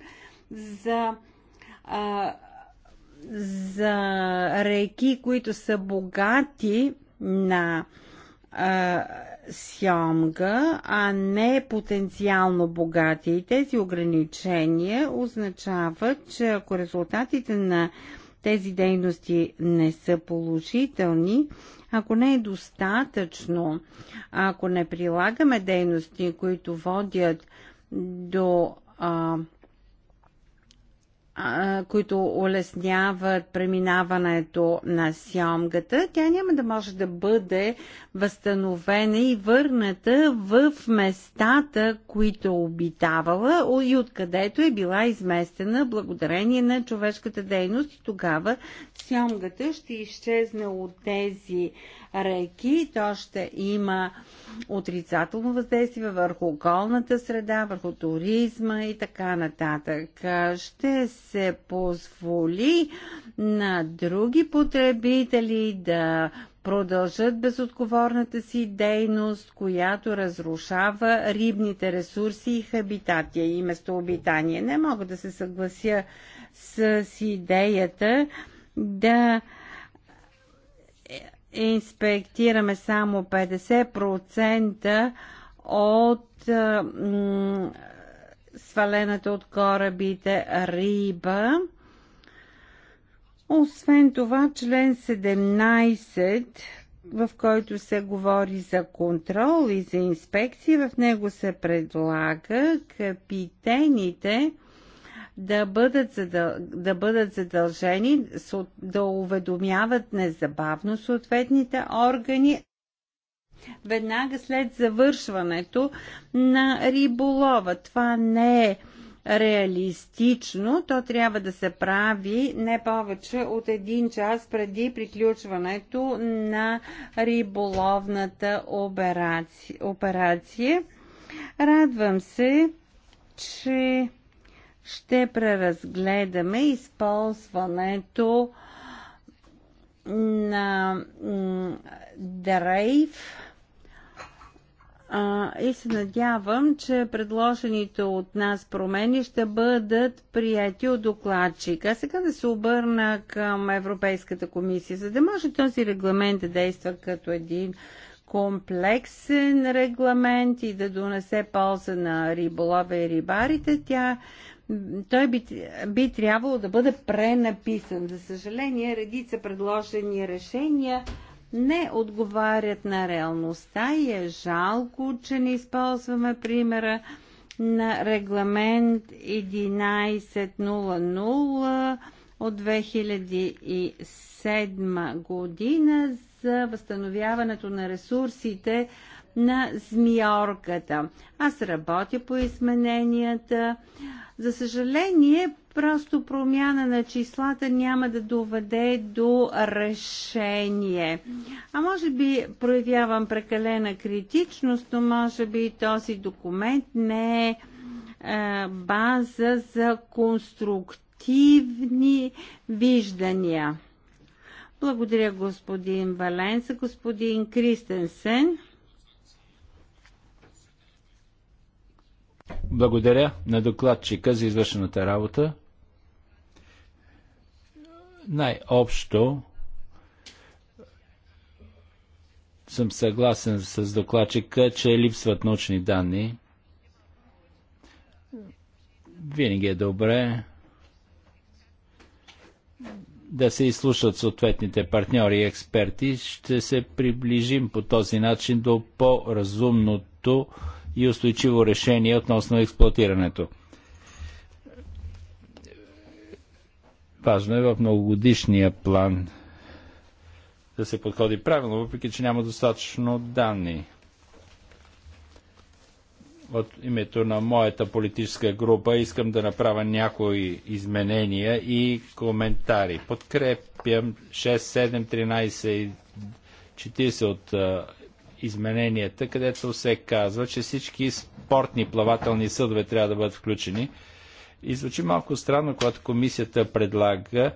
за, а, за реки, които са богати на а, сьомга, а не потенциално богати. И тези ограничения означават, че ако резултатите на тези дейности не са положителни, ако не е достатъчно, ако не прилагаме дейности, които водят до а, които улесняват преминаването на сьомгата, тя няма да може да бъде възстановена и върната в местата, които е обитавала и откъдето е била изместена благодарение на човешката дейност и тогава сьомгата ще изчезне от тези реки, то ще има отрицателно въздействие върху околната среда, върху туризма и така нататък. Ще се позволи на други потребители да продължат безотговорната си дейност, която разрушава рибните ресурси и хабитати и местообитание. Не мога да се съглася с идеята да инспектираме само 50% от а, е, м, свалената от корабите риба. Освен това, член 17 в който се говори за контрол и за инспекции, в него се предлага капитените да бъдат, задъл... да бъдат задължени да уведомяват незабавно съответните органи веднага след завършването на риболова. Това не е реалистично, то трябва да се прави не повече от един час преди приключването на риболовната операция. Радвам се, че ще преразгледаме използването на дрейв и се надявам, че предложените от нас промени ще бъдат прияти от докладчика. Сега да се обърна към Европейската комисия, за да може този регламент да действа като един комплексен регламент и да донесе полза на риболова и рибарите. Тя той би, би трябвало да бъде пренаписан. За съжаление, редица предложени решения не отговарят на реалността и е жалко, че не използваме примера на регламент 1100 от 2007 година за възстановяването на ресурсите на змиорката. Аз работя по измененията за съжаление, просто промяна на числата няма да доведе до решение. А може би проявявам прекалена критичност, но може би този документ не е, е база за конструктивни виждания. Благодаря господин Валенса, господин Кристенсен. Благодаря на докладчика за извършената работа. Най-общо съм съгласен с докладчика, че липсват научни данни. Винаги е добре да се изслушат съответните партньори и експерти. Ще се приближим по този начин до по-разумното и устойчиво решение относно експлуатирането. Важно е в многогодишния план да се подходи правилно, въпреки че няма достатъчно данни. От името на моята политическа група искам да направя някои изменения и коментари. Подкрепям 6, 7, 13 и 40 от измененията, където се казва, че всички спортни плавателни съдове трябва да бъдат включени. И звучи малко странно, когато комисията предлага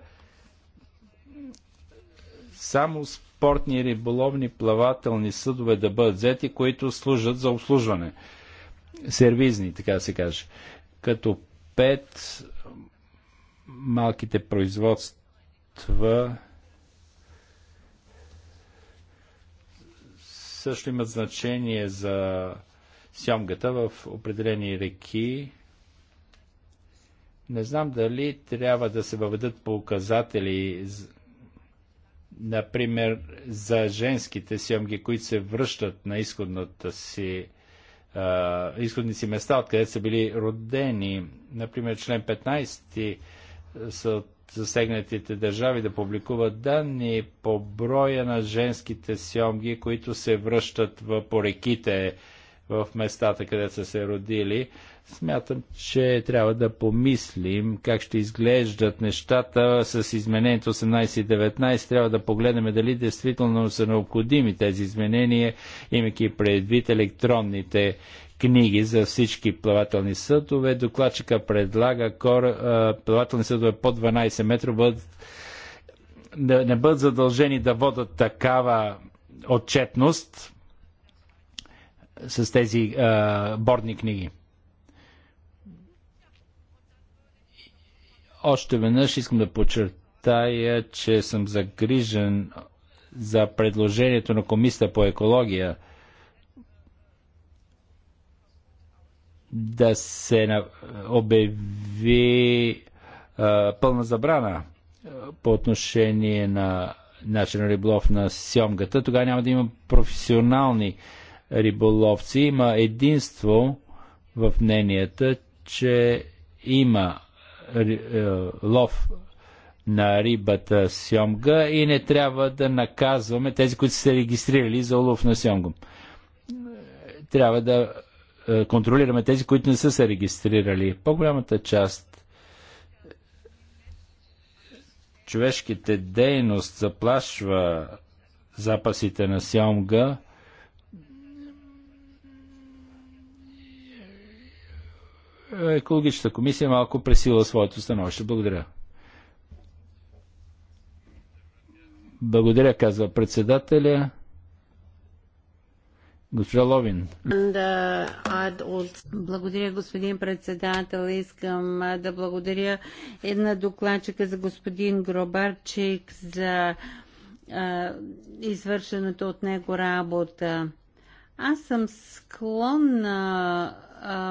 само спортни риболовни плавателни съдове да бъдат взети, които служат за обслужване. Сервизни, така да се каже. Като пет малките производства също имат значение за сьомгата в определени реки. Не знам дали трябва да се въведат показатели, например, за женските сьомги, които се връщат на изходната си изходни си места, откъдето са били родени. Например, член 15 са засегнатите държави да публикуват данни по броя на женските сьомги, които се връщат в, пореките в местата, къде са се родили. Смятам, че трябва да помислим как ще изглеждат нещата с изменението 18 и 19. Трябва да погледнем дали действително са необходими тези изменения, имайки предвид електронните книги за всички плавателни съдове. Докладчика предлага кор, плавателни съдове по 12 метра бъдат, да не бъдат задължени да водат такава отчетност с тези а, бордни книги. Още веднъж искам да подчертая, че съм загрижен за предложението на Комисията по екология – да се обяви пълна забрана по отношение на начин на риболов на сьомгата, тогава няма да има професионални риболовци. Има единство в мненията, че има е, лов на рибата сьомга и не трябва да наказваме тези, които са се регистрирали за улов на сьомга. Трябва да е, контролираме тези, които не са се регистрирали. По-голямата част човешките дейност заплашва запасите на сьомга. Екологичната комисия малко пресила своето становище. Благодаря. Благодаря, казва председателя. Госпожа Ловин. Благодаря, господин председател. Искам да благодаря една докладчика за господин Гробарчик за извършената от него работа. Аз съм склонна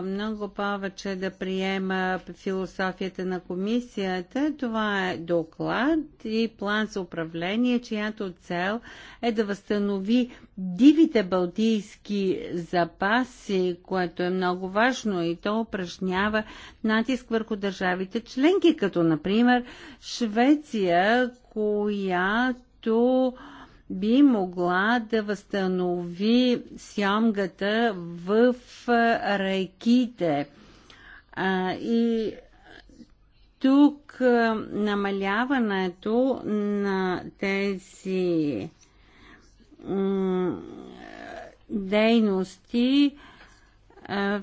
много повече да приема философията на комисията. Това е доклад и план за управление, чиято цел е да възстанови дивите балтийски запаси, което е много важно и то упражнява натиск върху държавите членки, като например Швеция, която би могла да възстанови сямгата в реките. И тук намаляването на тези дейности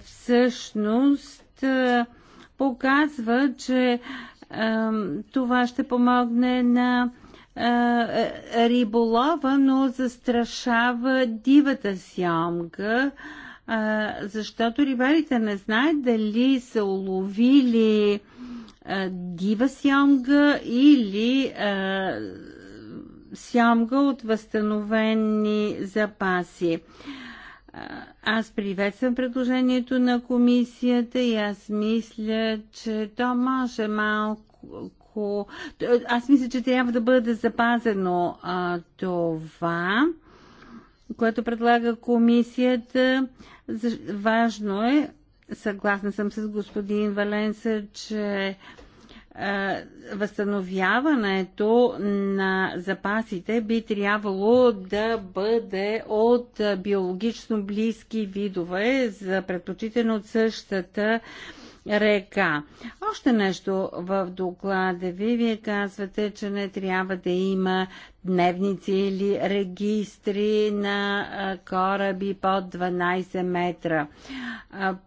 всъщност показва, че това ще помогне на риболова, но застрашава дивата сямка, защото рибарите не знаят дали са уловили дива сямга или сямга от възстановени запаси. Аз приветствам предложението на комисията и аз мисля, че то може малко върху... Аз мисля, че трябва да бъде запазено а, това, което предлага комисията. Важно е, съгласна съм с господин Валенса, че възстановяването на запасите би трябвало да бъде от биологично близки видове за предпочитане от същата река. Още нещо в доклада ви. Вие казвате, че не трябва да има дневници или регистри на кораби под 12 метра.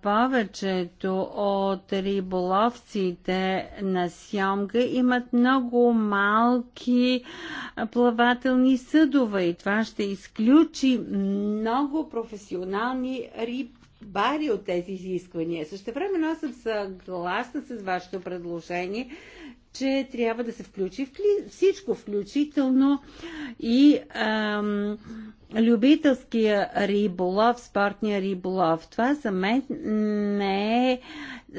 Повечето от риболовците на Сьомга имат много малки плавателни съдове и това ще изключи много професионални риболовци бари от тези изисквания. Също време аз съм съгласна с вашето предложение, че трябва да се включи всичко, включително и ам, любителския риболов, спортния риболов. Това за мен не е,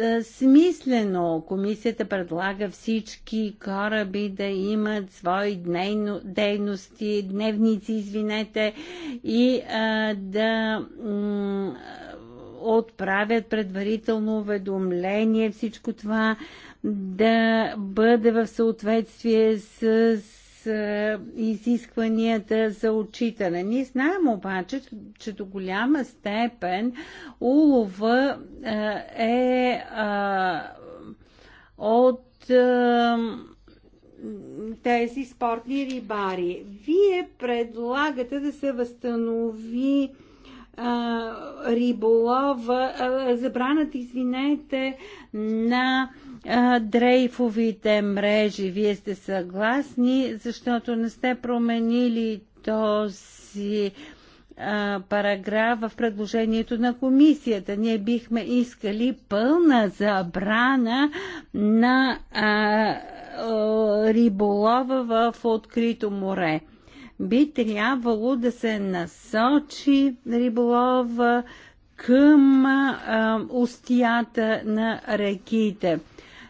е смислено. Комисията предлага всички кораби да имат свои дневно, дейности, дневници, извинете, и а, да отправят предварително уведомление, всичко това да бъде в съответствие с е, изискванията за отчитане. Ние знаем обаче, че до голяма степен улова е, е от е, тези спортни рибари. Вие предлагате да се възстанови риболова, забранат, извинете, на а, дрейфовите мрежи. Вие сте съгласни, защото не сте променили този параграф в предложението на комисията. Ние бихме искали пълна забрана на а, риболова в открито море би трябвало да се насочи риболова към а, устията на реките.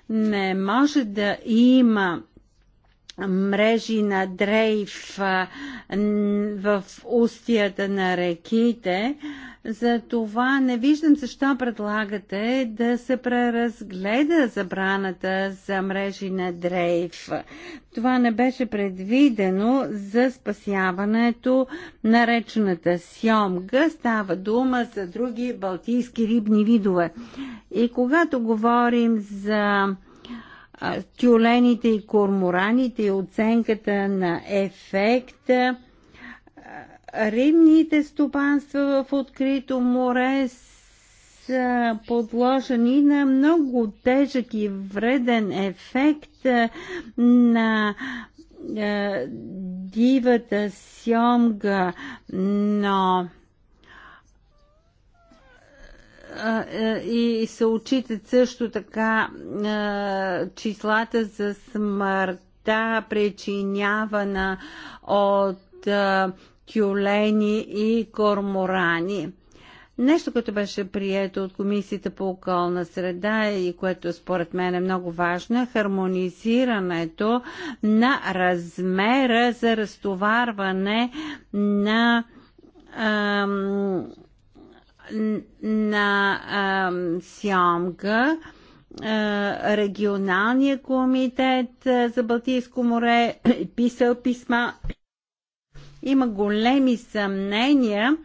Не може да има мрежи на дрейф в устията на реките, за това не виждам защо предлагате да се преразгледа забраната за мрежи на дрейф. Това не беше предвидено за спасяването на речната сьомга. Става дума за други балтийски рибни видове. И когато говорим за тюлените и кормораните и оценката на ефекта, рибните стопанства в открито море са подложени на много тежък и вреден ефект на е, дивата сьомга, но е, и се отчитат също така е, числата за смъртта, причинявана от тюлени и корморани. Нещо, което беше прието от Комисията по околна среда и което според мен е много важно, е хармонизирането на размера за разтоварване на ам, на ам, Регионалния комитет за Балтийско море *clears throat* писал писма има големи съмнения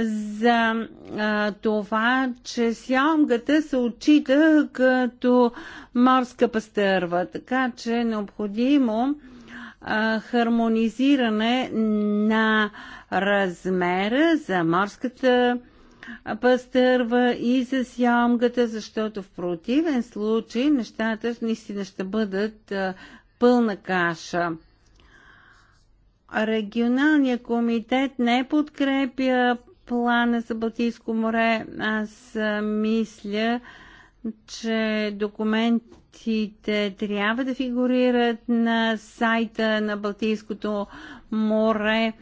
за а, това, че сямгата се отчита като морска пастърва. Така че е необходимо а, хармонизиране на размера за морската пастърва и за сямгата, защото в противен случай нещата наистина ще бъдат а, пълна каша. Регионалният комитет не подкрепя плана за Балтийско море. Аз мисля, че документите трябва да фигурират на сайта на Балтийското море.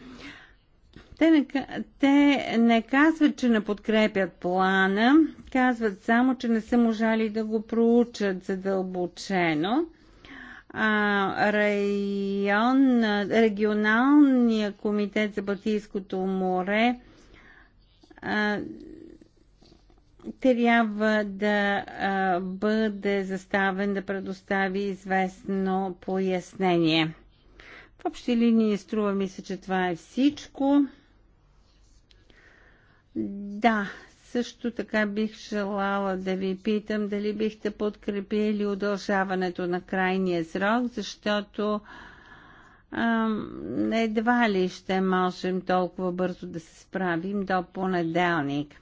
Те не, те не казват, че не подкрепят плана, казват само, че не са можали да го проучат задълбочено район, регионалния комитет за Балтийското море а, трябва да а, бъде заставен да предостави известно пояснение. В общи линии струва ми се, че това е всичко. Да, също така бих желала да ви питам дали бихте подкрепили удължаването на крайния срок, защото ам, едва ли ще можем толкова бързо да се справим до понеделник.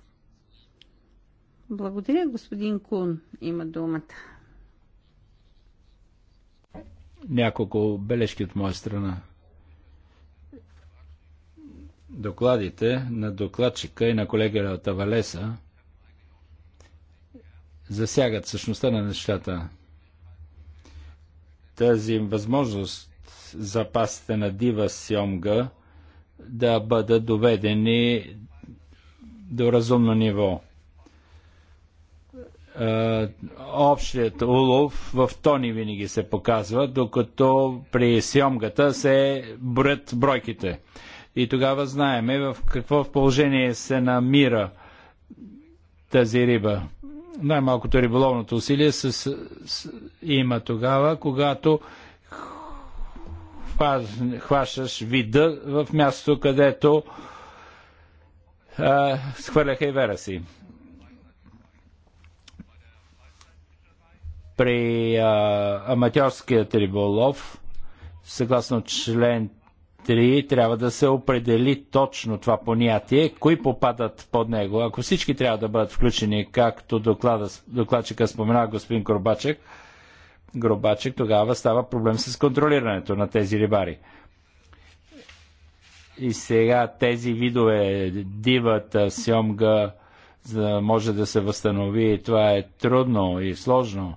Благодаря, господин Кун. Има думата. Няколко бележки от моя страна докладите на докладчика и на колегата от Авалеса засягат същността на нещата. Тази възможност запасите на дива сьомга да бъдат доведени до разумно ниво. Общият улов в тони винаги се показва, докато при сьомгата се брат бройките. И тогава знаеме в какво положение се намира тази риба. Най-малкото риболовното усилие с, с, с, има тогава, когато хващаш вида в място, където а, схвърляха и вера си. При а, аматьорският риболов, съгласно член 3 трябва да се определи точно това понятие, кои попадат под него. Ако всички трябва да бъдат включени, както доклада, докладчика спомена господин Горбачек, Горбачек, тогава става проблем с контролирането на тези рибари. И сега тези видове, дивата, сьомга, за да може да се възстанови, това е трудно и сложно.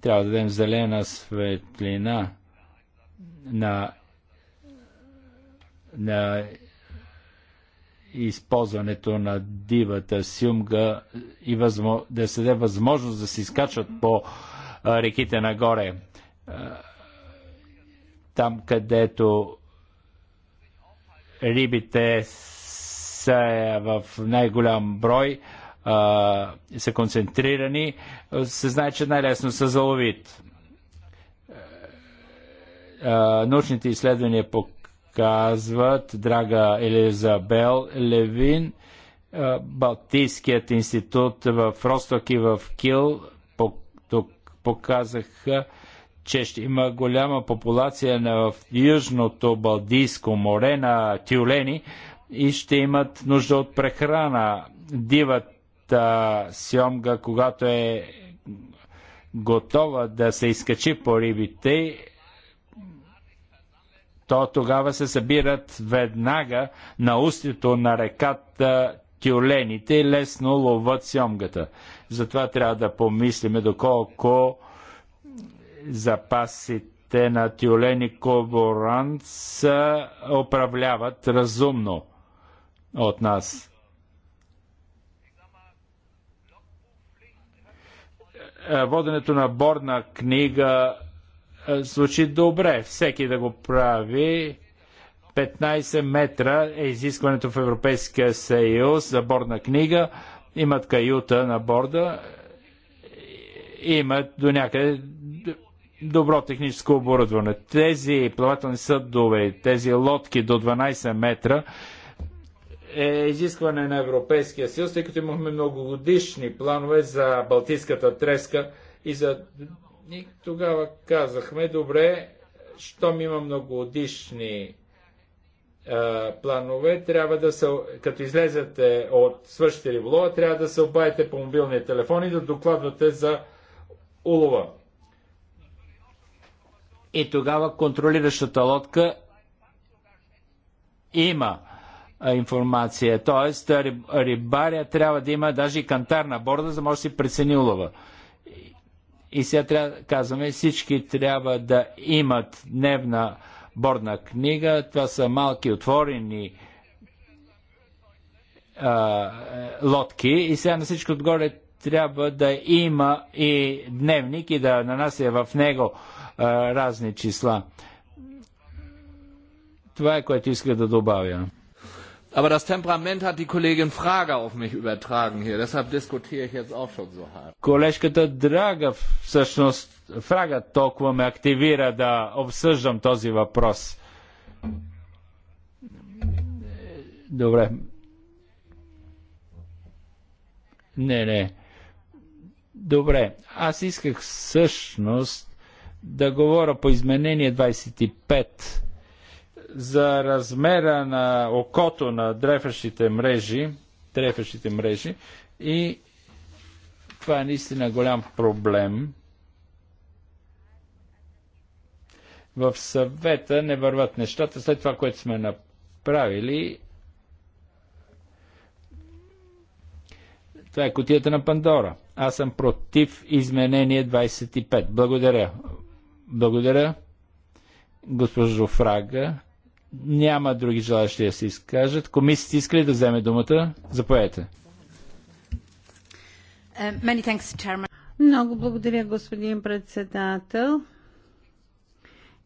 Трябва да дадем зелена светлина на на използването на дивата сюмга и възмо... да се даде възможност да се изкачват по реките нагоре. Там, където рибите са е, в най-голям брой, са концентрирани, се знае, че най-лесно са заловит. Научните изследвания казват, драга Елизабел Левин, Балтийският институт в Росток и в Кил показаха, че ще има голяма популация на в Южното Балдийско море на тюлени и ще имат нужда от прехрана. Дивата сьомга, когато е готова да се изкачи по рибите, то тогава се събират веднага на устието на реката тюлените и лесно ловат сьомгата. Затова трябва да помислиме доколко запасите на тюлени коборант са управляват разумно от нас. Воденето на борна книга е, звучи добре. Всеки да го прави. 15 метра е изискването в Европейския съюз за борна книга. Имат каюта на борда. Имат до някъде добро техническо оборудване. Тези плавателни съдове, тези лодки до 12 метра е изискване на Европейския съюз, тъй като имахме многогодишни планове за Балтийската треска и за и тогава казахме, добре, щом има многогодишни а, планове, трябва да се, като излезете от свършите риболова, трябва да се обадите по мобилния телефон и да докладвате за улова. И тогава контролиращата лодка има информация. Тоест, рибаря трябва да има даже и кантар на борда, за да може да си прецени улова. И сега трябва, казваме, всички трябва да имат дневна борна книга. Това са малки отворени а, е, лодки. И сега на всичко отгоре трябва да има и дневник и да нанася в него а, разни числа. Това е което иска да добавя. Aber das Temperament hat die Kollegin Frager auf mich übertragen hier. Deshalb diskutiere ich jetzt auch schon so hart. Колежката Драга всъщност Фрага толкова ме активира да обсъждам този въпрос. Добре. Не, не. Добре. Аз исках всъщност да говоря по изменение 25 за размера на окото на дрефащите мрежи, дрефащите мрежи и това е наистина голям проблем. В съвета не върват нещата след това, което сме направили. Това е котията на Пандора. Аз съм против изменение 25. Благодаря. Благодаря госпожо Фрага. Няма други желащи да се изкажат. Комисията иска ли да вземе думата? Заповядайте. Е, Много благодаря, господин председател.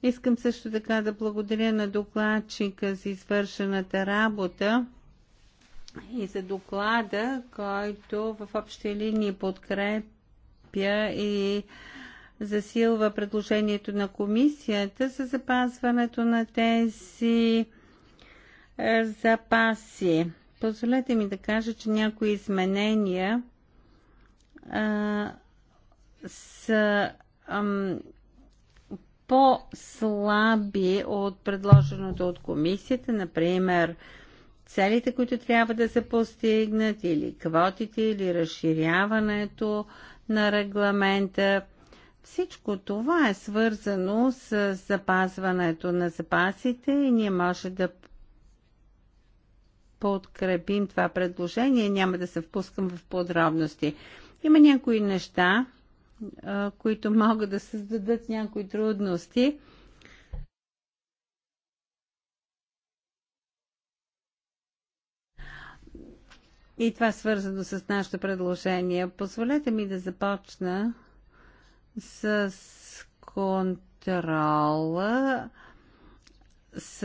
Искам също така да благодаря на докладчика за извършената работа и за доклада, който в общи линии подкрепя и а, засилва предложението на комисията за запазването на тези е, запаси. Позволете ми да кажа, че някои изменения а, е, са ам, по-слаби от предложеното от комисията, например целите, които трябва да се постигнат или квотите или разширяването на регламента всичко това е свързано с запазването на запасите и ние може да подкрепим това предложение. Няма да се впускам в подробности. Има някои неща, които могат да създадат някои трудности. И това свързано с нашето предложение. Позволете ми да започна с контрола с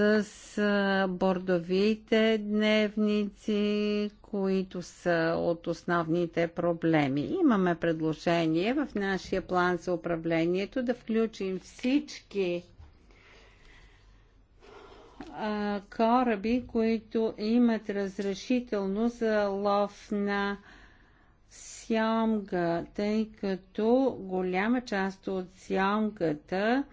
бордовите дневници, които са от основните проблеми. Имаме предложение в нашия план за управлението да включим всички кораби, които имат разрешително за лов на сямга, тъй като голяма част от сямгата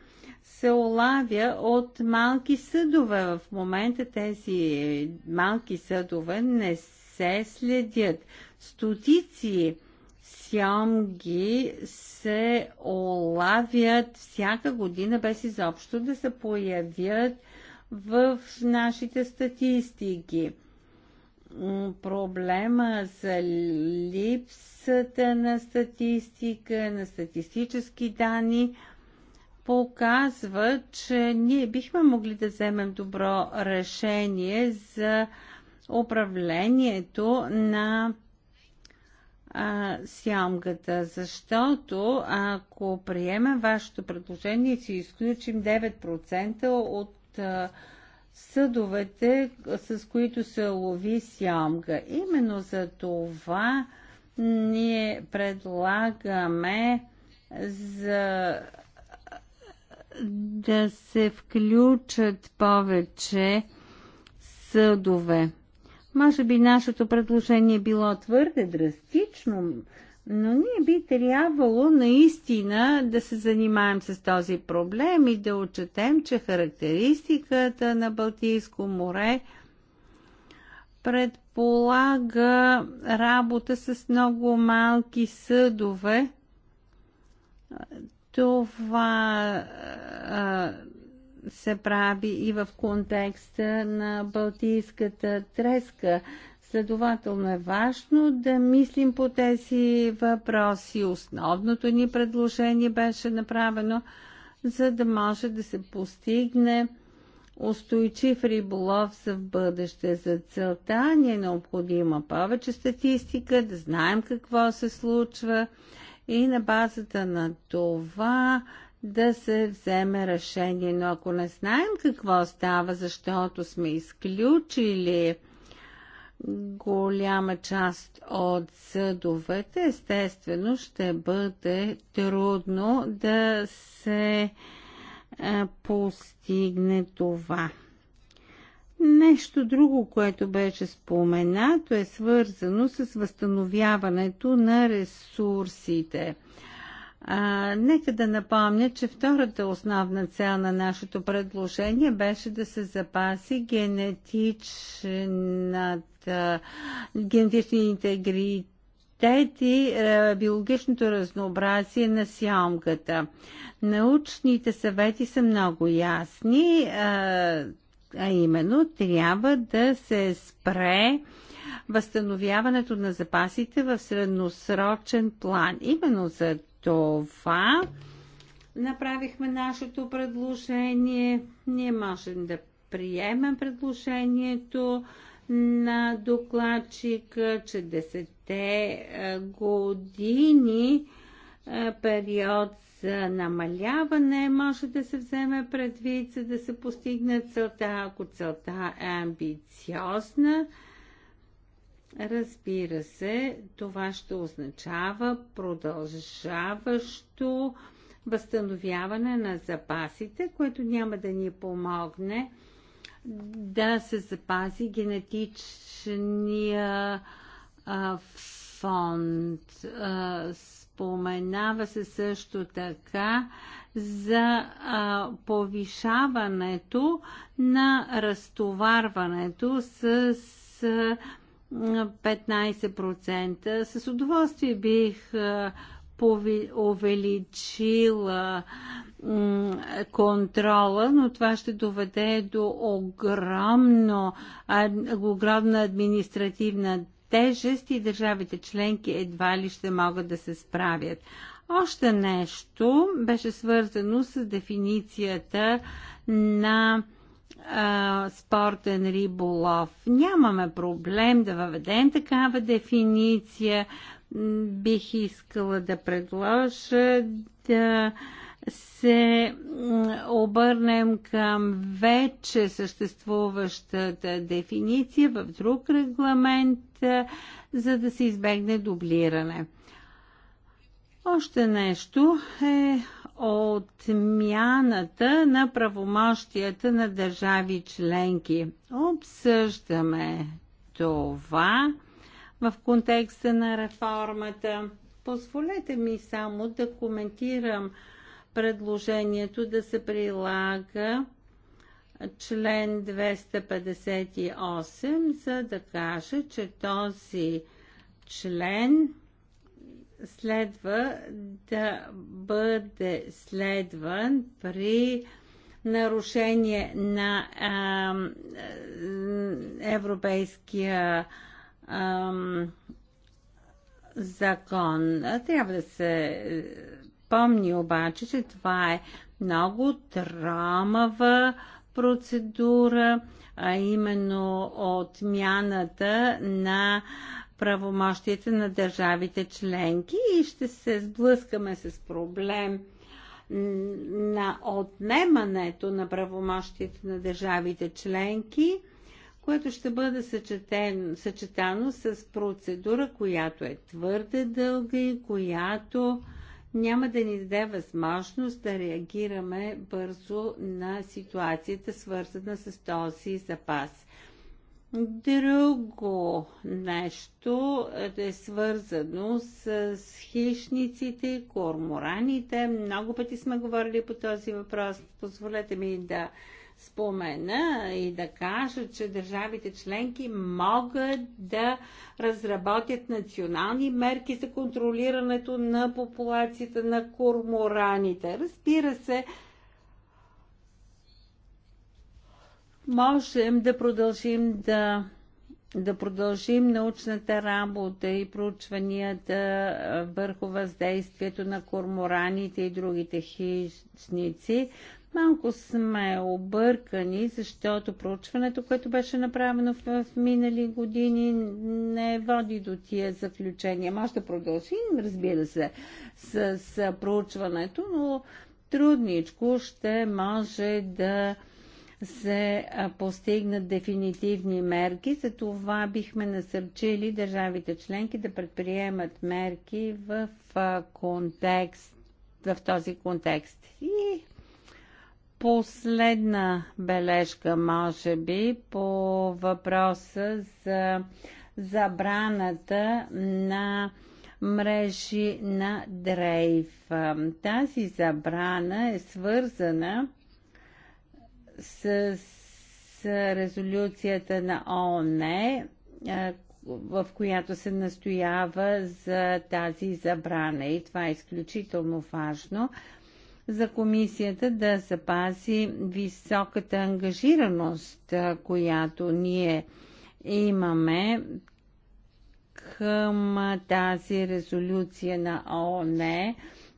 се олавя от малки съдове. В момента тези малки съдове не се следят. Стотици сямги се олавят всяка година без изобщо да се появят в нашите статистики проблема за липсата на статистика, на статистически данни показва, че ние бихме могли да вземем добро решение за управлението на а, сямгата, защото ако приемем вашето предложение, си изключим 9% от а, съдовете, с които се лови сямга. Именно за това ние предлагаме за да се включат повече съдове. Може би нашето предложение е било твърде драстично, но ние би трябвало наистина да се занимаем с този проблем и да отчетем, че характеристиката на Балтийско море предполага работа с много малки съдове. Това а, се прави и в контекста на Балтийската треска. Следователно е важно да мислим по тези въпроси. Основното ни предложение беше направено, за да може да се постигне устойчив риболов за в бъдеще. За целта ни е необходима повече статистика, да знаем какво се случва и на базата на това да се вземе решение. Но ако не знаем какво става, защото сме изключили голяма част от съдовете, естествено, ще бъде трудно да се е, постигне това. Нещо друго, което беше споменато, е свързано с възстановяването на ресурсите. А, нека да напомня, че втората основна цел на нашето предложение беше да се запаси генетичната генетичния интегритет и биологичното разнообразие на сиомката. Научните съвети са много ясни, а именно трябва да се спре възстановяването на запасите в средносрочен план. Именно за това направихме нашето предложение. Ние можем да приемем предложението на докладчика, че 10 е, години е, период за намаляване може да се вземе предвид, за да се постигне целта. Ако целта е амбициозна, разбира се, това ще означава продължаващо възстановяване на запасите, което няма да ни помогне да се запази генетичния а, фонд. А, споменава се също така за а, повишаването на разтоварването с, с 15%. С удоволствие бих а, пови, увеличила а, контрола, но това ще доведе до огромно, огромна административна тежест и държавите членки едва ли ще могат да се справят. Още нещо беше свързано с дефиницията на а, спортен риболов. Нямаме проблем да въведем такава дефиниция. Бих искала да предложа да се обърнем към вече съществуващата дефиниция в друг регламент, е, за да се избегне дублиране. Още нещо е отмяната на правомощията на държави членки. Обсъждаме това в контекста на реформата. Позволете ми само да коментирам предложението да се прилага член 258, за да каже, че този член следва да бъде следван при нарушение на а, европейския а, закон. Трябва да се Помни обаче, че това е много трамава процедура, а именно отмяната на правомощията на държавите членки и ще се сблъскаме с проблем на отнемането на правомощията на държавите членки, което ще бъде съчетен, съчетано с процедура, която е твърде дълга и която няма да ни даде възможност да реагираме бързо на ситуацията, свързана с този запас. Друго нещо е свързано с хищниците, кормораните. Много пъти сме говорили по този въпрос. Позволете ми да спомена и да кажа, че държавите членки могат да разработят национални мерки за контролирането на популацията на кормораните. Разбира се, можем да продължим да да продължим научната работа и проучванията върху въздействието на кормораните и другите хищници, Малко сме объркани, защото проучването, което беше направено в, в минали години, не води до тия заключения. Може да продължим, разбира се, с, с проучването, но трудничко ще може да се постигнат дефинитивни мерки. За това бихме насърчили държавите членки да предприемат мерки в контекст, в този контекст. И Последна бележка, може би, по въпроса за забраната на мрежи на дрейф. Тази забрана е свързана с, с резолюцията на ООН, е, в която се настоява за тази забрана. И това е изключително важно, за комисията да запази високата ангажираност, която ние имаме към тази резолюция на ООН.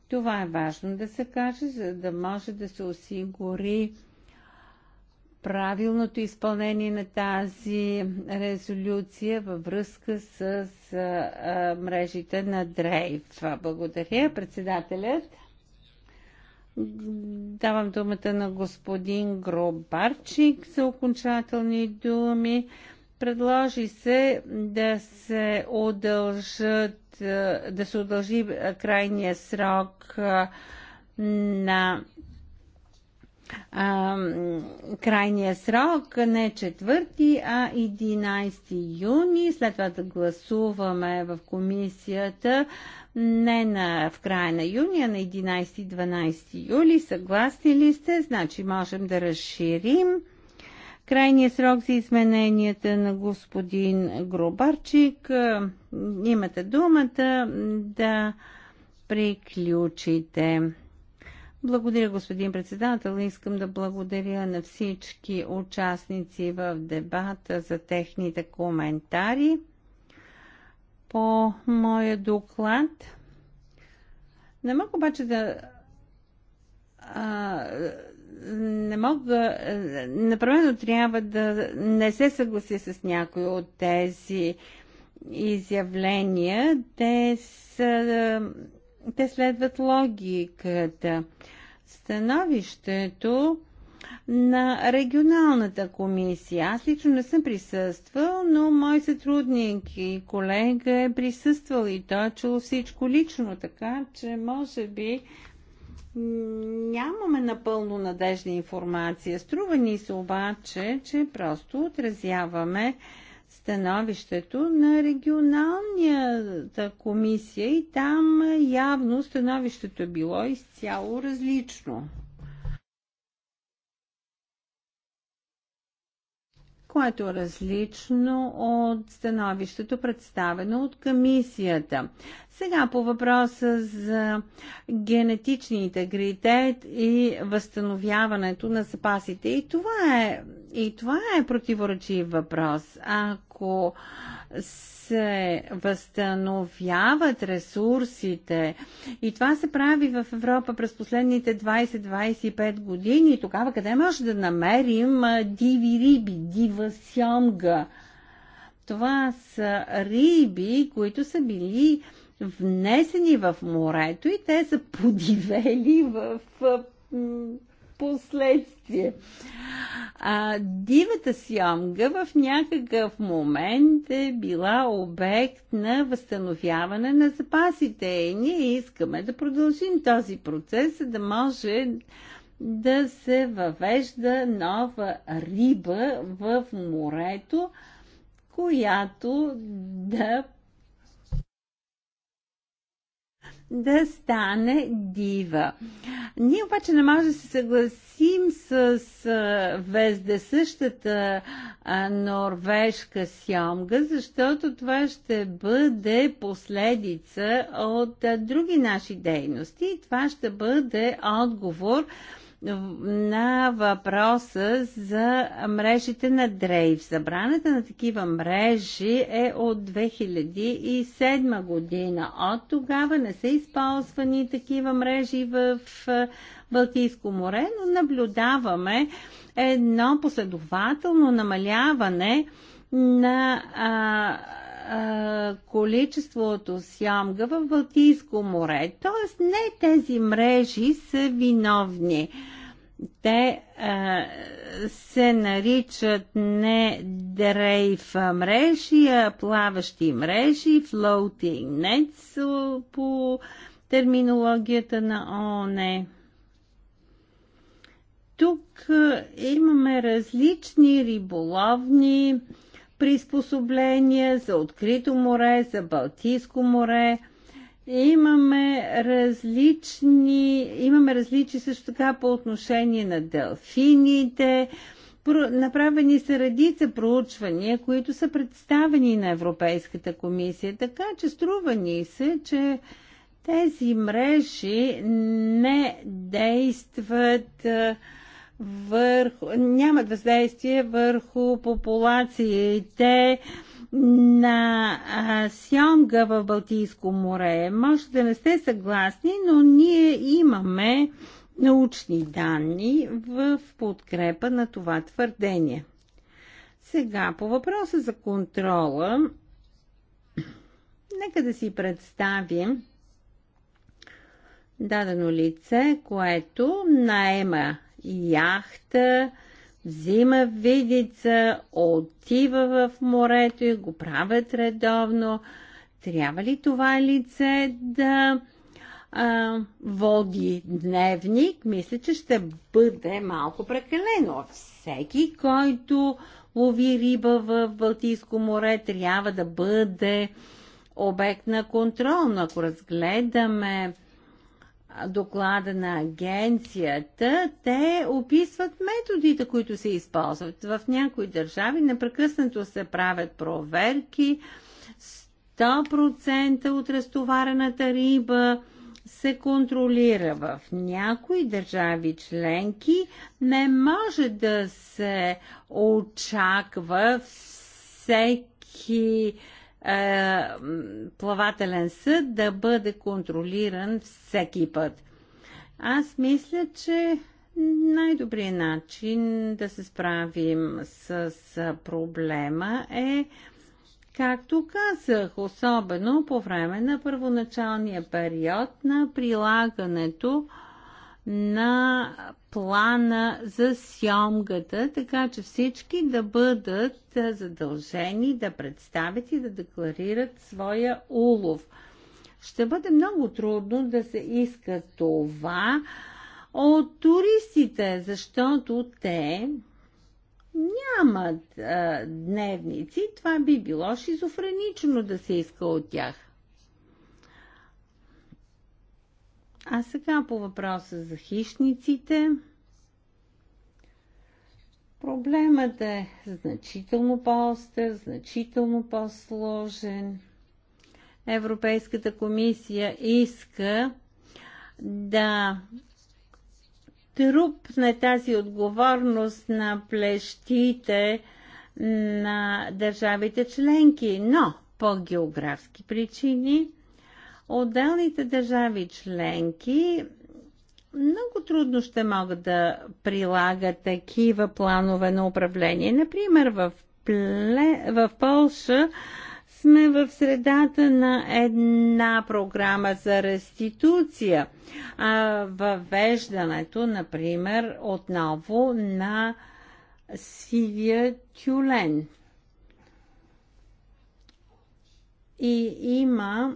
Това е важно да се каже, за да може да се осигури правилното изпълнение на тази резолюция във връзка с мрежите на Дрейв. Благодаря, председателят. Давам думата на господин Гробарчик за окончателни думи. Предложи се да се удължат, да се удължи крайния срок на а, крайния срок не 4, е а 11 юни. След това да гласуваме в комисията не на, в края на юни, а на 11-12 юли. Съгласни ли сте? Значи можем да разширим. Крайният срок за измененията на господин Гробарчик. Имате думата да приключите. Благодаря, господин председател. Искам да благодаря на всички участници в дебата за техните коментари. По моя доклад не мога обаче да а, не мога, непременно трябва да не се съглася с някои от тези изявления. Те, са, те следват логиката становището на регионалната комисия. Аз лично не съм присъствал, но мой сътрудник и колега е присъствал и той е чул всичко лично, така че може би нямаме напълно надежна информация. Струва ни се обаче, че просто отразяваме становището на регионалната комисия и там явно становището е било изцяло различно. което е различно от становището представено от комисията. Сега по въпроса за генетичния интегритет и възстановяването на запасите. И това е, и това е противоречив въпрос. Ако се възстановяват ресурсите и това се прави в Европа през последните 20-25 години, тогава къде може да намерим диви риби, дива сьомга? Това са риби, които са били внесени в морето и те са подивели в последствие. А, дивата сьомга в някакъв момент е била обект на възстановяване на запасите и ние искаме да продължим този процес, за да може да се въвежда нова риба в морето, която да да стане дива. Ние обаче не можем да се съгласим с везде същата норвежка сьомга, защото това ще бъде последица от други наши дейности и това ще бъде отговор на въпроса за мрежите на Дрейв. Забраната на такива мрежи е от 2007 година. От тогава не са използвани такива мрежи в Балтийско море, но наблюдаваме едно последователно намаляване на а, а, количеството сямга в Балтийско море. Тоест не тези мрежи са виновни. Те а, се наричат не дрейф мрежи, а плаващи мрежи, floating nets по терминологията на ООН. Тук имаме различни риболовни приспособления за открито море, за Балтийско море – Имаме различни, имаме различни също така по отношение на делфините. Направени са редица проучвания, които са представени на Европейската комисия, така че струва ни се, че тези мрежи не действат върху, нямат въздействие върху популациите на а, сьомга в Балтийско море. Може да не сте съгласни, но ние имаме научни данни в подкрепа на това твърдение. Сега, по въпроса за контрола, нека да си представим дадено лице, което наема яхта, взима видица, отива в морето и го правят редовно. Трябва ли това лице да а, води дневник? Мисля, че ще бъде малко прекалено. Всеки, който лови риба в Балтийско море, трябва да бъде обект на контрол. Но ако разгледаме доклада на агенцията, те описват методите, които се използват. В някои държави непрекъснато се правят проверки, 100% от разтоварената риба се контролира в някои държави членки, не може да се очаква всеки е, плавателен съд да бъде контролиран всеки път. Аз мисля, че най-добрият начин да се справим с, с проблема е, както казах, особено по време на първоначалния период на прилагането на плана за сьомгата, така че всички да бъдат задължени да представят и да декларират своя улов. Ще бъде много трудно да се иска това от туристите, защото те нямат а, дневници. Това би било шизофренично да се иска от тях. А сега по въпроса за хищниците. Проблемът е значително по-остър, значително по-сложен. Европейската комисия иска да трупне тази отговорност на плещите на държавите членки, но по географски причини – отделните държави членки много трудно ще могат да прилагат такива планове на управление. Например, в, Пле... в Полша сме в средата на една програма за реституция. А, въвеждането, например, отново на сивия тюлен. И има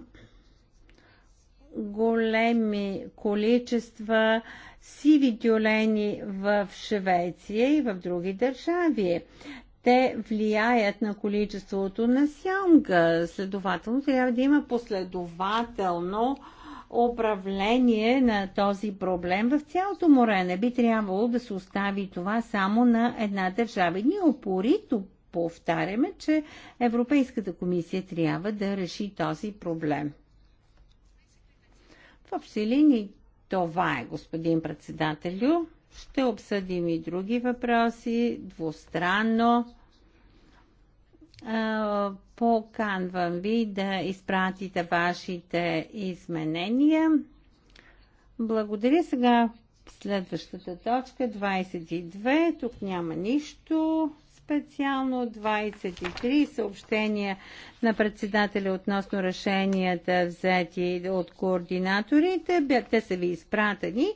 големи количества сиви тюлени в Швеция и в други държави. Те влияят на количеството на сянка. Следователно трябва да има последователно управление на този проблем в цялото море. Не би трябвало да се остави това само на една държава. ние опорито повтаряме, че Европейската комисия трябва да реши този проблем. В общи линии това е, господин председателю. Ще обсъдим и други въпроси, двустранно. Поканвам ви да изпратите вашите изменения. Благодаря сега. Следващата точка 22. Тук няма нищо. Специално 23 съобщения на председателя относно решенията взети от координаторите. Те са ви изпратени.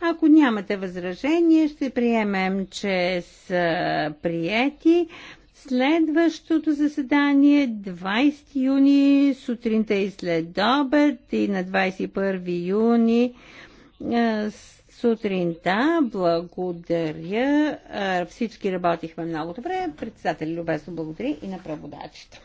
Ако нямате възражение, ще приемем, че са приети. Следващото заседание 20 юни сутринта и след обед и на 21 юни с сутринта. Благодаря. Всички работихме много добре. Председател любезно благодари и на преводачите.